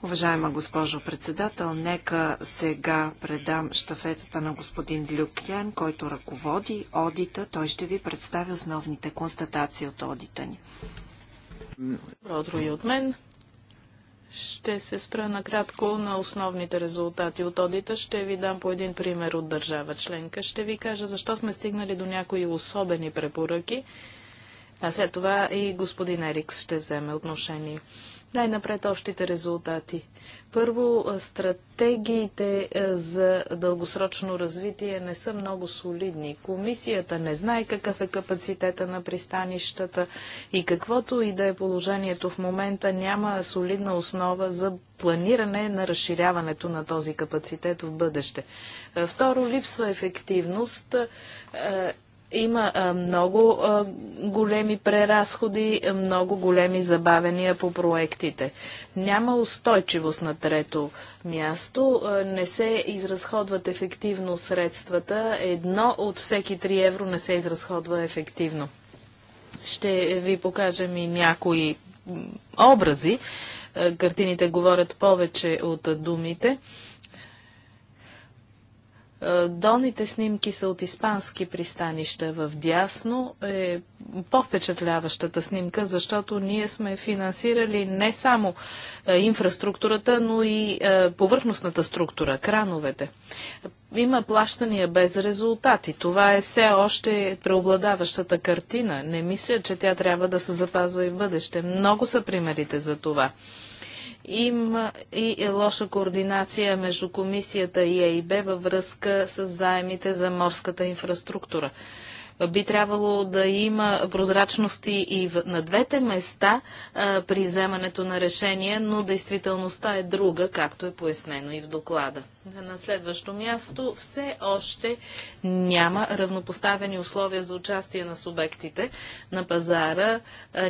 Уважаема госпожо председател, нека сега предам штафетата на господин Люкян, който ръководи одита. Той ще ви представи основните констатации от одита ни. Добро утро и от мен. Ще се спра накратко на основните резултати от одита. Ще ви дам по един пример от държава членка. Ще ви кажа защо сме стигнали до някои особени препоръки. А след това и господин Ерикс ще вземе отношение. Най-напред общите резултати. Първо, стратегиите за дългосрочно развитие не са много солидни. Комисията не знае какъв е капацитета на пристанищата и каквото и да е положението в момента, няма солидна основа за планиране на разширяването на този капацитет в бъдеще. Второ, липсва ефективност има много големи преразходи, много големи забавения по проектите. Няма устойчивост на трето място. Не се изразходват ефективно средствата. Едно от всеки 3 евро не се изразходва ефективно. Ще ви покажем и някои образи. Картините говорят повече от думите. Е, долните снимки са от испански пристанища. В дясно е по-впечатляващата снимка, защото ние сме финансирали не само е, инфраструктурата, но и е, повърхностната структура, крановете. Има плащания без резултати. Това е все още преобладаващата картина. Не мисля, че тя трябва да се запазва и в бъдеще. Много са примерите за това. Има и лоша координация между комисията и ЕИБ във връзка с заемите за морската инфраструктура. Би трябвало да има прозрачности и на двете места при вземането на решения, но действителността е друга, както е пояснено и в доклада. На следващо място все още няма равнопоставени условия за участие на субектите на пазара,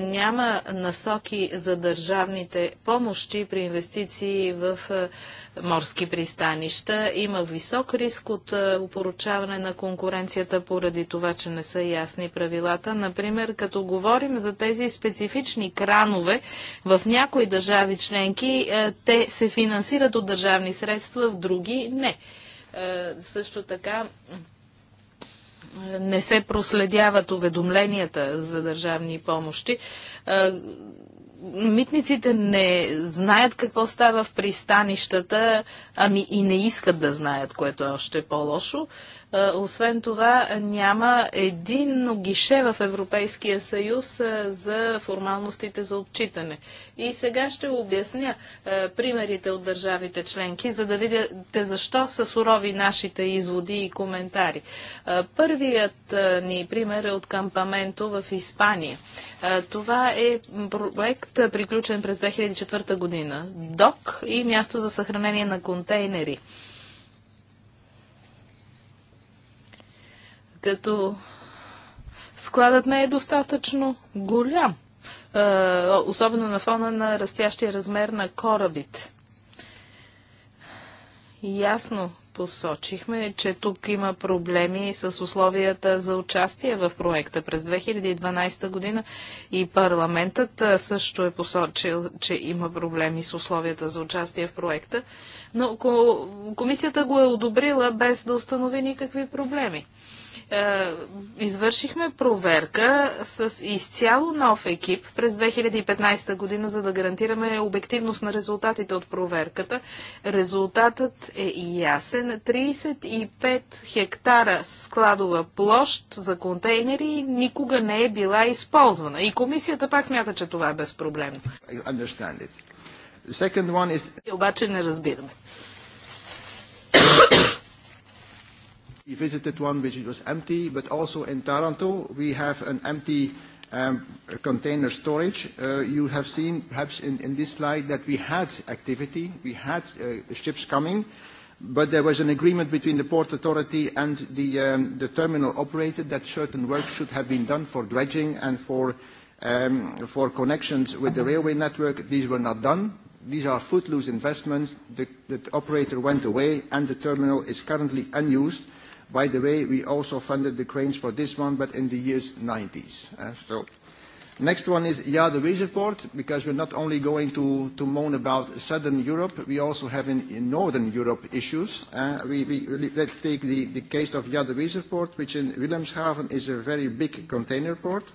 няма насоки за държавните помощи при инвестиции в морски пристанища, има висок риск от упоручаване на конкуренцията поради това, че не са ясни правилата. Например, като говорим за тези специфични кранове в някои държави членки, те се финансират от държавни средства, в други други не. Е, също така не се проследяват уведомленията за държавни помощи. Е, митниците не знаят какво става в пристанищата, ами и не искат да знаят, което е още по-лошо. Е, освен това, няма един гише в Европейския съюз е, за формалностите за отчитане. И сега ще обясня е, примерите от държавите членки, за да видите защо са сурови нашите изводи и коментари. Първият ни пример е от кампаменто в Испания. Това е проект, приключен през 2004 година. ДОК и място за съхранение на контейнери. като складът не е достатъчно голям, особено на фона на растящия размер на корабите. Ясно посочихме, че тук има проблеми с условията за участие в проекта през 2012 година и парламентът също е посочил, че има проблеми с условията за участие в проекта, но комисията го е одобрила без да установи никакви проблеми. Е, извършихме проверка с изцяло нов екип през 2015 година, за да гарантираме обективност на резултатите от проверката. Резултатът е ясен. 35 хектара складова площ за контейнери никога не е била използвана. И комисията пак смята, че това е безпроблемно. Обаче не разбираме. We visited one which was empty, but also in Taranto we have an empty um, container storage. Uh, you have seen perhaps in, in this slide that we had activity, we had uh, ships coming, but there was an agreement between the Port Authority and the, um, the terminal operator that certain work should have been done for dredging and for, um, for connections with the railway network. These were not done. These are footloose investments. The, the operator went away and the terminal is currently unused By the way, we also funded the cranes for this one, but in the years 90s. Uh, So Next one is the Weser port, because we're not only going to to moan about Southern Europe, we also have in in Northern Europe issues. Uh, We we Let's take the the case of the Weser port, which in Wilhelmshaven is a very big container port.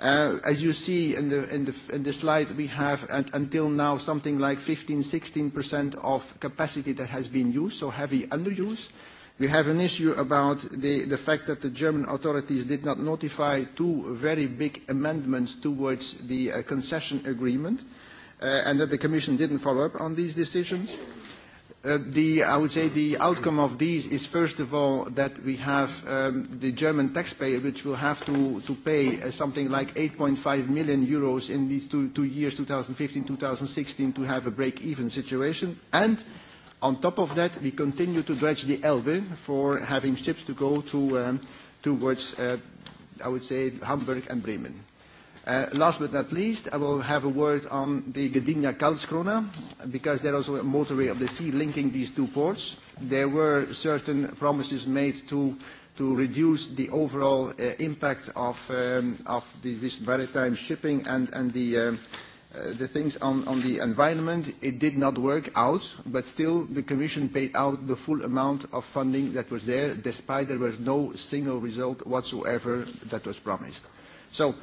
Uh, As you see in the in the in the slide, we have until now something like 15%-16% of capacity that has been used, so heavy underuse. We have an issue about the, the fact that the German authorities did not notify two very big amendments towards the uh, concession agreement uh, and that the Commission didn't follow up on these decisions. Uh, the, I would say the outcome of these is first of all that we have um, the German taxpayer which will have to, to pay uh, something like 8.5 million euros in these two, two years, 2015-2016, to have a break-even situation. And On top of that, we continue to dredge the Elbe for having ships to go to towards, I would say, Hamburg and Bremen. Last but not least, I will have a word on the Gdynia-Karlskrona, because there is also a motorway of the sea linking these two ports. There were certain promises made to reduce the overall impact of this maritime shipping and the the things on, on the environment, it did not work out, but still the Commission paid out the full amount of funding that was there, despite there was no single result whatsoever that was promised. So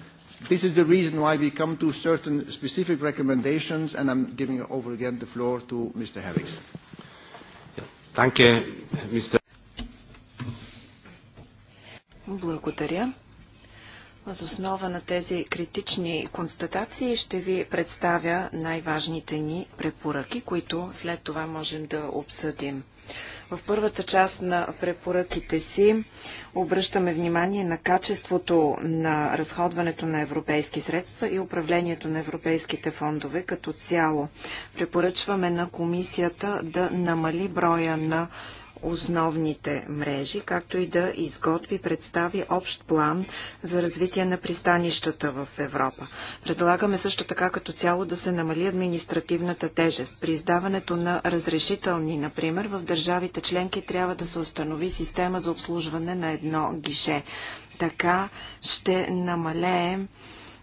this is the reason why we come to certain specific recommendations, and I'm giving over again the floor to Mr. Harris. Thank you, Mr. Благодаря. Въз основа на тези критични констатации ще ви представя най-важните ни препоръки, които след това можем да обсъдим. В първата част на препоръките си обръщаме внимание на качеството на разходването на европейски средства и управлението на европейските фондове като цяло. Препоръчваме на комисията да намали броя на основните мрежи, както и да изготви, представи общ план за развитие на пристанищата в Европа. Предлагаме също така като цяло да се намали административната тежест. При издаването на разрешителни, например, в държавите членки трябва да се установи система за обслужване на едно гише. Така ще намалеем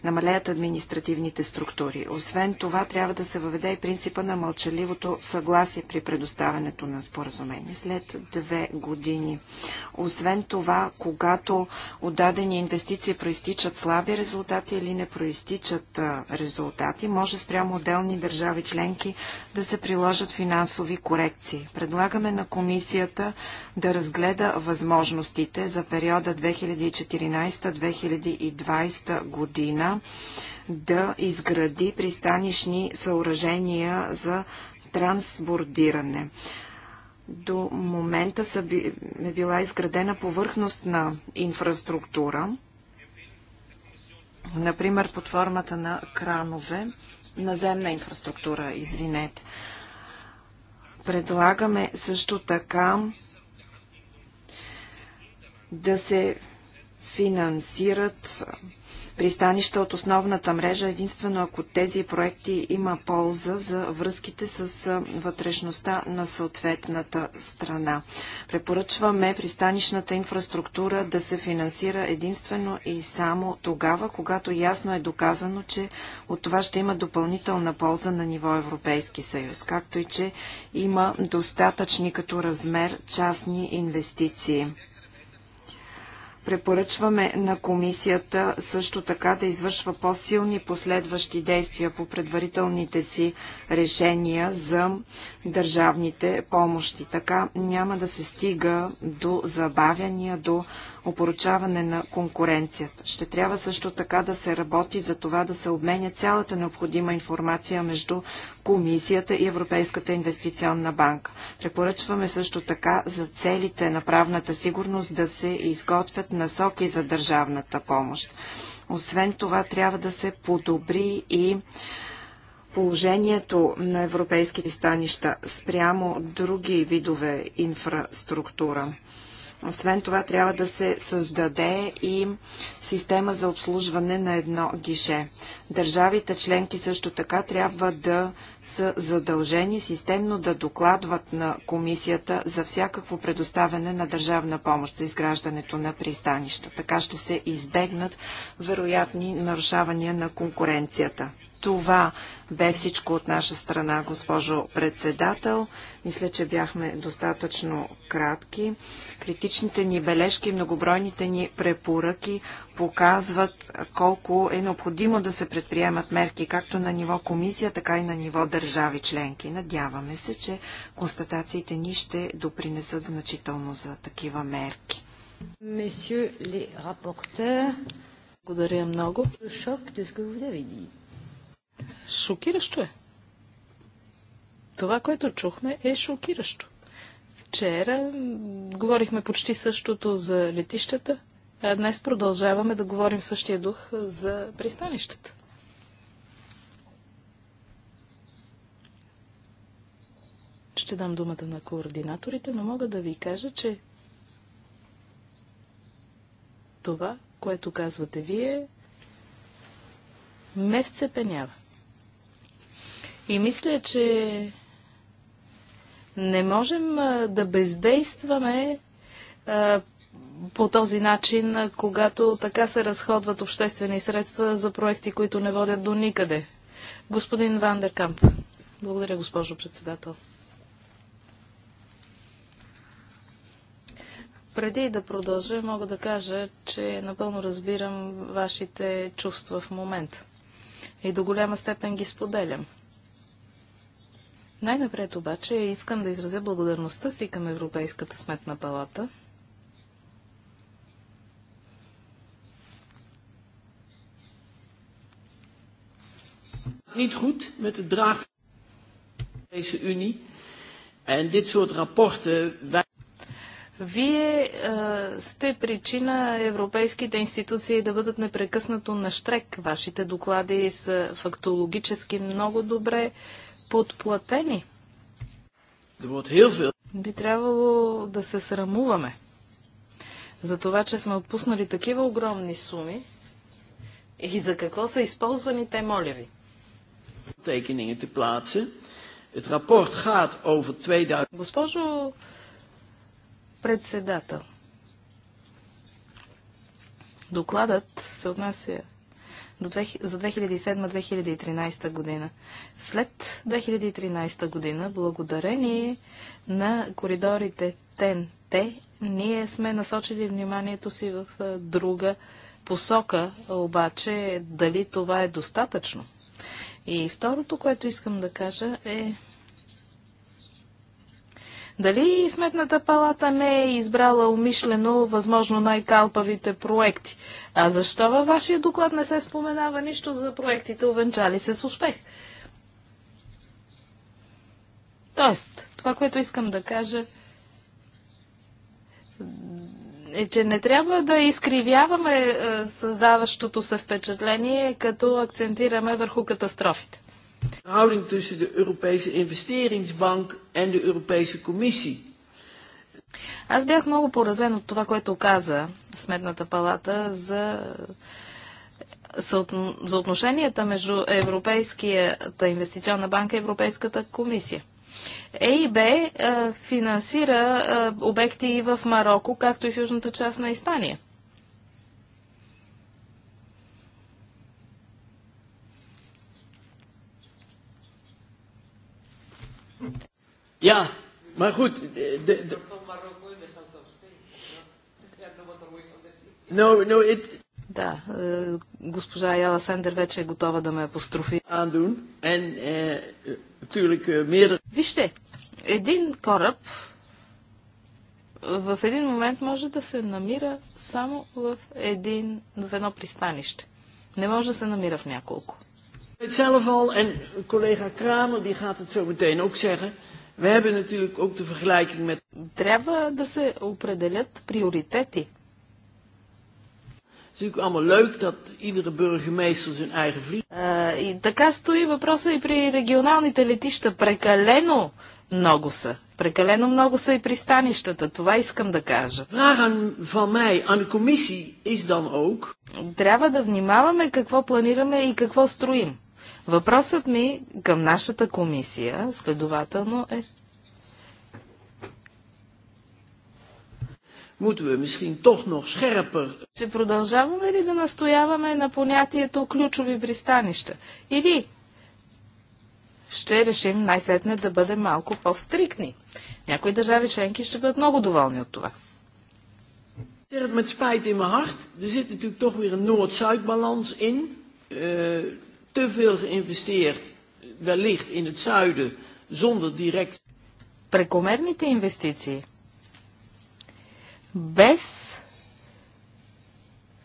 намалеят административните структури. Освен това, трябва да се въведе и принципа на мълчаливото съгласие при предоставянето на споразумение след две години. Освен това, когато отдадени инвестиции проистичат слаби резултати или не проистичат резултати, може спрямо отделни държави членки да се приложат финансови корекции. Предлагаме на комисията да разгледа възможностите за периода 2014-2020 година да изгради пристанищни съоръжения за трансбордиране. До момента са би, е била изградена повърхностна инфраструктура, например под формата на кранове, наземна инфраструктура, извинете. Предлагаме също така да се финансират пристанища от основната мрежа, единствено ако тези проекти има полза за връзките с вътрешността на съответната страна. Препоръчваме пристанищната инфраструктура да се финансира единствено и само тогава, когато ясно е доказано, че от това ще има допълнителна полза на ниво Европейски съюз, както и че има достатъчни като размер частни инвестиции. Препоръчваме на комисията също така да извършва по-силни последващи действия по предварителните си решения за държавните помощи. Така няма да се стига до забавяния, до опоручаване на конкуренцията. Ще трябва също така да се работи за това да се обменя цялата необходима информация между Комисията и Европейската инвестиционна банка. Препоръчваме също така за целите на правната сигурност да се изготвят насоки за държавната помощ. Освен това, трябва да се подобри и положението на европейските станища спрямо други видове инфраструктура. Освен това, трябва да се създаде и система за обслужване на едно гише. Държавите членки също така трябва да са задължени системно да докладват на комисията за всякакво предоставяне на държавна помощ за изграждането на пристанища. Така ще се избегнат вероятни нарушавания на конкуренцията. Това бе всичко от наша страна, госпожо председател. Мисля, че бяхме достатъчно кратки. Критичните ни бележки, многобройните ни препоръки показват колко е необходимо да се предприемат мерки, както на ниво комисия, така и на ниво държави членки. Надяваме се, че констатациите ни ще допринесат значително за такива мерки. Месье, рапортер, благодаря много. Шок Шокиращо е. Това, което чухме, е шокиращо. Вчера говорихме почти същото за летищата, а днес продължаваме да говорим в същия дух за пристанищата. Ще дам думата на координаторите, но мога да ви кажа, че това, което казвате вие, ме вцепенява. И мисля, че не можем да бездействаме по този начин, когато така се разходват обществени средства за проекти, които не водят до никъде. Господин Вандеркамп. Благодаря, госпожо председател. Преди да продължа, мога да кажа, че напълно разбирам вашите чувства в момента. И до голяма степен ги споделям. Най-напред обаче искам да изразя благодарността си към Европейската сметна палата. Niet goed met de draag van de Europese Unie. En dit soort rapporten. Вие а, е, сте причина европейските институции да бъдат непрекъснато на штрек. Вашите доклади са фактологически много добре подплатени. Er Би трябвало да се срамуваме за това, че сме отпуснали такива огромни суми и за какво са използвани те, моля ви. Госпожо председател, докладът се отнася за 2007-2013 година. След 2013 година, благодарение на коридорите ТНТ, ние сме насочили вниманието си в друга посока, обаче дали това е достатъчно? И второто, което искам да кажа е, дали Сметната палата не е избрала умишлено, възможно, най-калпавите проекти? А защо във вашия доклад не се споменава нищо за проектите, увенчали се с успех? Тоест, това, което искам да кажа, е, че не трябва да изкривяваме е, създаващото се впечатление, като акцентираме върху катастрофите. Houding tussen de Europese инвестериngsbank en de Europese комисия. Аз бях много поразен от това, което каза Сметната палата за за отношенията между Европейската инвестиционна банка и Европейската комисия. ЕИБ е, финансира е, обекти и в Марокко, както и в южната част на Испания. Ja, maar goed. Eh, de, de, er no, no, it... Да, е, госпожа Яла Сендер вече е готова да ме апострофи. Аандун. En, eh, natuurlijk, eh, meer... Вижте, един кораб в един момент може да се намира само в, един, в едно пристанище. Не може да се намира в няколко. Hetzelfde al, en collega Kramer die gaat het zo meteen ook zeggen. We hebben natuurlijk ook de vergelijking met... Трябва да се определят приоритети. Het is natuurlijk allemaal leuk dat iedere burgemeester zijn eigen vlieg... Uh, и така стои въпроса и при регионалните летища. Прекалено много са. Прекалено много са и пристанищата. Това искам да кажа. Трябва да внимаваме какво планираме и какво строим. Въпросът ми към нашата комисия, следователно е. Ще продължаваме ли да настояваме на понятието ключови пристанища? Или ще решим най-сетне да бъдем малко по-стрикни. Някои държави членки ще бъдат много доволни от това. met spijt in mijn hart. Er zit natuurlijk toch weer een Noord-Zuid-balans in. Uh, te veel geïnvesteerd, wellicht in het zuiden, zonder direct. Прекомерните инвестиции без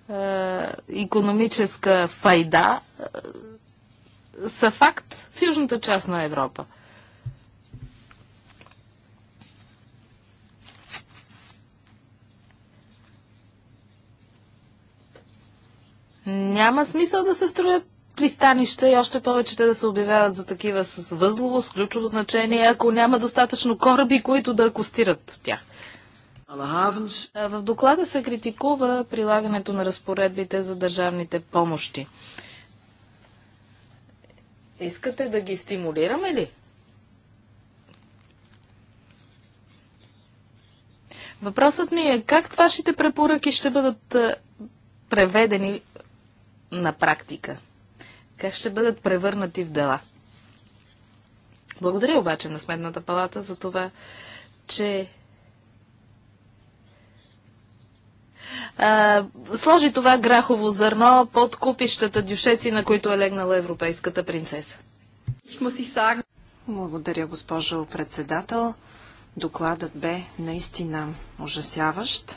е, економическа файда е, са факт в южната част на Европа. Няма смисъл да се строят пристанища и още повече те да се обявяват за такива с възлово, с ключово значение, ако няма достатъчно кораби, които да акустират в тях. В доклада се критикува прилагането на разпоредбите за държавните помощи. Искате да ги стимулираме ли? Въпросът ми е как вашите препоръки ще бъдат преведени на практика? как ще бъдат превърнати в дела. Благодаря обаче на Сметната палата за това, че а, сложи това грахово зърно под купищата дюшеци, на които е легнала европейската принцеса. Благодаря, госпожо председател. Докладът бе наистина ужасяващ.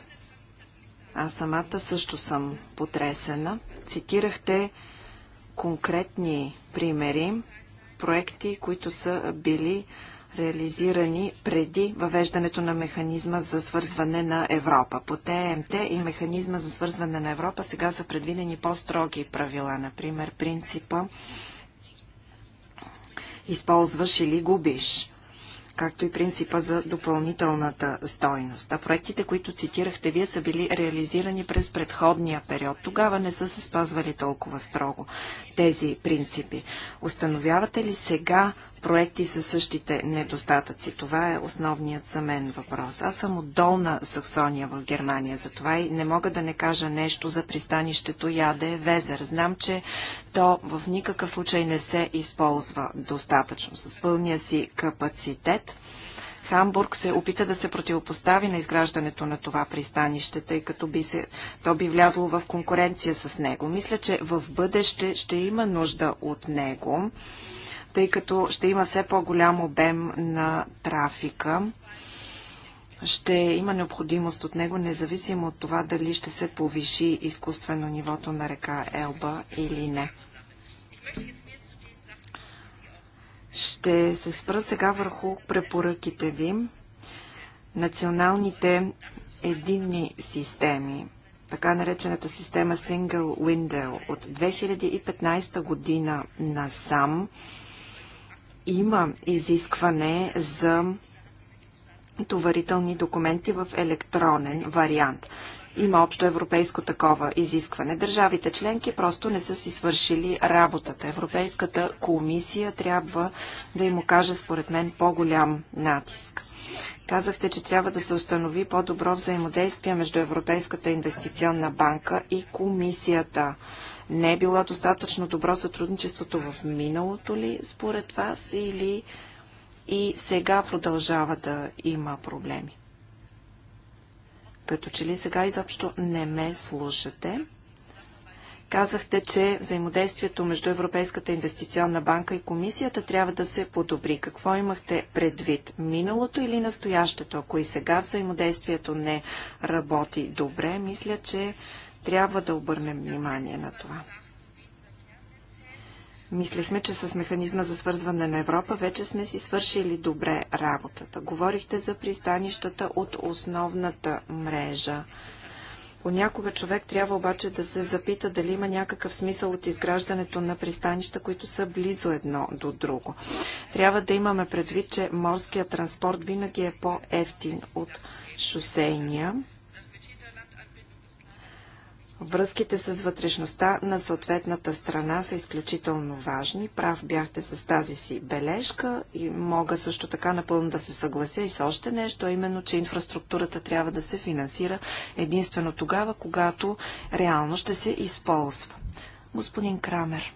Аз самата също съм потресена. Цитирахте конкретни примери, проекти, които са били реализирани преди въвеждането на механизма за свързване на Европа. По ТМТ и механизма за свързване на Европа сега са предвидени по-строги правила, например принципа използваш или губиш както и принципа за допълнителната стойност. А проектите, които цитирахте вие, са били реализирани през предходния период. Тогава не са се спазвали толкова строго тези принципи. Установявате ли сега проекти със същите недостатъци. Това е основният за мен въпрос. Аз съм от долна Саксония в Германия, затова и не мога да не кажа нещо за пристанището Яде Везер. Знам, че то в никакъв случай не се използва достатъчно с пълния си капацитет. Хамбург се опита да се противопостави на изграждането на това пристанище, тъй като би се, то би влязло в конкуренция с него. Мисля, че в бъдеще ще има нужда от него тъй като ще има все по-голям обем на трафика. Ще има необходимост от него, независимо от това дали ще се повиши изкуствено нивото на река Елба или не. Ще се спра сега върху препоръките ви. Националните единни системи, така наречената система Single Window от 2015 година насам, сам, има изискване за товарителни документи в електронен вариант. Има общо европейско такова изискване. Държавите членки просто не са си свършили работата. Европейската комисия трябва да им окаже, според мен, по-голям натиск. Казахте, че трябва да се установи по-добро взаимодействие между Европейската инвестиционна банка и комисията. Не е било достатъчно добро сътрудничеството в миналото ли, според вас, или и сега продължава да има проблеми? Като че ли сега изобщо не ме слушате? Казахте, че взаимодействието между Европейската инвестиционна банка и комисията трябва да се подобри. Какво имахте предвид? Миналото или настоящето? Ако и сега взаимодействието не работи добре, мисля, че трябва да обърнем внимание на това. Мислехме, че с механизма за свързване на Европа вече сме си свършили добре работата. Говорихте за пристанищата от основната мрежа. Понякога човек трябва обаче да се запита дали има някакъв смисъл от изграждането на пристанища, които са близо едно до друго. Трябва да имаме предвид, че морският транспорт винаги е по-ефтин от шосейния. Връзките с вътрешността на съответната страна са изключително важни. Прав бяхте с тази си бележка и мога също така напълно да се съглася и с още нещо, именно, че инфраструктурата трябва да се финансира единствено тогава, когато реално ще се използва. Господин Крамер.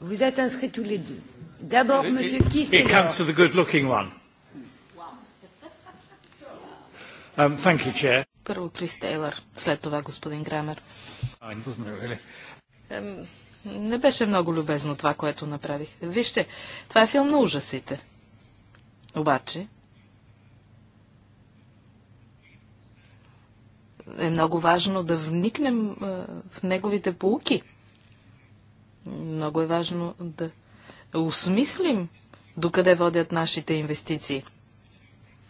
Вие сте inscrits tous les deux. D'abord, monsieur Kistelor. It comes good-looking one. Um, Първо Крис Тейлър, след това господин Грамер. не беше много любезно това, което направих. Вижте, това е филм на ужасите. Обаче, е много важно да вникнем е, в неговите полуки. Много е важно да осмислим докъде водят нашите инвестиции –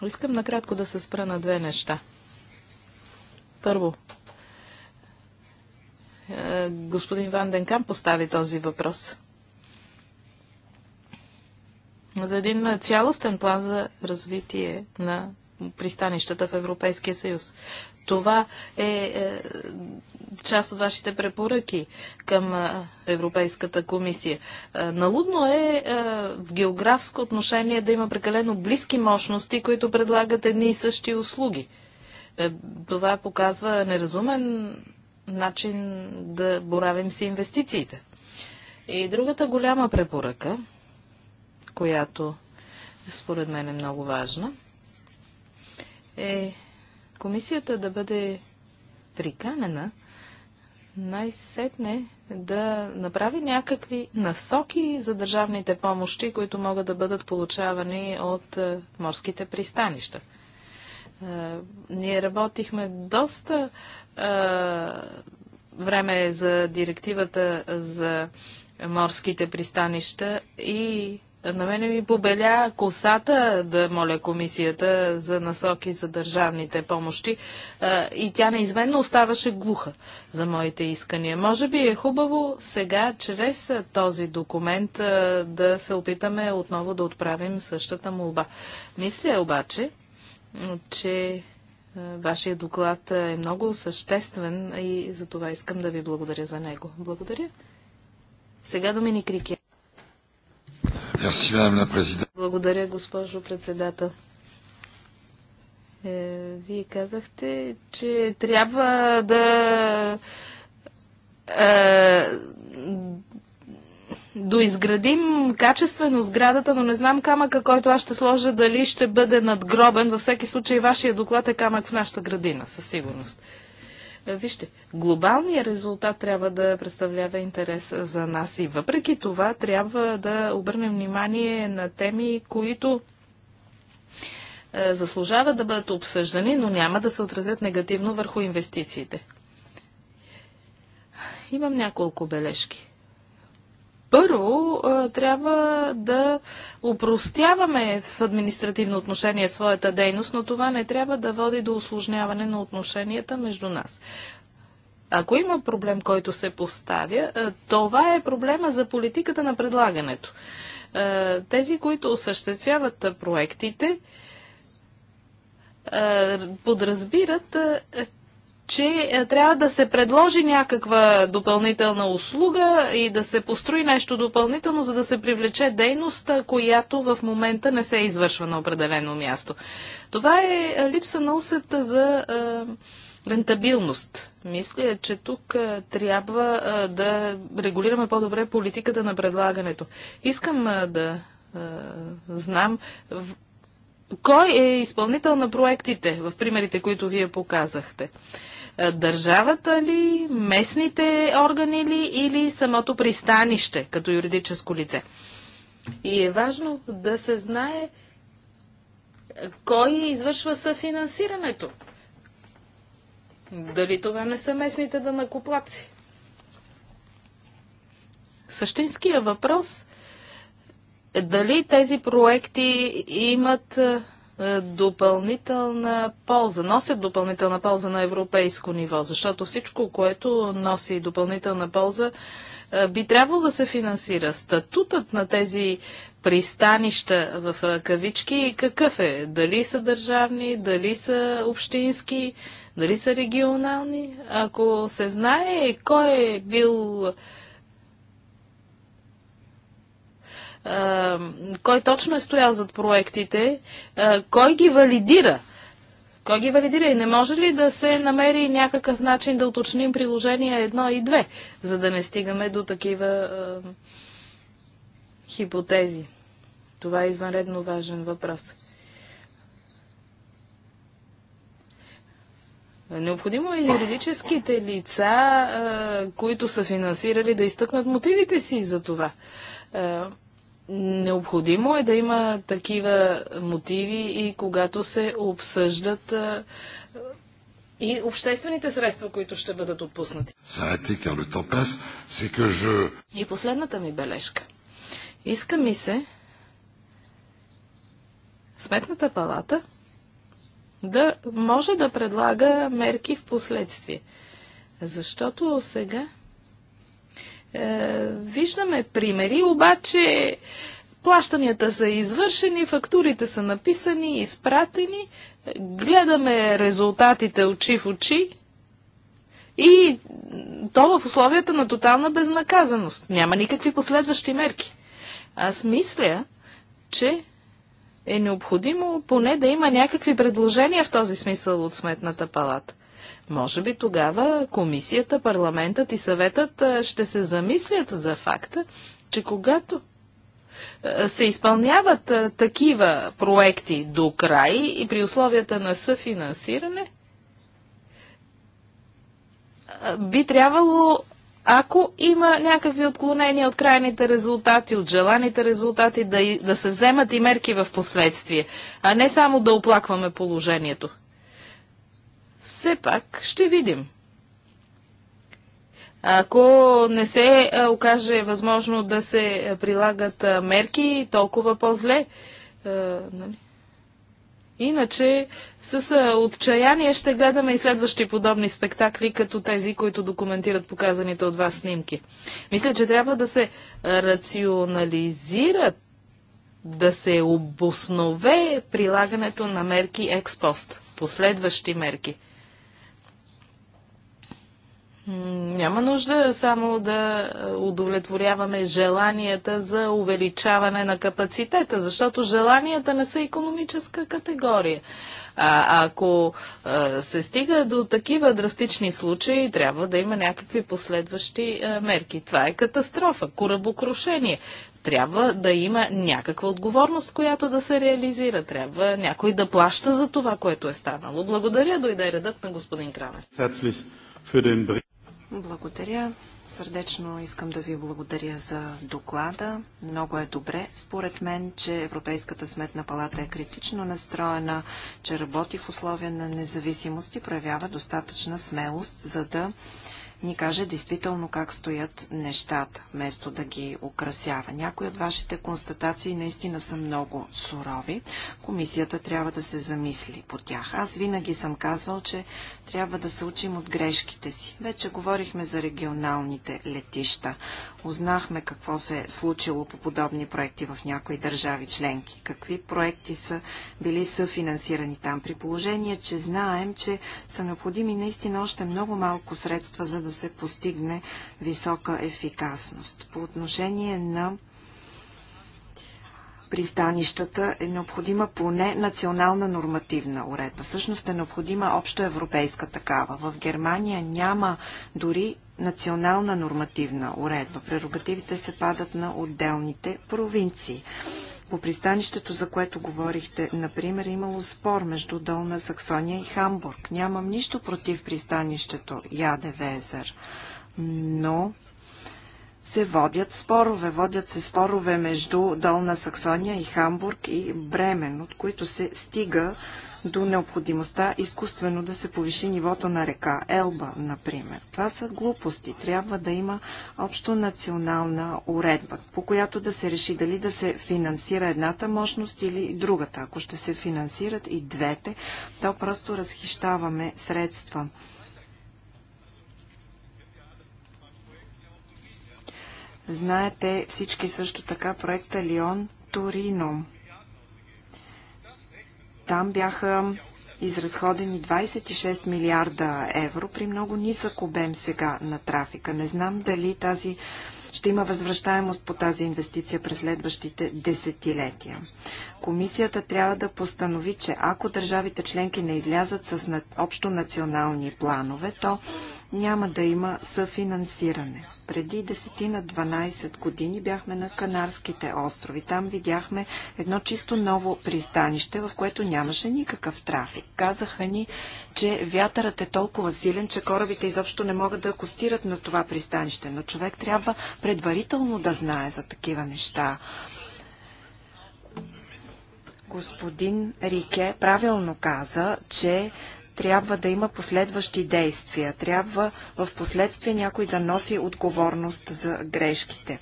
Искам накратко да се спра на две неща. Първо, е, господин Ван Денкам постави този въпрос. За един е, цялостен план за развитие на пристанищата в Европейския съюз. Това е, е част от вашите препоръки към е, Европейската комисия. Е, налудно е в географско отношение да има прекалено близки мощности, които предлагат едни и същи услуги. Това показва неразумен начин да боравим с инвестициите. И другата голяма препоръка, която според мен е много важна, е комисията да бъде приканена най-сетне да направи някакви насоки за държавните помощи, които могат да бъдат получавани от е, морските пристанища. Е, ние работихме доста е, време за директивата за морските пристанища и на мене ми побеля косата да моля комисията за насоки за държавните помощи и тя неизменно оставаше глуха за моите искания. Може би е хубаво сега, чрез този документ, да се опитаме отново да отправим същата молба. Мисля обаче, че Вашия доклад е много съществен и за това искам да ви благодаря за него. Благодаря. Сега Доминик Рике. Благодаря, госпожо председател. Е, вие казахте, че трябва да е, доизградим качествено сградата, но не знам камъка, който аз ще сложа, дали ще бъде надгробен. Във всеки случай, вашия доклад е камък в нашата градина, със сигурност. Вижте, глобалният резултат трябва да представлява интерес за нас и въпреки това трябва да обърнем внимание на теми, които е, заслужават да бъдат обсъждани, но няма да се отразят негативно върху инвестициите. Имам няколко бележки първо трябва да упростяваме в административно отношение своята дейност, но това не трябва да води до осложняване на отношенията между нас. Ако има проблем, който се поставя, това е проблема за политиката на предлагането. Тези, които осъществяват проектите, подразбират, че е, трябва да се предложи някаква допълнителна услуга и да се построи нещо допълнително, за да се привлече дейност, е, която в момента не се извършва на определено място. Това е, е липса на усета за рентабилност. Мисля, че тук трябва да регулираме по-добре политиката на предлагането. Искам да знам кой е изпълнител на проектите в примерите, които вие показахте? Е, държавата ли, местните органи ли или самото пристанище като юридическо лице? И е важно да се знае е, кой извършва съфинансирането. Дали това не са местните данакоплаци? Същинския въпрос е дали тези проекти имат е, е, допълнителна полза, носят допълнителна полза на европейско ниво, защото всичко, което носи допълнителна полза, е, би трябвало да се финансира. Статутът на тези пристанища в е, кавички какъв е? Дали са държавни, дали са общински, дали са регионални? Ако се знае кой е бил кой точно е стоял зад проектите, кой ги валидира. Кой ги валидира и не може ли да се намери някакъв начин да уточним приложения 1 и 2, за да не стигаме до такива е, хипотези? Това е извънредно важен въпрос. Необходимо е юридическите лица, е, които са финансирали, да изтъкнат мотивите си за това. Е, Необходимо е да има такива мотиви и когато се обсъждат и обществените средства, които ще бъдат отпуснати. И последната ми бележка. Иска ми се Сметната палата да може да предлага мерки в последствие. Защото сега е, виждаме примери, обаче плащанията са извършени, фактурите са написани, изпратени, гледаме резултатите очи в очи и то в условията на тотална безнаказаност. Няма никакви последващи мерки. Аз мисля, че е необходимо поне да има някакви предложения в този смисъл от Сметната палата. Може би тогава комисията, парламентът и съветът ще се замислят за факта, че когато се изпълняват такива проекти до край и при условията на съфинансиране, би трябвало, ако има някакви отклонения от крайните резултати, от желаните резултати, да, да се вземат и мерки в последствие, а не само да оплакваме положението все пак ще видим. Ако не се окаже възможно да се прилагат мерки, толкова по-зле. Нали? Иначе с отчаяние ще гледаме и следващи подобни спектакли, като тези, които документират показаните от вас снимки. Мисля, че трябва да се рационализират, да се обоснове прилагането на мерки експост, последващи мерки – няма нужда само да е, удовлетворяваме желанията за увеличаване на капацитета, защото желанията не са економическа категория. А, ако а, е, се стига до такива драстични случаи, трябва да има някакви последващи а, е, мерки. Това е катастрофа, корабокрушение. Трябва да има някаква отговорност, която да се реализира. Трябва някой да плаща за това, което е станало. Благодаря, дойде редът на господин Крамер. Благодаря. Сърдечно искам да ви благодаря за доклада. Много е добре, според мен, че Европейската сметна палата е критично настроена, че работи в условия на независимост и проявява достатъчна смелост, за да ни каже действително как стоят нещата, вместо да ги украсява. Някои от вашите констатации наистина са много сурови. Комисията трябва да се замисли по тях. Аз винаги съм казвал, че трябва да се учим от грешките си. Вече говорихме за регионалните летища. Узнахме какво се е случило по подобни проекти в някои държави членки. Какви проекти са били съфинансирани там при положение, че знаем, че са необходими наистина още много малко средства, за да се постигне висока ефикасност. По отношение на пристанищата е необходима поне национална нормативна уредба. Всъщност е необходима общо европейска такава. В Германия няма дори национална нормативна уредба. Прерогативите се падат на отделните провинции. По пристанището, за което говорихте, например, е имало спор между Долна Саксония и Хамбург. Нямам нищо против пристанището Яде Везер, но се водят спорове. Водят се спорове между Долна Саксония и Хамбург и Бремен, от които се стига до необходимостта изкуствено да се повиши нивото на река Елба, например. Това са глупости. Трябва да има общо национална уредба, по която да се реши дали да се финансира едната мощност или другата. Ако ще се финансират и двете, то просто разхищаваме средства. Знаете всички също така проекта Лион Торино. Там бяха изразходени 26 милиарда евро при много нисък обем сега на трафика. Не знам дали тази ще има възвръщаемост по тази инвестиция през следващите десетилетия. Комисията трябва да постанови, че ако държавите членки не излязат с общо национални планове, то няма да има съфинансиране. Преди 10 на 12 години бяхме на Канарските острови. Там видяхме едно чисто ново пристанище, в което нямаше никакъв трафик. Казаха ни, че вятърът е толкова силен, че корабите изобщо не могат да акостират на това пристанище. Но човек трябва предварително да знае за такива неща. Господин Рике правилно каза, че трябва да има последващи действия. Трябва в последствие някой да носи отговорност за грешките.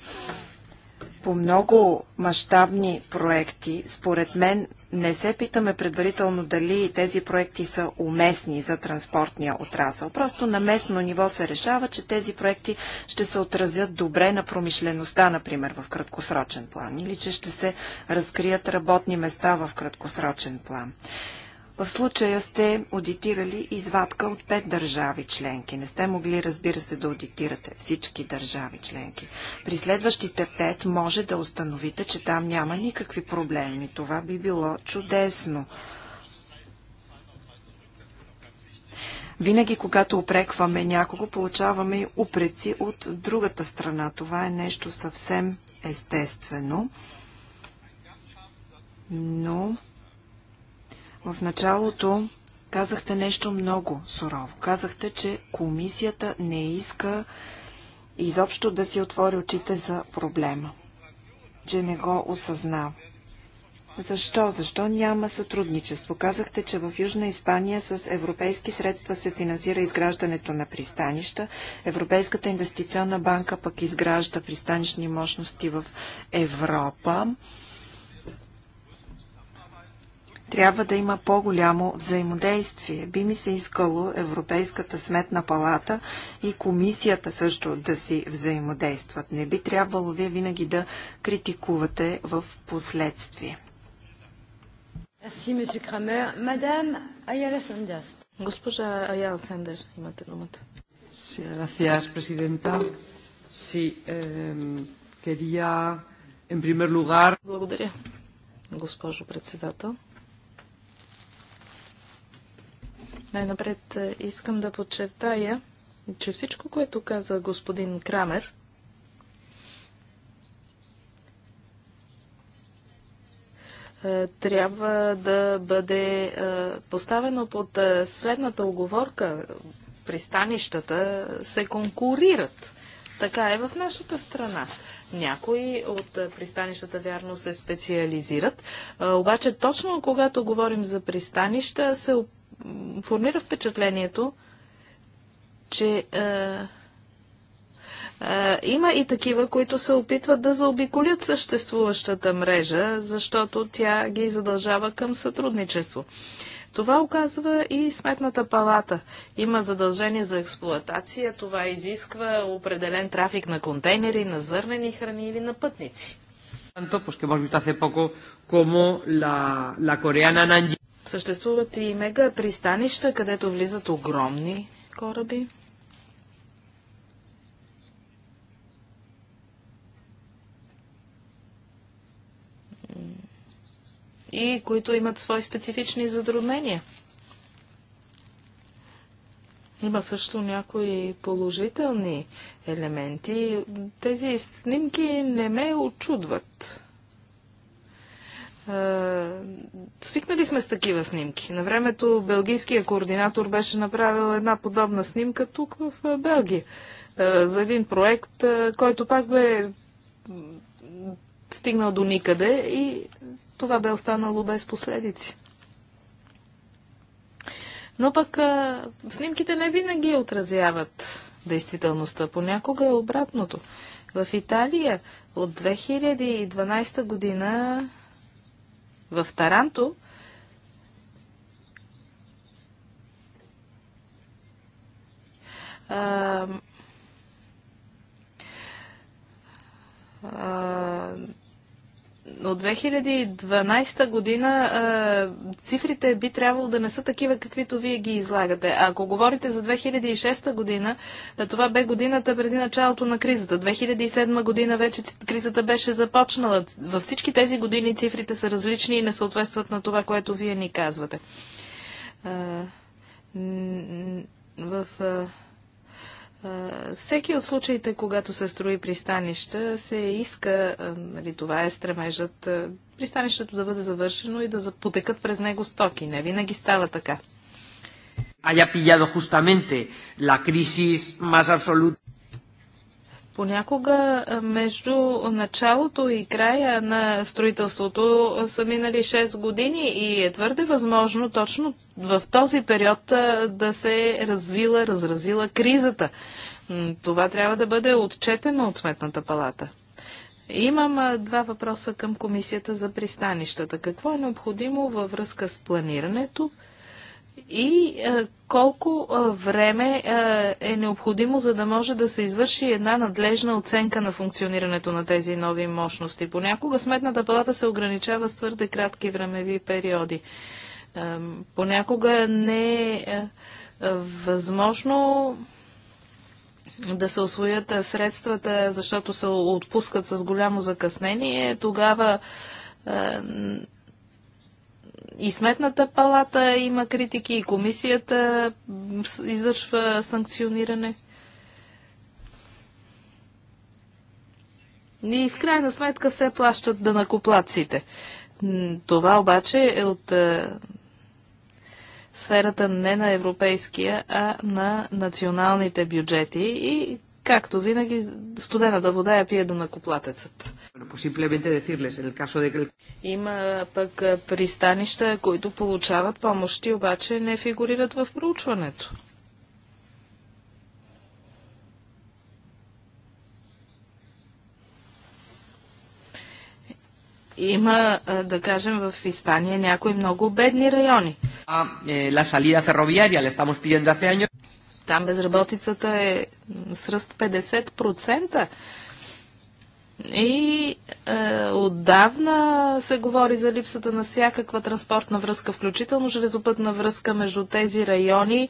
По много мащабни проекти, според мен, не се питаме предварително дали тези проекти са уместни за транспортния отрасъл. Просто на местно ниво се решава, че тези проекти ще се отразят добре на промишлеността, например, в краткосрочен план, или че ще се разкрият работни места в краткосрочен план. В случая сте аудитирали извадка от пет държави членки. Не сте могли, разбира се, да аудитирате всички държави членки. При следващите пет може да установите, че там няма никакви проблеми. Това би било чудесно. Винаги, когато опрекваме някого, получаваме и упреци от другата страна. Това е нещо съвсем естествено. Но в началото казахте нещо много сурово. Казахте, че комисията не иска изобщо да си отвори очите за проблема, че не го осъзнава. Защо? Защо няма сътрудничество? Казахте, че в Южна Испания с европейски средства се финансира изграждането на пристанища. Европейската инвестиционна банка пък изгражда пристанищни мощности в Европа трябва да има по-голямо взаимодействие. Би ми се искало Европейската сметна палата и комисията също да си взаимодействат. Не би трябвало вие винаги да критикувате в последствие. Госпожа Аяла Сендер, имате думата. gracias, Presidenta. Sí, eh, quería, en primer lugar... Благодаря, госпожо председател. Най-напред е, искам да подчертая, че всичко, което каза господин Крамер, е, трябва да бъде е, поставено под следната оговорка. Пристанищата се конкурират. Така е в нашата страна. Някои от пристанищата, вярно, се специализират. Обаче, точно когато говорим за пристанища, се формира впечатлението, че е, е, има и такива, които се опитват да заобиколят съществуващата мрежа, защото тя ги задължава към сътрудничество. Това оказва и сметната палата. Има задължение за експлуатация, това изисква определен трафик на контейнери, на зърнени храни или на пътници. Tanto, pues que hemos visto hace poco como la, la coreana Съществуват и мега пристанища, където влизат огромни кораби. И които имат свои специфични затруднения. Има също някои положителни елементи. Тези снимки не ме очудват. Е, свикнали сме с такива снимки. На времето белгийския координатор беше направил една подобна снимка тук в е, Белгия е, за един проект, който пак бе стигнал до никъде и това бе останало без последици. Но пък снимките не винаги отразяват действителността. Понякога е обратното. В Италия от 2012 година в Таранто, а, а, от 2012 година цифрите би трябвало да не са такива, каквито вие ги излагате. Ако говорите за 2006 година, това бе годината преди началото на кризата. 2007 година вече кризата беше започнала. Във всички тези години цифрите са различни и не съответстват на това, което вие ни казвате. в всеки от случаите, когато се строи пристанища, се иска, нали, това е стремежът, пристанището да бъде завършено и да потекат през него стоки. Не винаги става така. Haya pillado justamente la crisis más absoluta. Понякога е, между началото и края на строителството е, са минали 6 години и е твърде възможно точно в този период е, да се е развила, разразила кризата. Това трябва да бъде отчетено от Сметната палата. Имам два въпроса към Комисията за пристанищата. Какво е необходимо във връзка с планирането и е, колко е, време е, е необходимо, за да може да се извърши една надлежна оценка на функционирането на тези нови мощности. Понякога сметната палата се ограничава с твърде кратки времеви периоди. Е, понякога не е, е възможно да се освоят е, средствата, защото се отпускат с голямо закъснение. Тогава е, и Сметната палата има критики, и комисията извършва санкциониране. И в крайна сметка се плащат данакоплаците. Това обаче е от е, сферата не на европейския, а на националните бюджети и Както винаги, студената вода я пие до накоплатецът. Има пък пристанища, които получават помощи, обаче не фигурират в проучването. Има, да кажем, в Испания някои много бедни райони. А, е, la salida ferroviaria le estamos pidiendo hace años. Там безработицата е с ръст 50%. И е, отдавна се говори за липсата на всякаква транспортна връзка, включително железопътна връзка между тези райони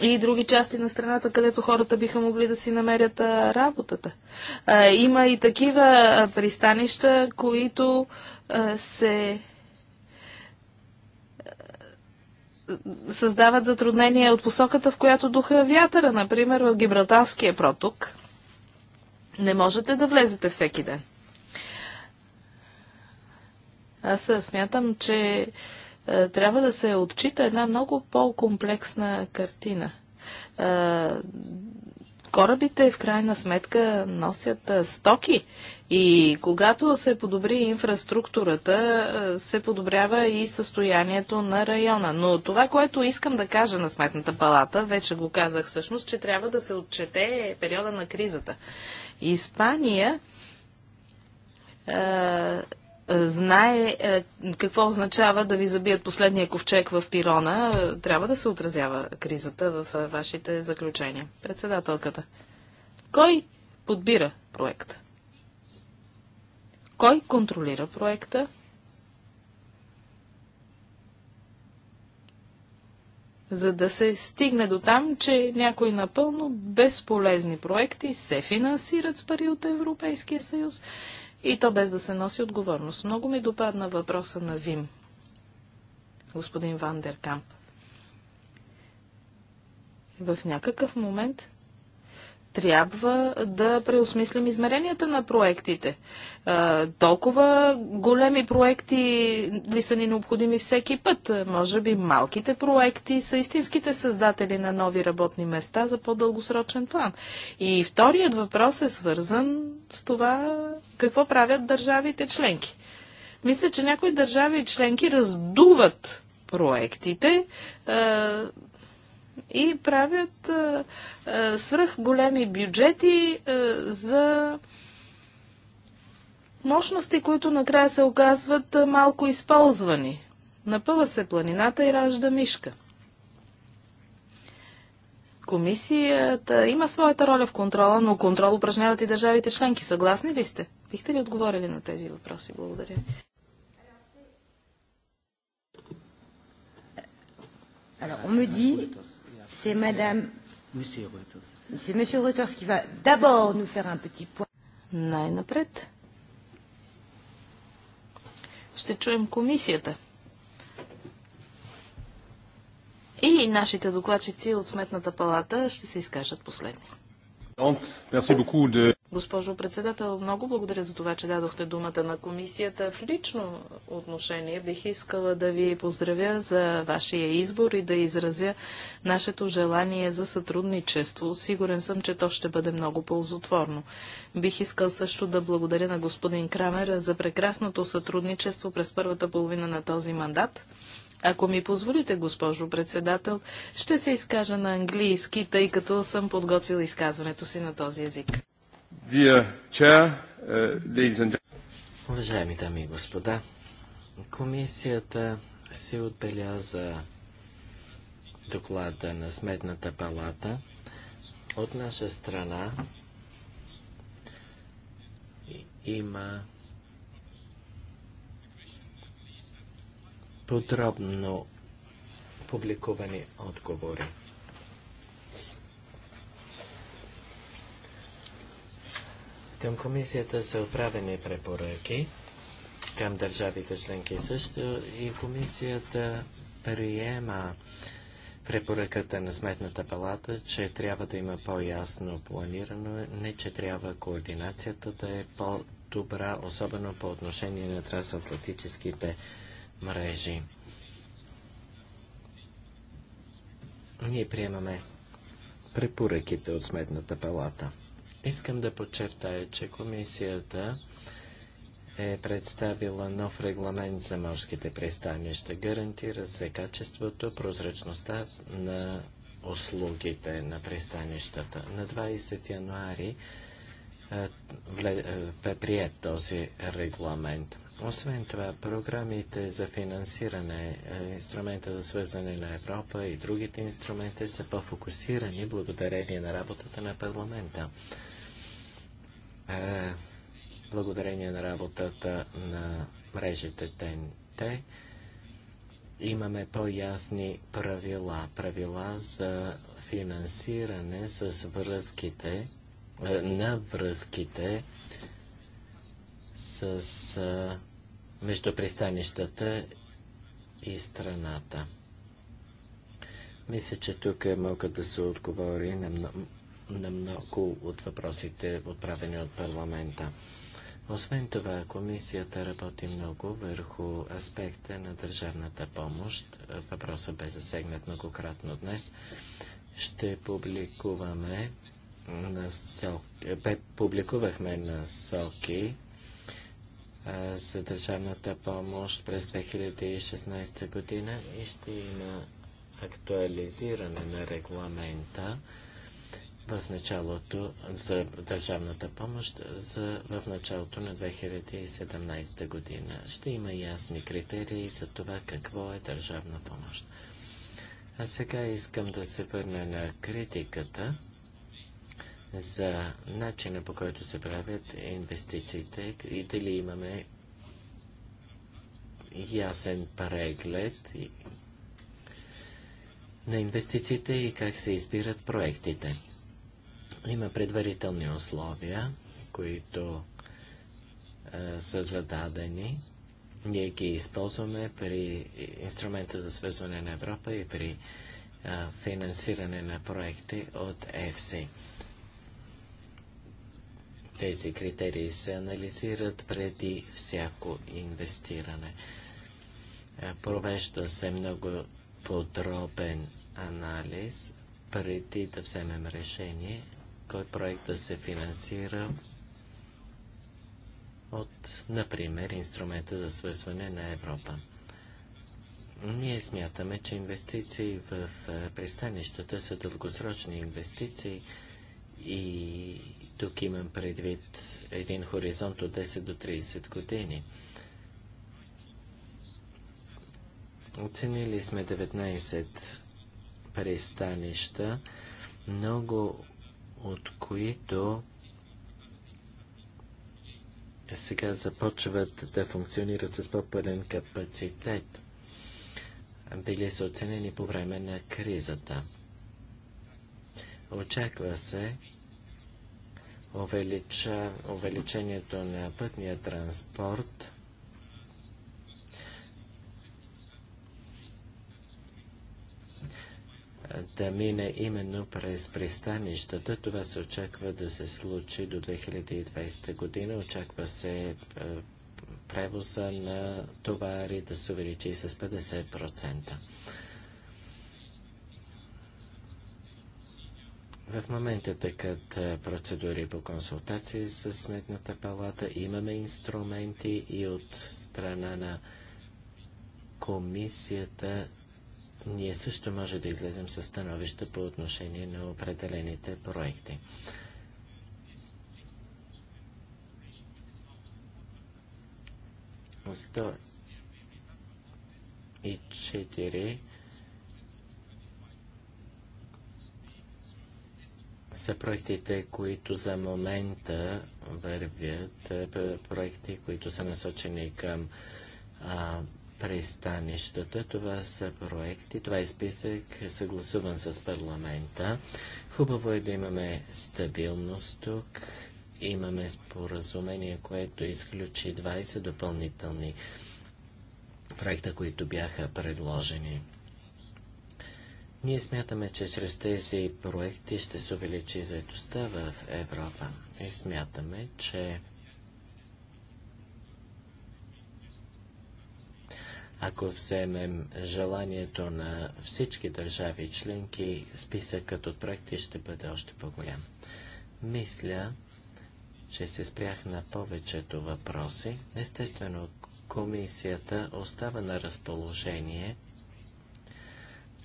и други части на страната, където хората биха могли да си намерят е, работата. Е, има и такива е, пристанища, които е, се създават затруднения от посоката, в която духа вятъра, например в Гибралтарския проток. Не можете да влезете всеки ден. Аз смятам, че трябва да се отчита една много по-комплексна картина. корабите в крайна сметка носят стоки и когато се подобри инфраструктурата, е, се подобрява и състоянието на района. Но това, което искам да кажа на Сметната палата, вече го казах всъщност, че трябва да се отчете периода на кризата. Испания е, знае е, какво означава да ви забият последния ковчег в пирона. Трябва да се отразява кризата в е, вашите заключения. Председателката. Кой подбира проекта? Кой контролира проекта? За да се стигне до там, че някои напълно безполезни проекти се финансират с пари от Европейския съюз и то без да се носи отговорност. Много ми допадна въпроса на Вим, господин Вандеркамп. В някакъв момент трябва да преосмислим измеренията на проектите. толкова големи проекти ли са ни необходими всеки път? Може би малките проекти са истинските създатели на нови работни места за по-дългосрочен план. И вторият въпрос е свързан с това какво правят държавите членки. Мисля, че някои държави членки раздуват проектите, и правят свръх големи бюджети за мощности, които накрая се оказват малко използвани. Напъва се планината и ражда мишка. Комисията има своята роля в контрола, но контрол упражняват и държавите членки. Съгласни ли сте? Бихте ли отговорили на тези въпроси? Благодаря. Alors, on me dit c'est Madame. Monsieur Reuters. C'est Monsieur Reuters qui va d'abord nous faire un petit point. Най-напред ще чуем комисията. И нашите докладчици от Сметната палата ще се изкажат последни. Госпожо председател, много благодаря за това, че дадохте думата на комисията. В лично отношение бих искала да ви поздравя за вашия избор и да изразя нашето желание за сътрудничество. Сигурен съм, че то ще бъде много ползотворно. Бих искал също да благодаря на господин Крамер за прекрасното сътрудничество през първата половина на този мандат. Ако ми позволите, госпожо председател, ще се изкажа на английски, тъй като съм подготвил изказването си на този език. Uh, Уважаеми дами и господа, комисията се отбеляза доклада на Сметната палата. От наша страна има подробно публикувани отговори. Към комисията са отправени препоръки, към държавите членки също и комисията приема препоръката на Сметната палата, че трябва да има по-ясно планирано, не че трябва координацията да е по-добра, особено по отношение на трансатлантическите мрежи. Ние приемаме препоръките от Сметната палата. Искам да подчертая, че комисията е представила нов регламент за морските пристанища. Гарантира се качеството, прозрачността на услугите на пристанищата. На 20 януари е прият този регламент. Освен това, програмите за финансиране, инструмента за свързане на Европа и другите инструменти са по-фокусирани благодарение на работата на парламента благодарение на работата на мрежите ТНТ, имаме по-ясни правила. Правила за финансиране с връзките, на връзките с е, между пристанищата и страната. Мисля, че тук е, могат да се отговори на на много от въпросите, отправени от парламента. Освен това, комисията работи много върху аспекта на държавната помощ. Въпросът бе засегнат многократно днес. Ще публикуваме на бе, публикувахме насоки Соки за държавната помощ през 2016 година и ще има актуализиране на регламента в началото за държавната помощ за, в началото на 2017 година. Ще има ясни критерии за това какво е държавна помощ. А сега искам да се върна на критиката за начина по който се правят инвестициите и дали имаме ясен преглед на инвестициите и как се избират проектите. Има предварителни условия, които е, са зададени. Ние ги използваме при инструмента за свързване на Европа и при е, финансиране на проекти от ЕФС. Тези критерии се анализират преди всяко инвестиране. Провежда се много подробен анализ преди да вземем решение кой проект да се финансира от, например, инструмента за свързване на Европа. Ние смятаме, че инвестиции в пристанищата са дългосрочни инвестиции и тук имам предвид един хоризонт от 10 до 30 години. Оценили сме 19 пристанища. Много от които сега започват да функционират с по-пълен капацитет. Били са оценени по време на кризата. Очаква се увелича, увеличението на пътния транспорт – да мине именно през пристанищата. Това се очаква да се случи до 2020 година. Очаква се е, превоза на товари да се увеличи с 50%. В момента такът е, процедури по консултации с Сметната палата. Имаме инструменти и от страна на комисията ние също може да излезем със становища по отношение на определените проекти. Сто и четири са проектите, които за момента вървят, е, проекти, които са насочени към а, пристанищата. Това са проекти, това е списък съгласуван с парламента. Хубаво е да имаме стабилност тук. Имаме споразумение, което изключи 20 допълнителни проекта, които бяха предложени. Ние смятаме, че чрез тези проекти ще се увеличи заедостта в Европа. И смятаме, че Ако вземем желанието на всички държави членки, списъкът от проекти ще бъде още по-голям. Мисля, че се спрях на повечето въпроси. Естествено, комисията остава на разположение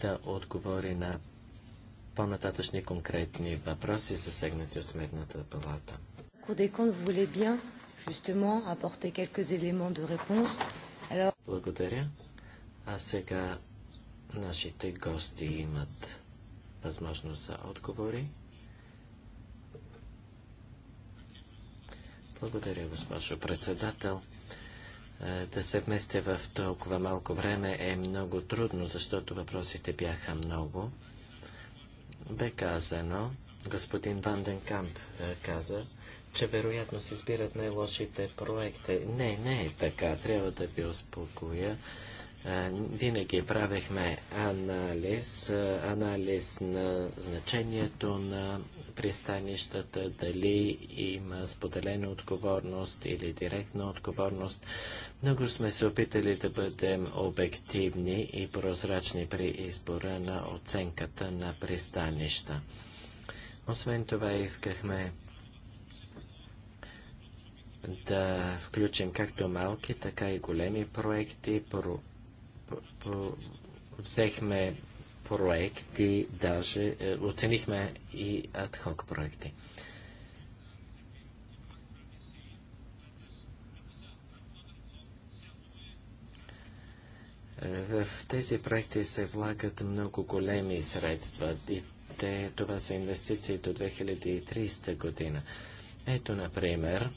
да отговори на по-нататъчни конкретни въпроси, засегнати от Сметната палата. Кодекон voulait bien justement апорте quelques елемент de réponse благодаря. А сега нашите гости имат възможност за отговори. Благодаря, госпожо председател. Е, да се вместе в толкова малко време е много трудно, защото въпросите бяха много. Бе казано, господин Ванденкамп е, каза, че вероятно се избират най-лошите проекти. Не, не е така. Трябва да ви успокоя. винаги правехме анализ, анализ на значението на пристанищата, дали има споделена отговорност или директна отговорност. Много сме се опитали да бъдем обективни и прозрачни при избора на оценката на пристанища. Освен това искахме да включим както малки, така и големи проекти. Про, по, по, взехме проекти, даже е, оценихме и адхок проекти. Е, в тези проекти се влагат много големи средства и те, това са инвестиции до 2030 година. Ето, например,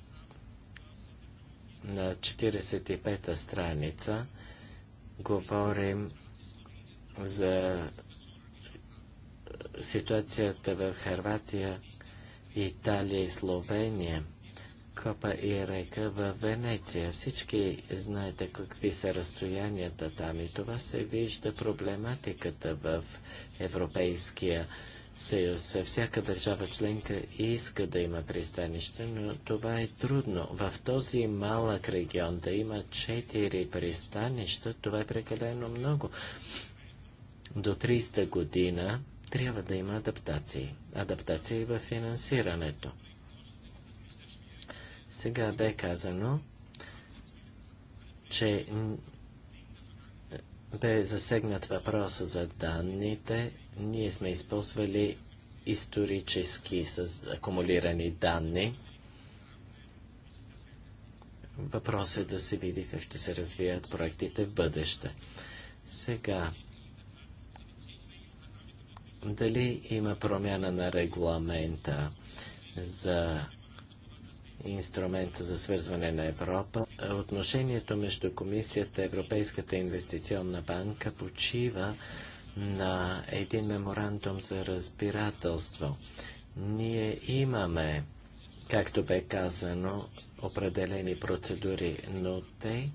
на 45-та страница говорим за ситуацията в Харватия, Италия и Словения, Копа и река в Венеция. Всички знаете какви са разстоянията там и това се вижда проблематиката в Европейския съюз. Всяка държава членка иска да има пристанище, но това е трудно. В този малък регион да има четири пристанища, това е прекалено много. До 300 година трябва да има адаптации. Адаптации във финансирането. Сега бе казано, че бе засегнат въпроса за данните. Ние сме използвали исторически с акумулирани данни. Въпрос е да се види как ще се развият проектите в бъдеще. Сега, дали има промяна на регламента за инструмента за свързване на Европа, отношението между Комисията и Европейската инвестиционна банка почива на един меморандум за разбирателство. Ние имаме, както бе казано, определени процедури, но те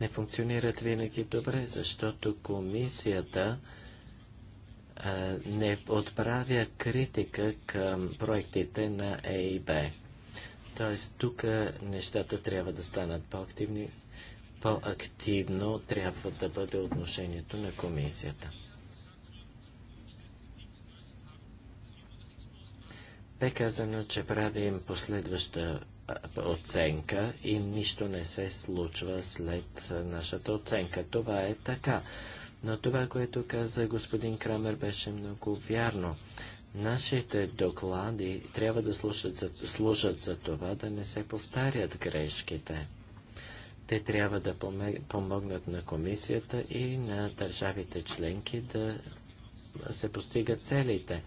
не функционират винаги добре, защото комисията а, не отправя критика към проектите на ЕИБ. Т.е. тук е, нещата трябва да станат по-активни. По-активно трябва да бъде отношението на комисията. Бе казано, че правим последваща оценка и нищо не се случва след нашата оценка. Това е така. Но това, което каза господин Крамер, беше много вярно. Нашите доклади трябва да служат за, служат за това да не се повтарят грешките. Те трябва да помогнат на комисията и на държавите членки да се постигат целите.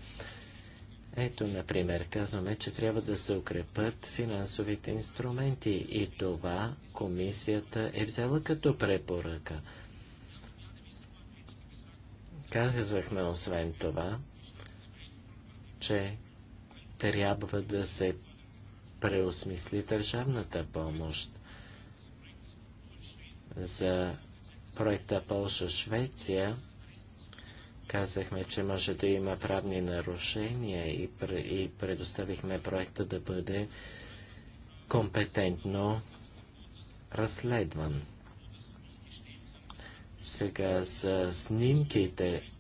Ето, например, казваме, че трябва да се укрепат финансовите инструменти и това комисията е взела като препоръка. Казахме освен това, че трябва да се преосмисли държавната помощ за проекта Полша-Швеция казахме, че може да има правни нарушения и, предоставихме проекта да бъде компетентно разследван. Сега за снимките.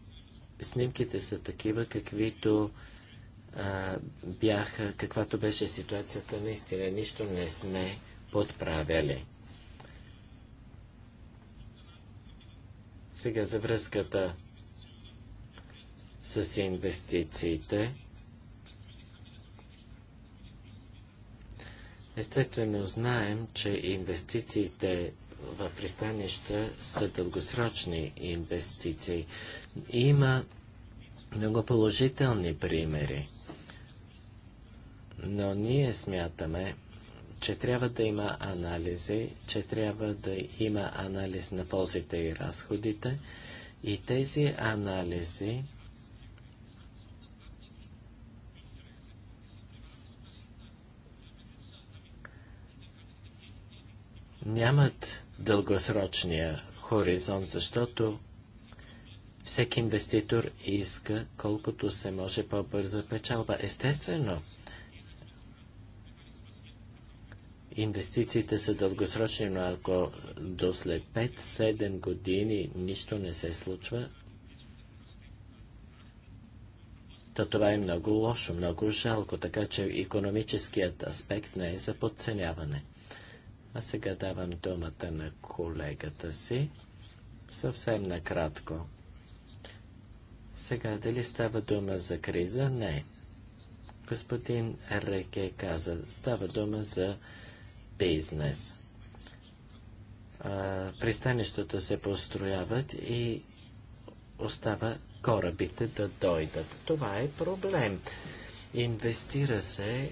Снимките са такива, каквито а, бяха, каквато беше ситуацията, наистина нищо не сме подправяли. Сега за връзката с инвестициите. Естествено знаем, че инвестициите в пристанища са дългосрочни инвестиции. Има много положителни примери. Но ние смятаме, че трябва да има анализи, че трябва да има анализ на ползите и разходите и тези анализи нямат дългосрочния хоризонт, защото всеки инвеститор иска колкото се може по-бърза печалба. Естествено, Инвестициите са дългосрочни, но ако до след 5-7 години нищо не се случва, то това е много лошо, много жалко, така че економическият аспект не е за подценяване. А сега давам думата на колегата си, съвсем накратко. Сега, дали става дума за криза? Не. Господин Реке каза, става дума за бизнес. Пристанището пристанищата се построяват и остава корабите да дойдат. Това е проблем. Инвестира се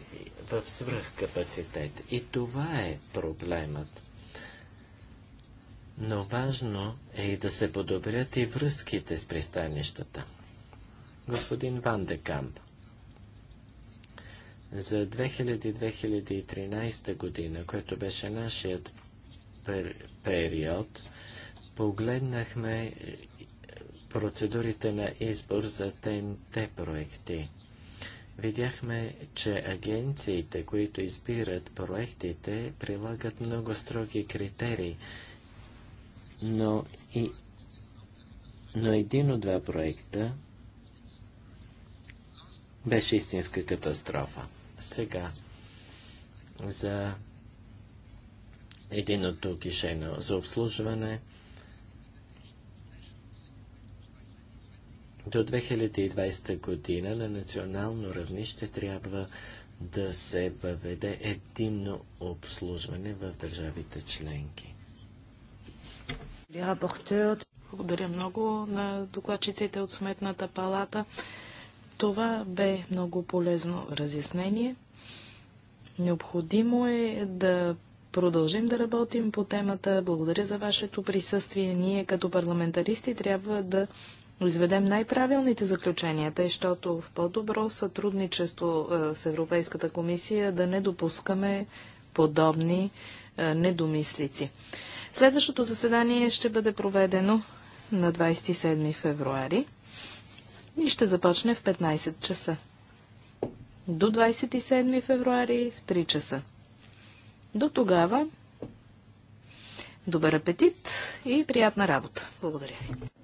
в свръхкапацитет. И това е проблемът. Но важно е и да се подобрят и връзките с пристанищата. Господин Ван де Камп. За 2000-2013 година, което беше нашият пер период, погледнахме процедурите на избор за ТНТ проекти. Видяхме, че агенциите, които избират проектите, прилагат много строги критерии, но, и, но един от два проекта беше истинска катастрофа. Сега за единото кишено за обслужване до 2020 година на национално равнище трябва да се въведе единно обслужване в държавите членки. Благодаря много на докладчиците от Сметната палата. Това бе много полезно разяснение. Необходимо е да продължим да работим по темата. Благодаря за вашето присъствие. Ние като парламентаристи трябва да изведем най-правилните заключения, тъй, защото в по-добро сътрудничество с Европейската комисия да не допускаме подобни недомислици. Следващото заседание ще бъде проведено на 27 февруари и ще започне в 15 часа. До 27 февруари в 3 часа. До тогава добър апетит и приятна работа. Благодаря ви.